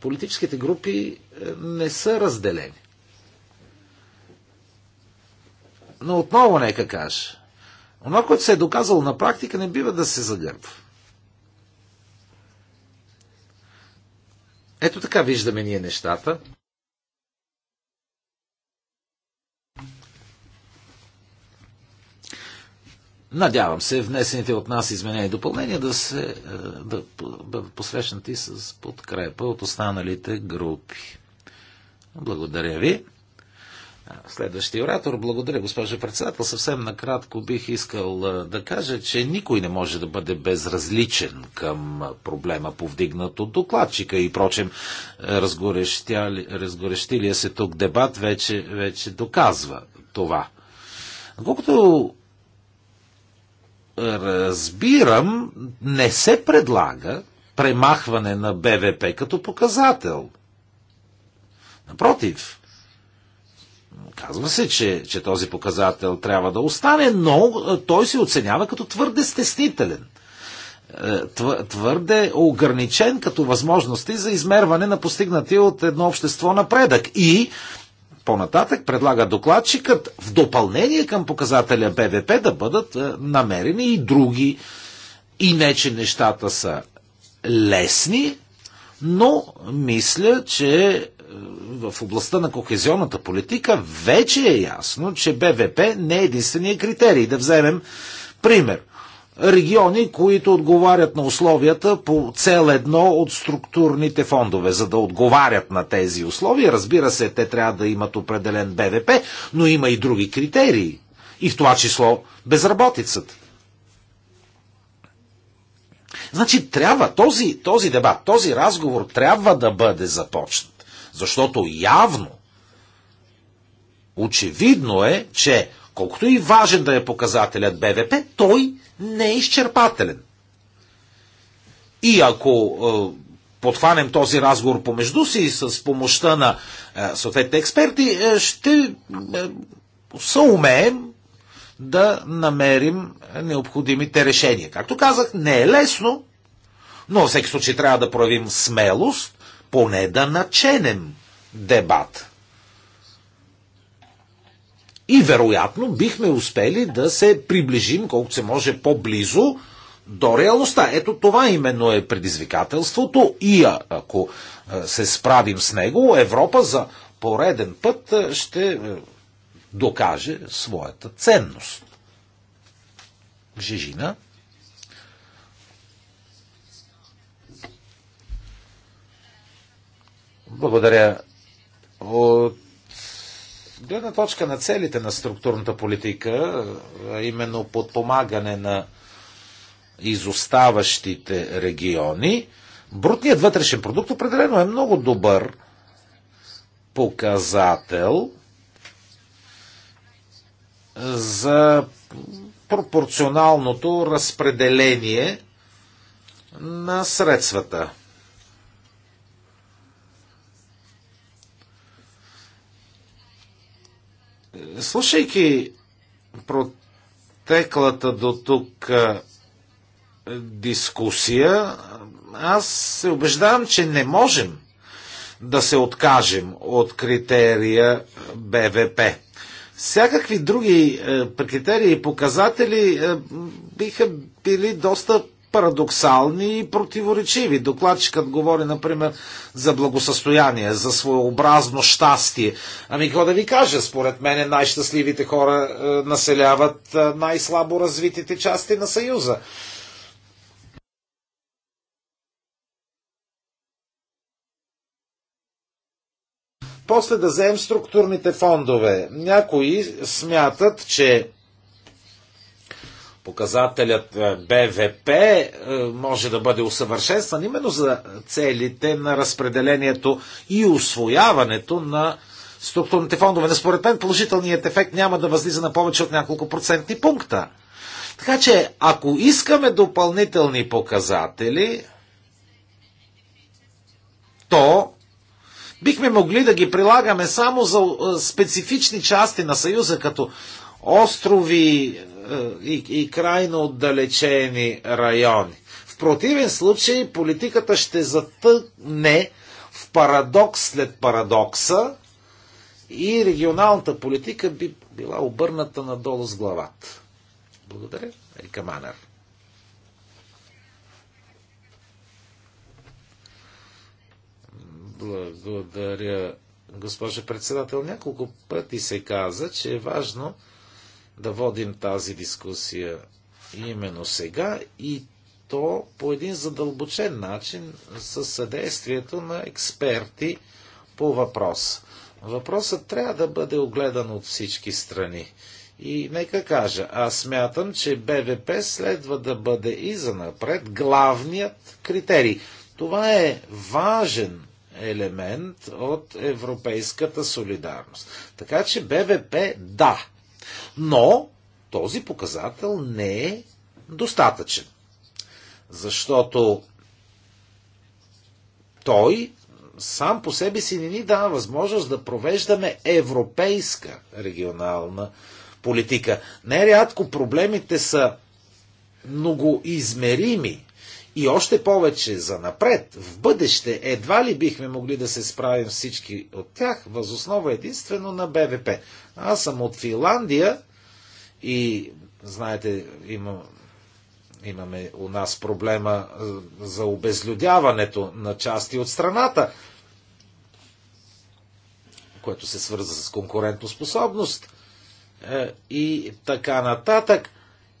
политическите групи е, не са разделени. Но отново нека кажа. оно, което се е доказало на практика, не бива да се загърбва. Ето така виждаме ние нещата. Надявам се, внесените от нас изменения и допълнения да се е, да бъдат посрещнати с подкрепа от останалите групи. Благодаря ви. Следващия оратор. Благодаря, госпожо председател. Съвсем накратко бих искал да кажа, че никой не може да бъде безразличен към проблема повдигнат от докладчика и прочим разгорещилия се тук дебат вече, вече доказва това. Колкото разбирам, не се предлага премахване на БВП като показател. Напротив, Казва се, че, че този показател трябва да остане, но е, той се оценява като твърде стеснителен. Е, твърде ограничен като възможности за измерване на постигнати от едно общество напредък. И по-нататък предлага докладчикът в допълнение към показателя БВП да бъдат е, намерени и други. И не, че нещата са лесни, но мисля, че в областта на кохезионната политика вече е ясно, че БВП не е единствения критерий. Да вземем пример. Региони, които отговарят на условията по цел едно от структурните фондове. За да отговарят на тези условия, разбира се, те трябва да имат определен БВП, но има и други критерии. И в това число безработицата. Значи трябва този, този дебат, този разговор трябва да бъде започнат. Защото явно, очевидно е, че колкото и важен да е показателят БВП, той не е изчерпателен. И ако е, подхванем този разговор помежду си с помощта на е, съответните експерти, е, ще е, съумеем да намерим необходимите решения. Както казах, не е лесно, но във всеки случай трябва да проявим смелост поне да наченем дебат. И вероятно бихме успели да се приближим колкото се може по-близо до реалността. Ето това именно е предизвикателството и ако се справим с него, Европа за пореден път ще докаже своята ценност. Жежина. Благодаря. От гледна точка на целите на структурната политика, именно подпомагане на изоставащите региони, брутният вътрешен продукт определено е много добър показател за пропорционалното разпределение на средствата. Слушайки протеклата до тук дискусия, аз се убеждавам, че не можем да се откажем от критерия БВП. Всякакви други е, критерии и показатели е, биха били доста парадоксални и противоречиви. Докладчикът говори, например, за благосъстояние, за своеобразно щастие. Ами какво да ви кажа, според мен най-щастливите хора е, населяват е, най-слабо развитите части на Съюза. После да вземем структурните фондове. Някои смятат, че показателят е, БВП е, може да бъде усъвършенстван именно за целите на разпределението и освояването на структурните фондове. Но според мен положителният ефект няма да възлиза на повече от няколко процентни пункта. Така че, ако искаме допълнителни показатели, то бихме могли да ги прилагаме само за е, специфични части на Съюза, като острови, е, и, и крайно отдалечени райони. В противен случай политиката ще затъкне в парадокс след парадокса и регионалната политика би била обърната надолу с главата. Благодаря, Ерика Манер. Благодаря, госпожа председател. Няколко пъти се каза, че е важно да водим тази дискусия именно сега и то по един задълбочен начин с съдействието на експерти по въпроса. Въпросът трябва да бъде огледан от всички страни. И нека кажа, аз смятам, че БВП следва да бъде и занапред главният критерий. Това е важен елемент от европейската солидарност. Така че БВП да, но този показател не е достатъчен, защото той сам по себе си не ни дава възможност да провеждаме европейска регионална политика. Нерядко проблемите са многоизмерими и още повече за напред, в бъдеще, едва ли бихме могли да се справим всички от тях, възоснова единствено на БВП. Аз съм от Финландия и, знаете, има, имаме у нас проблема е, за обезлюдяването на части от страната, което се свърза с конкурентоспособност е, и така нататък.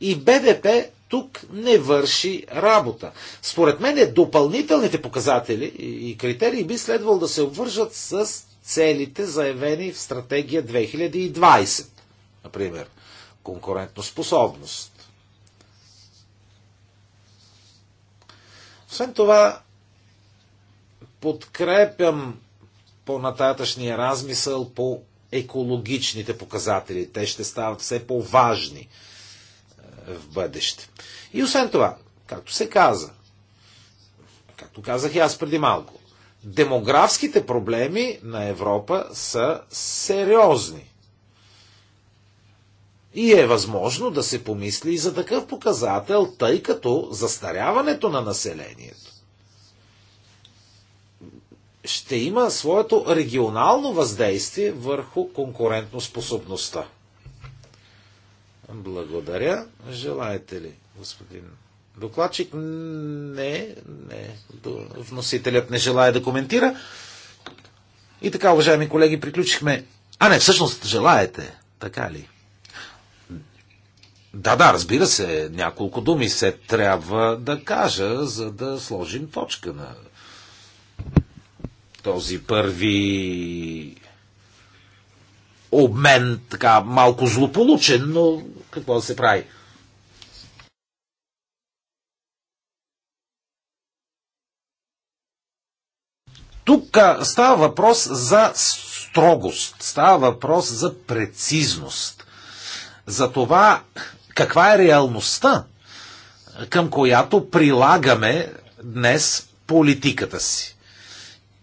И БВП тук не върши работа. Според мен допълнителните показатели и критерии би следвало да се обвържат с целите заявени в стратегия 2020. Например, конкурентоспособност. Освен това, подкрепям по-нататъчния размисъл по екологичните показатели. Те ще стават все по-важни в бъдеще. И освен това, както се каза, както казах и аз преди малко, демографските проблеми на Европа са сериозни. И е възможно да се помисли и за такъв показател, тъй като застаряването на населението ще има своето регионално въздействие върху конкурентоспособността. Благодаря. Желаете ли, господин докладчик? Не, не. Вносителят не желая да коментира. И така, уважаеми колеги, приключихме. А не, всъщност желаете, така ли? Да, да, разбира се, няколко думи се трябва да кажа, за да сложим точка на този първи обмен, така малко злополучен, но какво да се прави. Тук става въпрос за строгост, става въпрос за прецизност, за това каква е реалността, към която прилагаме днес политиката си.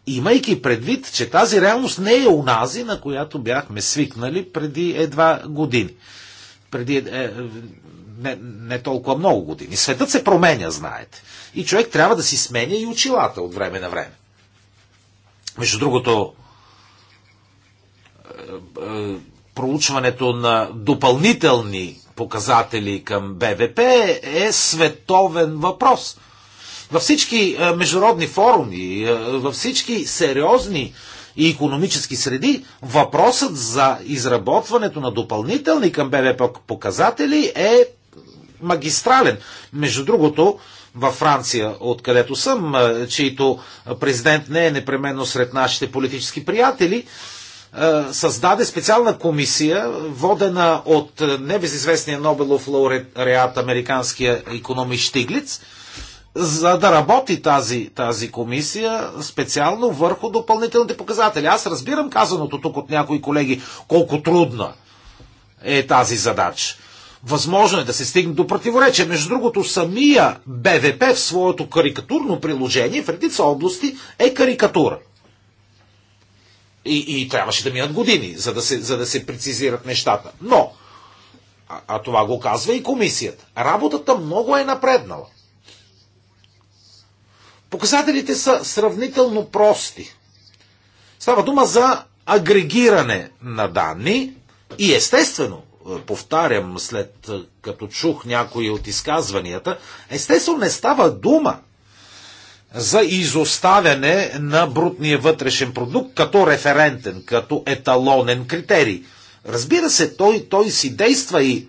Имайки предвид, че тази реалност не е унази, на която бяхме свикнали преди едва години преди е, не, не толкова много години. Светът се променя, знаете. И човек трябва да си сменя и очилата от време на време. Между другото, е, е, проучването на допълнителни показатели към БВП е световен въпрос. Във всички е, международни форуми, във всички сериозни и економически среди, въпросът за изработването на допълнителни към БВП показатели е магистрален. Между другото, във Франция, откъдето съм, чийто президент не е непременно сред нашите политически приятели, създаде специална комисия, водена от небезизвестния Нобелов лауреат, американския економист Штиглиц, за да работи тази, тази комисия специално върху допълнителните показатели. Аз разбирам казаното тук от някои колеги, колко трудна е тази задача. Възможно е да се стигне до противоречия, Между другото, самия БВП в своето карикатурно приложение в редица области е карикатура. И, и трябваше да минат години, за да се, за да се прецизират нещата. Но, а, а това го казва и комисията, работата много е напреднала. Показателите са сравнително прости. Става дума за агрегиране на данни и естествено, е, повтарям след е, като чух някои от изказванията, естествено не става дума за изоставяне на брутния вътрешен продукт като референтен, като еталонен критерий. Разбира се, той, той си действа и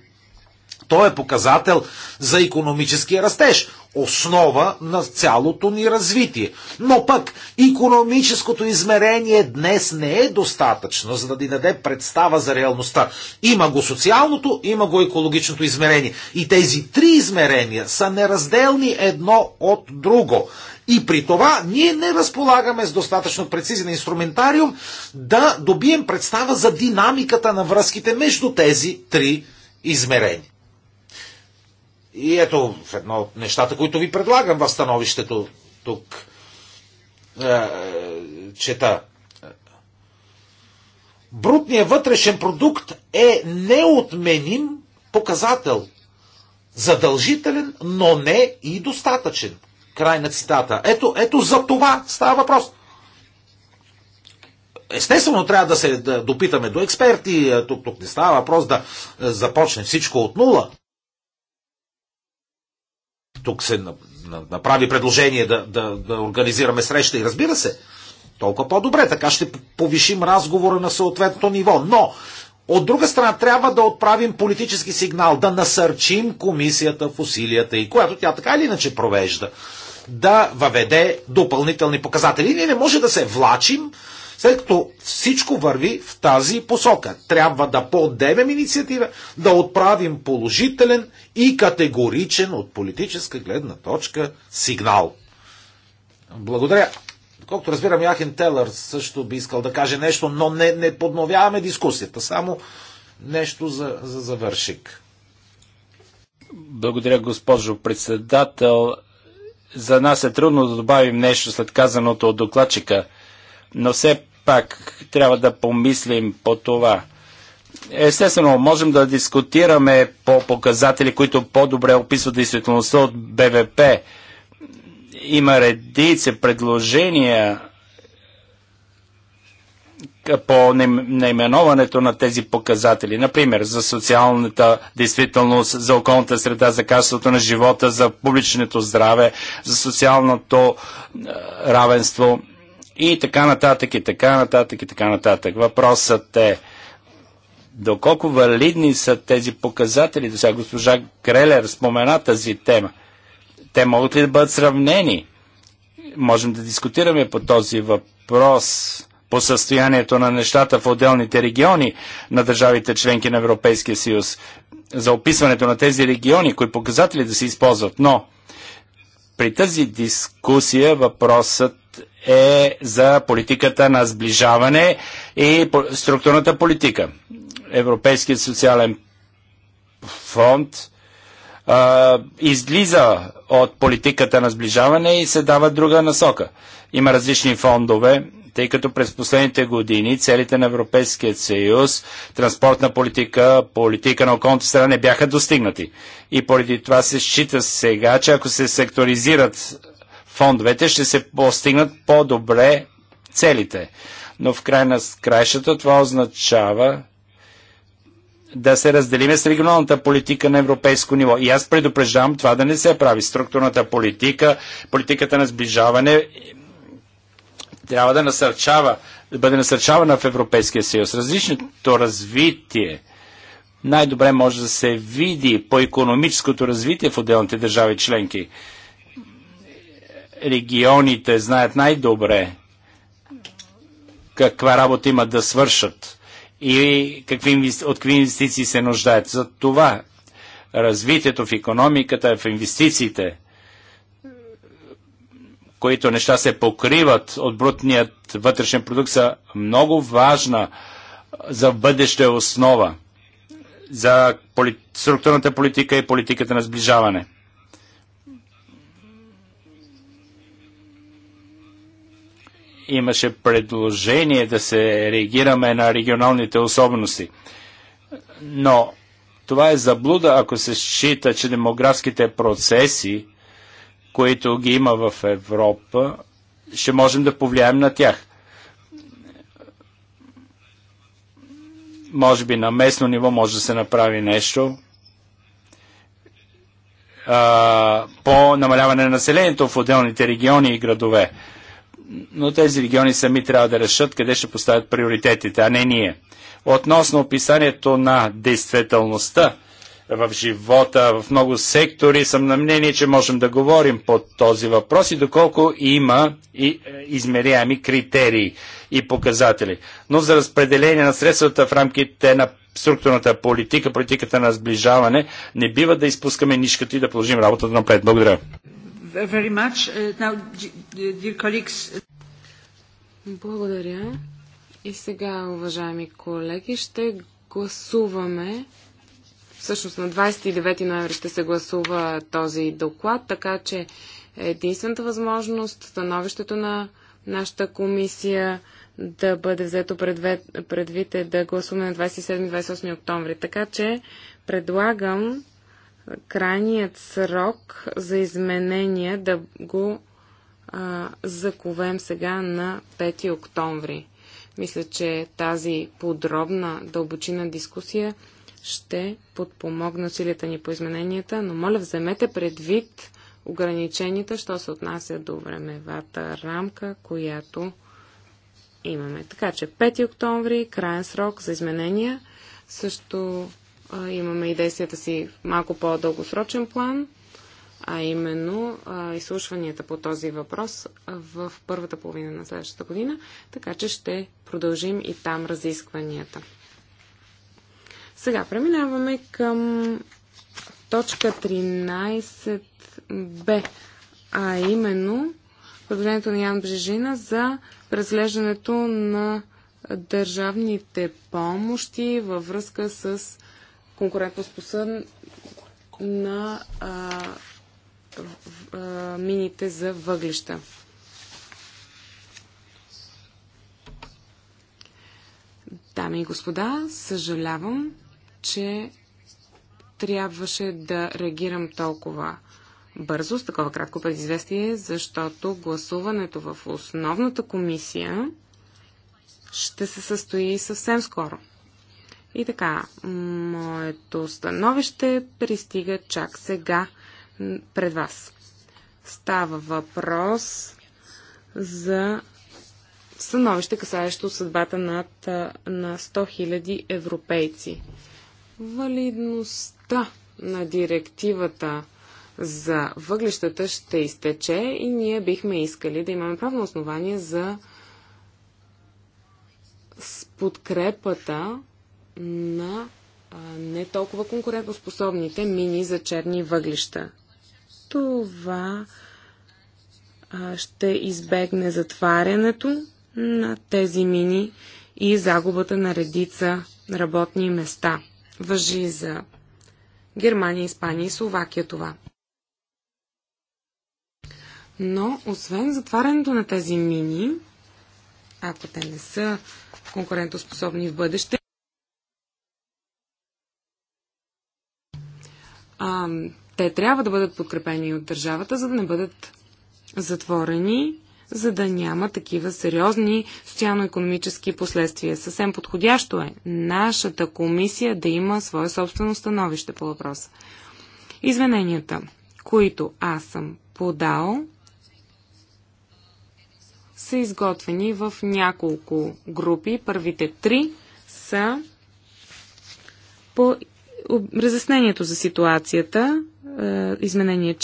той е показател за економическия растеж основа на цялото ни развитие. Но пък економическото измерение днес не е достатъчно, за да ни даде представа за реалността. Има го социалното, има го екологичното измерение. И тези три измерения са неразделни едно от друго. И при това ние не разполагаме с достатъчно прецизен инструментариум да добием представа за динамиката на връзките между тези три измерения. И ето в едно от нещата, които ви предлагам в становището тук, е, чета. Брутният вътрешен продукт е неотменим показател. Задължителен, но не и достатъчен. Край на цитата. Ето, ето за това става въпрос. Естествено, трябва да се да допитаме до експерти. Тук, тук не става въпрос да е, започне всичко от нула тук се направи предложение да, да, да организираме среща и разбира се, толкова по-добре, така ще повишим разговора на съответното ниво. Но, от друга страна, трябва да отправим политически сигнал, да насърчим комисията в усилията и която тя така или иначе провежда, да въведе допълнителни показатели. Ние не може да се влачим след като всичко върви в тази посока. Трябва да подемем инициатива, да отправим положителен и категоричен от политическа гледна точка сигнал. Благодаря. Колкото разбирам, Яхен Телър също би искал да каже нещо, но не, не подновяваме дискусията. Само нещо за, за завършик. Благодаря, госпожо председател. За нас е трудно да добавим нещо след казаното от докладчика, но все пак трябва да помислим по това. Естествено, можем да дискутираме по показатели, които по-добре описват действителността от БВП. Има редица предложения по наименоването на тези показатели. Например, за социалната действителност, за околната среда, за качеството на живота, за публичното здраве, за социалното равенство – и така нататък, и така нататък, и така нататък. Въпросът е доколко валидни са тези показатели. До сега госпожа Крелер спомена тази тема. Те могат ли да бъдат сравнени? Можем да дискутираме по този въпрос по състоянието на нещата в отделните региони на държавите членки на Европейския съюз, за описването на тези региони, кои показатели да се използват. Но при тази дискусия въпросът е за политиката на сближаване и структурната политика. Европейският социален фонд а, излиза от политиката на сближаване и се дава друга насока. Има различни фондове, тъй като през последните години целите на Европейския съюз, транспортна политика, политика на околната страна не бяха достигнати. И поради това се счита сега, че ако се секторизират фондовете, ще се постигнат по-добре целите. Но в край на крайщата това означава, да се разделиме с регионалната политика на европейско ниво. И аз предупреждавам това да не се прави. Структурната политика, политиката на сближаване трябва да насърчава, да бъде насърчавана в Европейския съюз. Различното развитие най-добре може да се види по економическото развитие в отделните държави членки. Регионите знаят най-добре каква работа имат да свършат и какви, от какви инвестиции се нуждаят. За това развитието в економиката, в инвестициите които неща се покриват от брутният вътрешен продукт, са много важна за бъдеща основа за поли... структурната политика и политиката на сближаване. Имаше предложение да се реагираме на регионалните особености. Но това е заблуда, ако се счита, че демографските процеси които ги има в Европа, ще можем да повлияем на тях. Може би на местно ниво може да се направи нещо а, по намаляване на населението в отделните региони и градове. Но тези региони сами трябва да решат къде ще поставят приоритетите, а не ние. Относно описанието на действителността, в живота, в много сектори. Съм на мнение, че можем да говорим по този въпрос и доколко има и е, измеряеми критерии и показатели. Но за разпределение на средствата в рамките на структурната политика, политиката на сближаване, не бива да изпускаме нишката и да продължим работата напред. Благодаря. Uh, now, Благодаря. И сега, уважаеми колеги, ще гласуваме Всъщност на 29 ноември ще се гласува този доклад, така че единствената възможност становището на нашата комисия да бъде взето предвид, предвид е да гласуваме на 27-28 октомври. Така че предлагам крайният срок за изменение да го а, заковем сега на 5 октомври. Мисля, че тази подробна дълбочина дискусия ще подпомогна усилията ни по измененията, но моля вземете предвид ограниченията, що се отнася до времевата рамка, която имаме. Така че 5 октомври, крайен срок за изменения. Също а, имаме и действията си в малко по-дългосрочен план, а именно а, изслушванията по този въпрос в първата половина на следващата година, така че ще продължим и там разискванията. Сега преминаваме към точка 13б, а именно предложението на Ян Брежина за разглеждането на държавните помощи във връзка с конкурентоспособ на а, а, мините за въглища. Дами и господа, съжалявам, че трябваше да реагирам толкова бързо, с такова кратко предизвестие, защото гласуването в основната комисия ще се състои съвсем скоро. И така, моето становище пристига чак сега пред вас. Става въпрос за становище, касаещо съдбата над, на 100 000 европейци. Валидността на директивата за въглищата ще изтече и ние бихме искали да имаме правно основание за подкрепата на не толкова конкурентоспособните мини за черни въглища. Това ще избегне затварянето на тези мини и загубата на редица работни места. Въжи за Германия, Испания и Словакия това. Но, освен затварянето на тези мини, ако те не са конкурентоспособни в бъдеще, а, те трябва да бъдат подкрепени от държавата, за да не бъдат затворени за да няма такива сериозни социално-економически последствия. Съвсем подходящо е нашата комисия да има свое собствено становище по въпроса. Извиненията, които аз съм подал, са изготвени в няколко групи. Първите три са по разяснението за ситуацията, е, изменение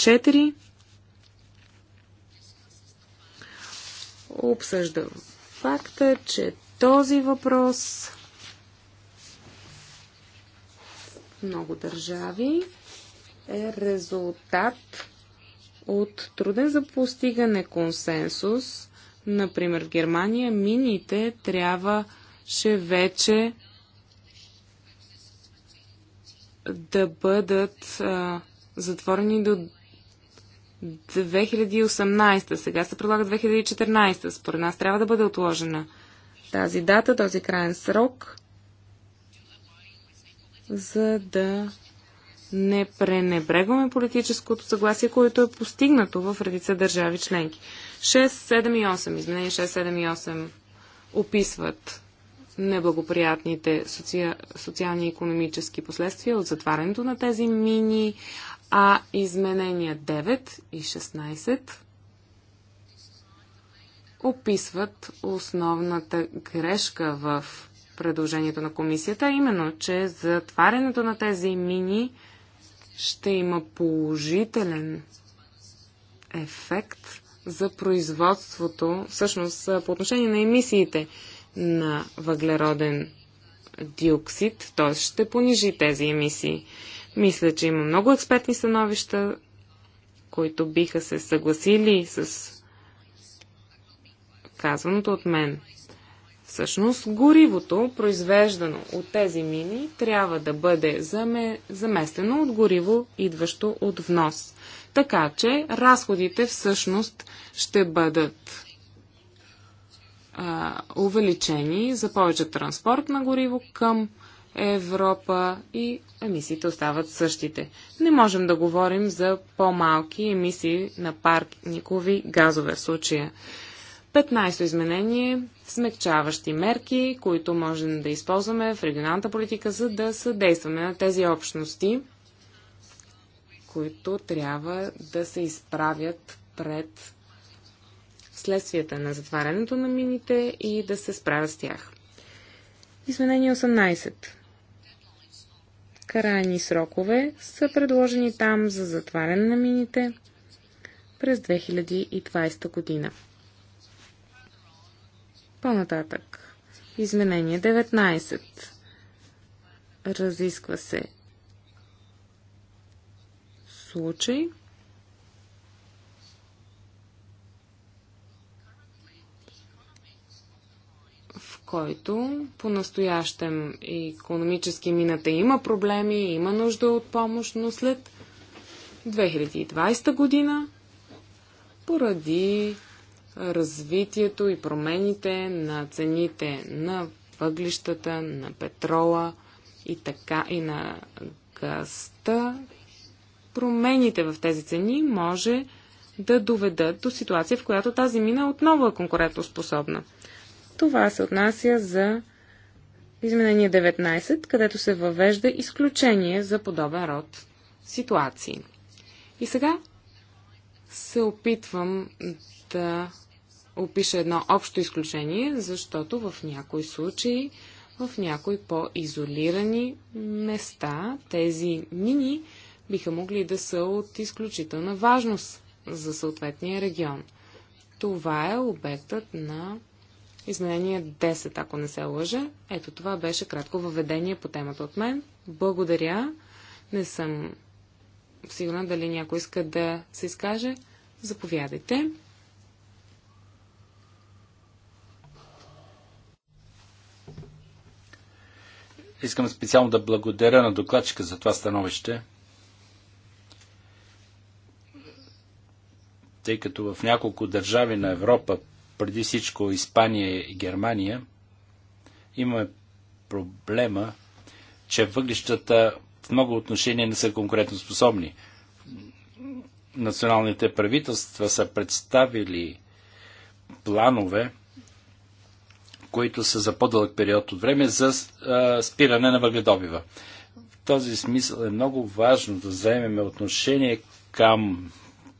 обсъжда факта, че този въпрос в много държави е резултат от труден за постигане консенсус. Например, в Германия мините трябваше вече да бъдат а, затворени до 2018, сега се предлага 2014. Според нас трябва да бъде отложена тази дата, този крайен срок, за да не пренебрегваме политическото съгласие, което е постигнато в редица държави членки. 6, 7 и 8, изменение 6, 7 и 8 описват неблагоприятните социални и економически последствия от затварянето на тези мини а изменения 9 и 16 описват основната грешка в предложението на комисията, именно, че затварянето на тези мини ще има положителен ефект за производството, всъщност по отношение на емисиите на въглероден диоксид, т.е. ще понижи тези емисии. Мисля, че има много експертни становища, които биха се съгласили с казаното от мен. Всъщност, горивото, произвеждано от тези мини, трябва да бъде заместено от гориво, идващо от внос. Така че разходите всъщност ще бъдат а, увеличени за повече транспорт на гориво към Европа и емисиите остават същите. Не можем да говорим за по-малки емисии на парникови газове в случая. 15-то изменение смягчаващи мерки, които можем да използваме в регионалната политика, за да съдействаме на тези общности, които трябва да се изправят пред следствията на затварянето на мините и да се справят с тях. Изменение 18 крайни срокове са предложени там за затваряне на мините през 2020 година. По-нататък. Изменение 19. Разисква се случай – който по-настоящем економически мината има проблеми, има нужда от помощ, но след 2020 година, поради развитието и промените на цените на въглищата, на петрола и така и на газта, промените в тези цени може да доведат до ситуация, в която тази мина е отново е конкурентоспособна. Това се отнася за изменение 19, където се въвежда изключение за подобен род ситуации. И сега се опитвам да опиша едно общо изключение, защото в някои случаи, в някои по-изолирани места, тези мини биха могли да са от изключителна важност за съответния регион. Това е обектът на Изменение 10, ако не се лъжа. Ето това беше кратко въведение по темата от мен. Благодаря. Не съм сигурна дали някой иска да се изкаже. Заповядайте. Искам специално да благодаря на докладчика за това становище, тъй като в няколко държави на Европа преди всичко Испания и Германия, имаме проблема, че въглищата в много отношения не са конкретно способни. Националните правителства са представили планове, които са за по-дълъг период от време за спиране на въгледобива. В този смисъл е много важно да вземем отношение към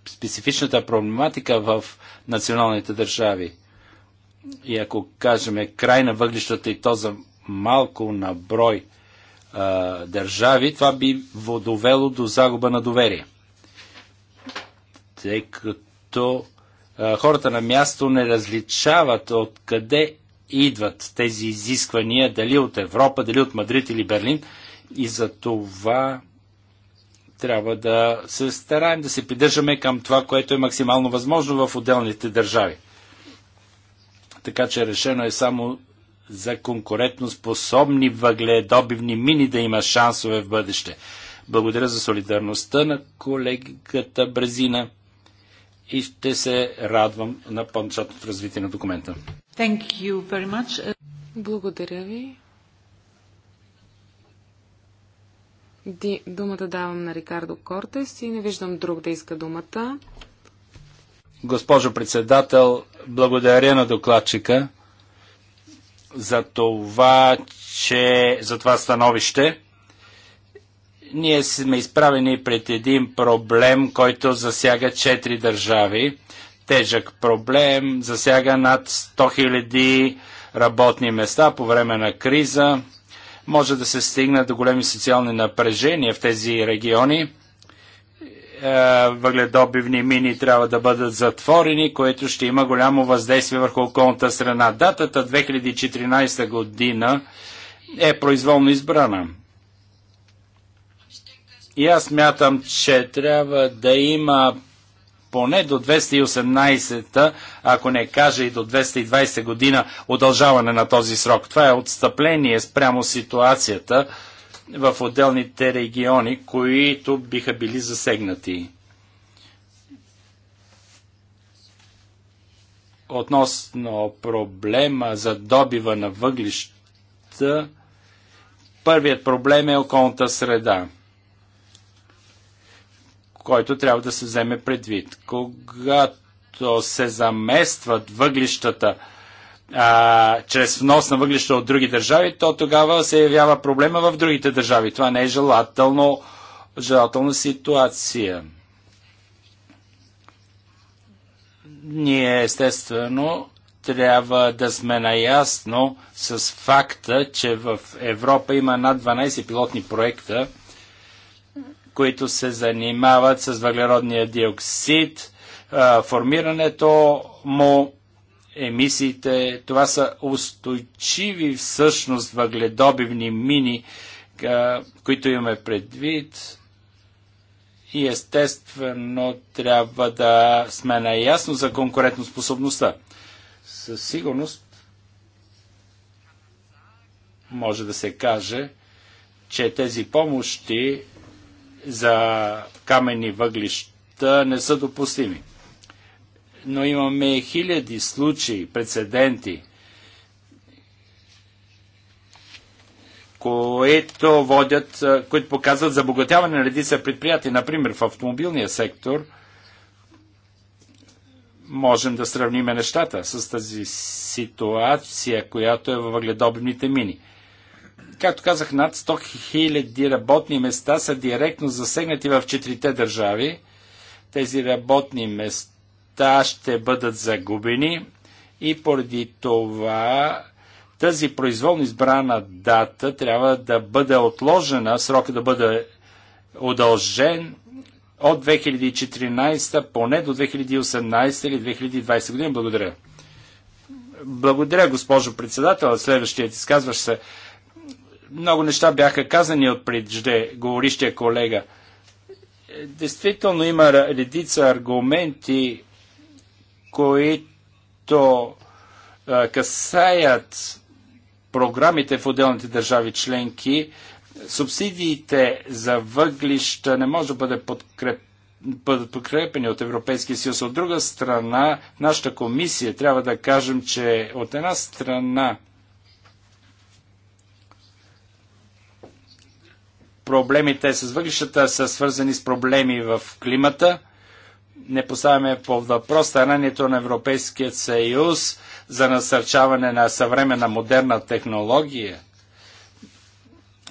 специфичната проблематика в националните държави. И ако кажем край на въглищата и то за малко на брой а, държави, това би водовело до загуба на доверие. Тъй като а, хората на място не различават откъде идват тези изисквания, дали от Европа, дали от Мадрид или Берлин. И за това трябва да се стараем да се придържаме към това, което е максимално възможно в отделните държави. Така че решено е само за конкурентно способни въгледобивни мини да има шансове в бъдеще. Благодаря за солидарността на колегата Брезина и ще се радвам на по-нататъчното развитие на документа. Благодаря ви. думата давам на Рикардо Кортес и не виждам друг да иска думата. Госпожо председател, благодаря на докладчика за това, че за това становище. Ние сме изправени пред един проблем, който засяга четири държави. Тежък проблем, засяга над 100 000 работни места по време на криза може да се стигне до големи социални напрежения в тези региони. Е, въгледобивни мини трябва да бъдат затворени, което ще има голямо въздействие върху околната страна. Датата 2014 година е произволно избрана. И аз мятам, че трябва да има поне до 218-та, ако не каже и до 220 година удължаване на този срок. Това е отстъпление спрямо ситуацията в отделните региони, които биха били засегнати. Относно проблема за добива на въглища, първият проблем е околната среда който трябва да се вземе предвид. Когато се заместват въглищата а, чрез внос на въглища от други държави, то тогава се явява проблема в другите държави. Това не е желателно, желателна ситуация. Ние естествено трябва да сме наясно с факта, че в Европа има над 12 пилотни проекта, които се занимават с въглеродния диоксид, формирането му, емисиите. Това са устойчиви всъщност въгледобивни мини, които имаме предвид. И естествено трябва да сме наясно за конкурентоспособността. Със сигурност може да се каже, че тези помощи за каменни въглища не са допустими. Но имаме хиляди случаи, прецеденти, които водят, които показват забогатяване на редица предприятия. Например, в автомобилния сектор можем да сравним нещата с тази ситуация, която е във въгледобивните мини – Както казах, над 100 000 работни места са директно засегнати в четирите държави. Тези работни места ще бъдат загубени и поради това тази произволно избрана дата трябва да бъде отложена, срока да бъде удължен от 2014 поне до 2018 или 2020 година. Благодаря. Благодаря, госпожо председател. Следващият изказващ се много неща бяха казани от говорищия колега. Действително има редица аргументи, които а, касаят програмите в отделните държави членки. Субсидиите за въглища не може да бъде подкрепен бъдат подкрепени от Европейския съюз. От друга страна, нашата комисия трябва да кажем, че от една страна проблемите с въглищата са свързани с проблеми в климата. Не поставяме по въпрос старанието на Европейския съюз за насърчаване на съвременна модерна технология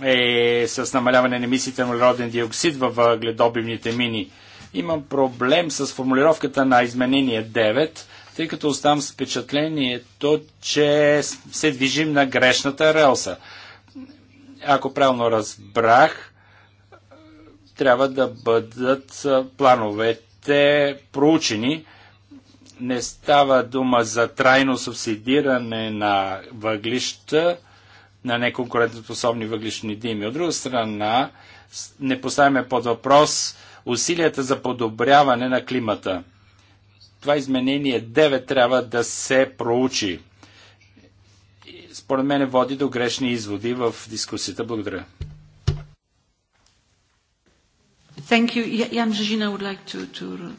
е с намаляване на емисиите на роден диоксид във въгледобивните мини. Имам проблем с формулировката на изменение 9, тъй като оставам с впечатлението, че се движим на грешната релса. Ако правилно разбрах, трябва да бъдат плановете проучени. Не става дума за трайно субсидиране на въглища, на неконкурентоспособни въглишни дими. От друга страна, не поставяме под въпрос усилията за подобряване на климата. Това изменение 9 трябва да се проучи. Според мен води до грешни изводи в дискусията. Благодаря. Thank you. Ян жежина, would like to, to...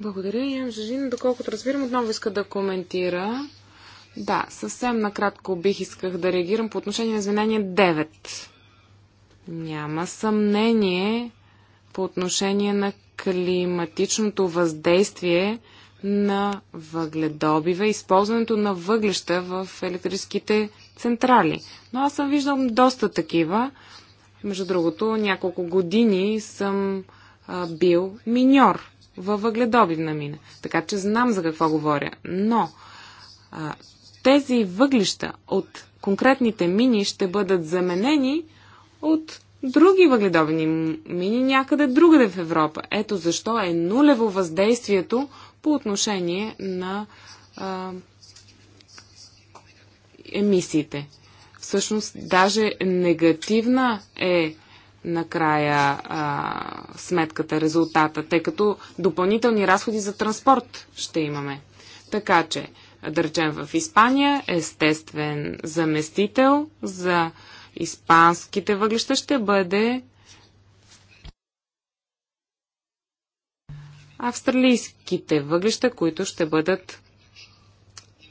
Благодаря. Ян Жижина, доколкото разбирам, отново иска да коментира. Да, съвсем накратко бих исках да реагирам по отношение на извинение 9. Няма съмнение по отношение на климатичното въздействие на въгледобива, използването на въглеща в електрическите централи. Но аз съм виждал доста такива. Между другото, няколко години съм а, бил миньор във въгледобивна мина, така че знам за какво говоря. Но а, тези въглища от конкретните мини ще бъдат заменени от други въгледобивни мини някъде другаде в Европа. Ето защо е нулево въздействието по отношение на а, емисиите всъщност даже негативна е накрая а, сметката, резултата, тъй като допълнителни разходи за транспорт ще имаме. Така че, да речем в Испания, естествен заместител за испанските въглища ще бъде австралийските въглища, които ще бъдат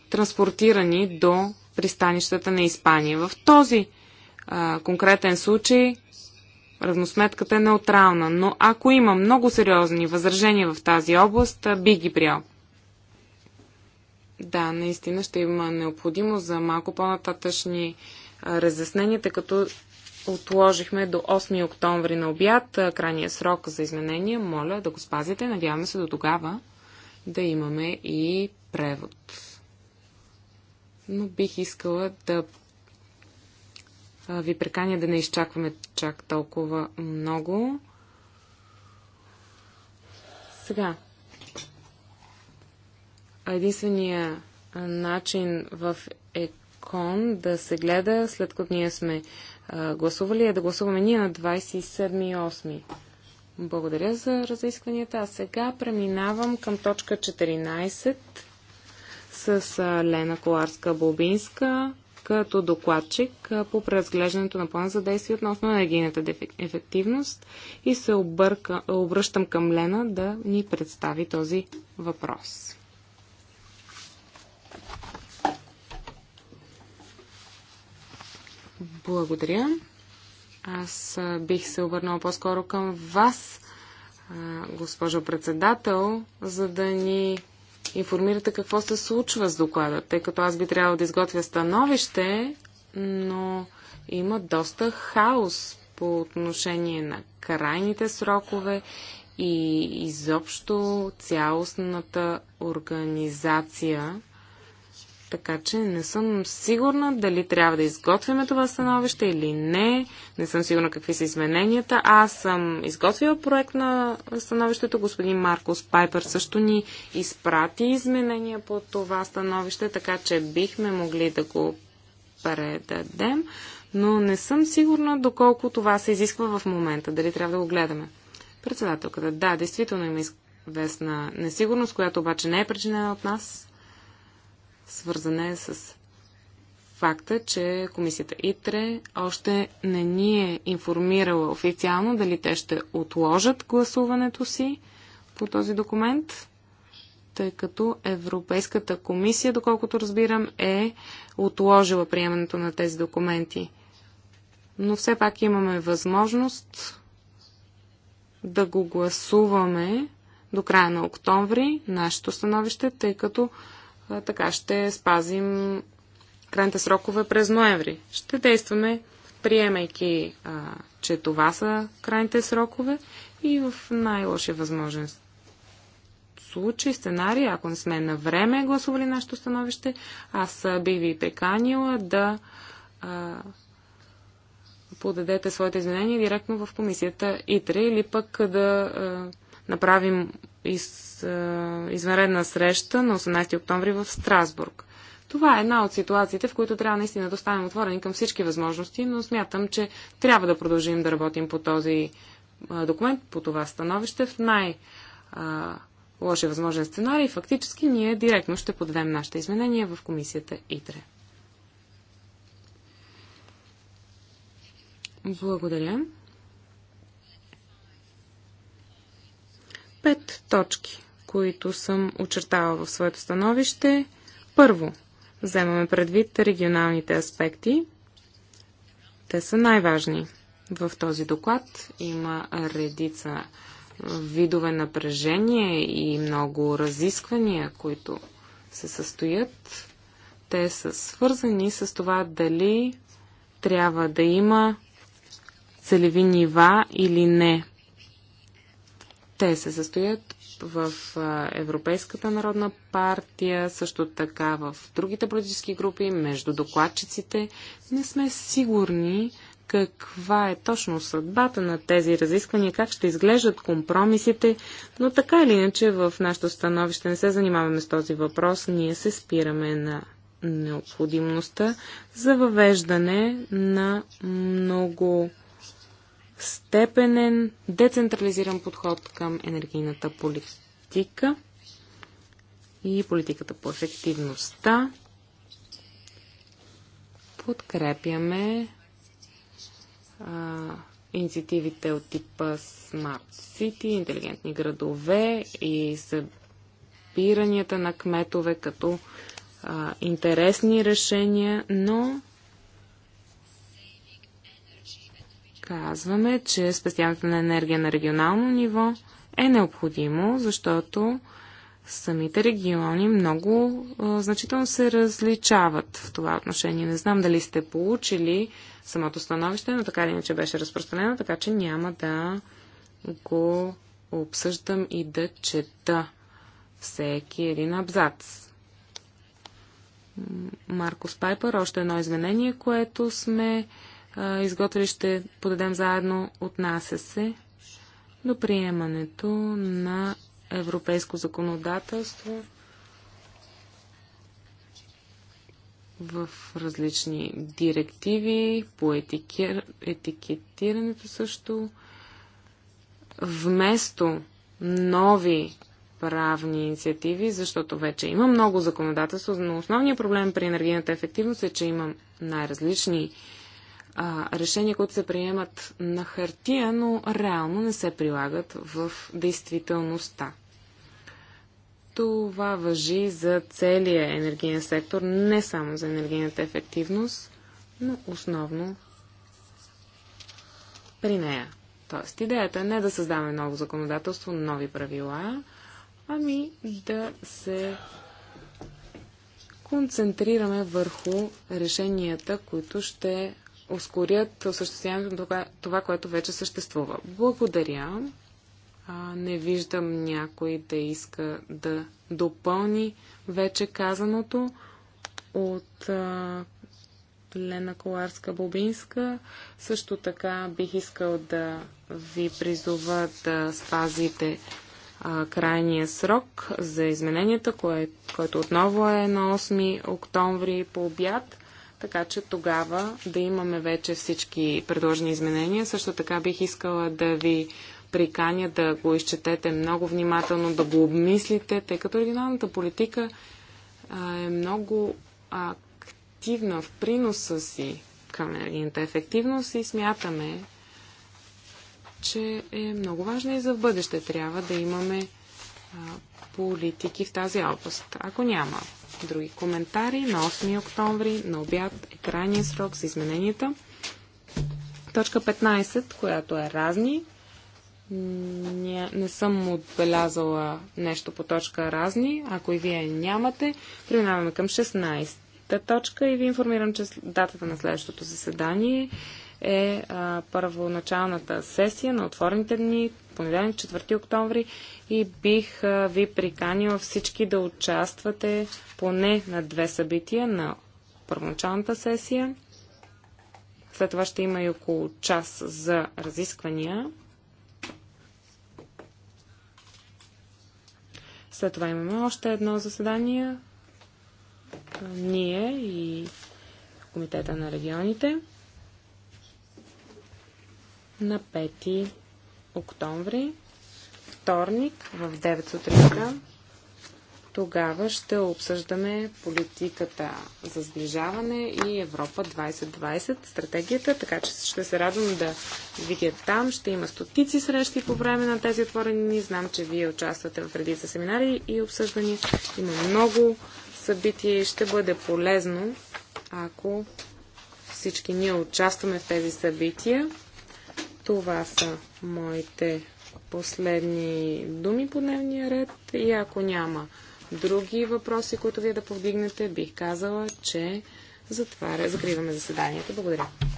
транспортирани до пристанищата на Испания. В този а, конкретен случай равносметката е неутрална, но ако има много сериозни възражения в тази област, би ги приял. Да, наистина ще има необходимост за малко по-нататъчни разяснения, тъй като отложихме до 8 октомври на обяд крайния срок за изменения. Моля да го спазите. Надяваме се до тогава да имаме и превод но бих искала да ви преканя да не изчакваме чак толкова много. Сега, единствения начин в ЕКОН да се гледа, след като ние сме гласували, е да гласуваме ние на 27 и 8. Благодаря за разискванията. А сега преминавам към точка 14 с Лена Коларска-Бобинска като докладчик по преразглеждането на плана за действие относно енергийната ефективност и се обърка, обръщам към Лена да ни представи този въпрос. Благодаря. Аз бих се обърнала по-скоро към вас, госпожо председател, за да ни информирате какво се случва с доклада, тъй като аз би трябвало да изготвя становище, но има доста хаос по отношение на крайните срокове и изобщо цялостната организация така че не съм сигурна дали трябва да изготвяме това становище или не. Не съм сигурна какви са измененията. Аз съм изготвила проект на становището. Господин Маркус Пайпер също ни изпрати изменения по това становище, така че бихме могли да го предадем, но не съм сигурна доколко това се изисква в момента, дали трябва да го гледаме. Председателката, да, действително има известна несигурност, която обаче не е причинена от нас, свързана е с факта, че комисията ИТРЕ още не ни е информирала официално дали те ще отложат гласуването си по този документ, тъй като Европейската комисия, доколкото разбирам, е отложила приемането на тези документи. Но все пак имаме възможност да го гласуваме до края на октомври, нашето становище, тъй като така ще спазим крайните срокове през ноември. Ще действаме, приемайки, а, че това са крайните срокове и в най-лошия възможен случай, сценарий, ако не сме на време гласували нашето становище, аз бих ви приканила да а, подадете своите изменения директно в комисията ИТРЕ или пък да а, направим из, извънредна среща на 18 октомври в Страсбург. Това е една от ситуациите, в които трябва наистина да останем отворени към всички възможности, но смятам, че трябва да продължим да работим по този документ, по това становище в най- лоши възможен сценарий, фактически ние директно ще подадем нашите изменения в комисията ИТРЕ. Благодаря. пет точки, които съм очертала в своето становище. Първо, вземаме предвид регионалните аспекти. Те са най-важни. В този доклад има редица видове напрежение и много разисквания, които се състоят. Те са свързани с това дали трябва да има целеви нива или не те се състоят в Европейската народна партия, също така в другите политически групи, между докладчиците. Не сме сигурни каква е точно съдбата на тези разисквания, как ще изглеждат компромисите, но така или иначе в нашето становище не се занимаваме с този въпрос, ние се спираме на необходимостта за въвеждане на много степенен децентрализиран подход към енергийната политика и политиката по ефективността. Подкрепяме а, инициативите от типа Smart City, интелигентни градове и събиранията на кметове като а, интересни решения, но казваме, че спестяването на енергия на регионално ниво е необходимо, защото самите региони много а, значително се различават в това отношение. Не знам дали сте получили самото становище, но така или иначе беше разпространено, така че няма да го обсъждам и да чета всеки един абзац. Маркус Пайпер, още едно изменение, което сме изготвили, ще подадем заедно. Отнася е се до приемането на европейско законодателство в различни директиви, по етикер... етикетирането също, вместо нови правни инициативи, защото вече има много законодателство, но основният проблем при енергийната ефективност е, че има най-различни а, решения, които се приемат на хартия, но реално не се прилагат в действителността. Това въжи за целия енергиен сектор, не само за енергийната ефективност, но основно при нея. Тоест, идеята е не да създаваме ново законодателство, нови правила, ами да се концентрираме върху решенията, които ще ускорят осъществяването на това, това, което вече съществува. Благодаря. А, не виждам някой да иска да допълни вече казаното от а, Лена Коларска-Бобинска. Също така бих искал да ви призова да спазите а, крайния срок за измененията, кое, което отново е на 8 октомври по обяд така че тогава да имаме вече всички предложени изменения. Също така бих искала да ви приканя да го изчетете много внимателно, да го обмислите, тъй като регионалната политика а, е много активна в приноса си към енергийната ефективност и смятаме, че е много важна и за в бъдеще трябва да имаме политики в тази област. Ако няма други коментари, на 8 октомври на обяд е крайния срок за измененията. Точка 15, която е разни. Не, не съм отбелязала нещо по точка разни. Ако и вие нямате, преминаваме към 16-та точка и ви информирам, че датата на следващото заседание е е а, първоначалната сесия на отворените дни, понеделник, 4 октомври и бих а, ви приканила всички да участвате поне на две събития на първоначалната сесия. След това ще има и около час за разисквания. След това имаме още едно заседание. Ние и Комитета на регионите на 5 октомври, вторник в 9 сутринта. Тогава ще обсъждаме политиката за сближаване и Европа 2020, стратегията, така че ще се радвам да видя там. Ще има стотици срещи по време на тези отворени. Знам, че вие участвате в редица семинари и обсъждания. Има много събития и ще бъде полезно, ако всички ние участваме в тези събития. Това са моите последни думи по дневния ред и ако няма други въпроси, които вие да повдигнете, бих казала, че затваря, закриваме заседанието. Благодаря.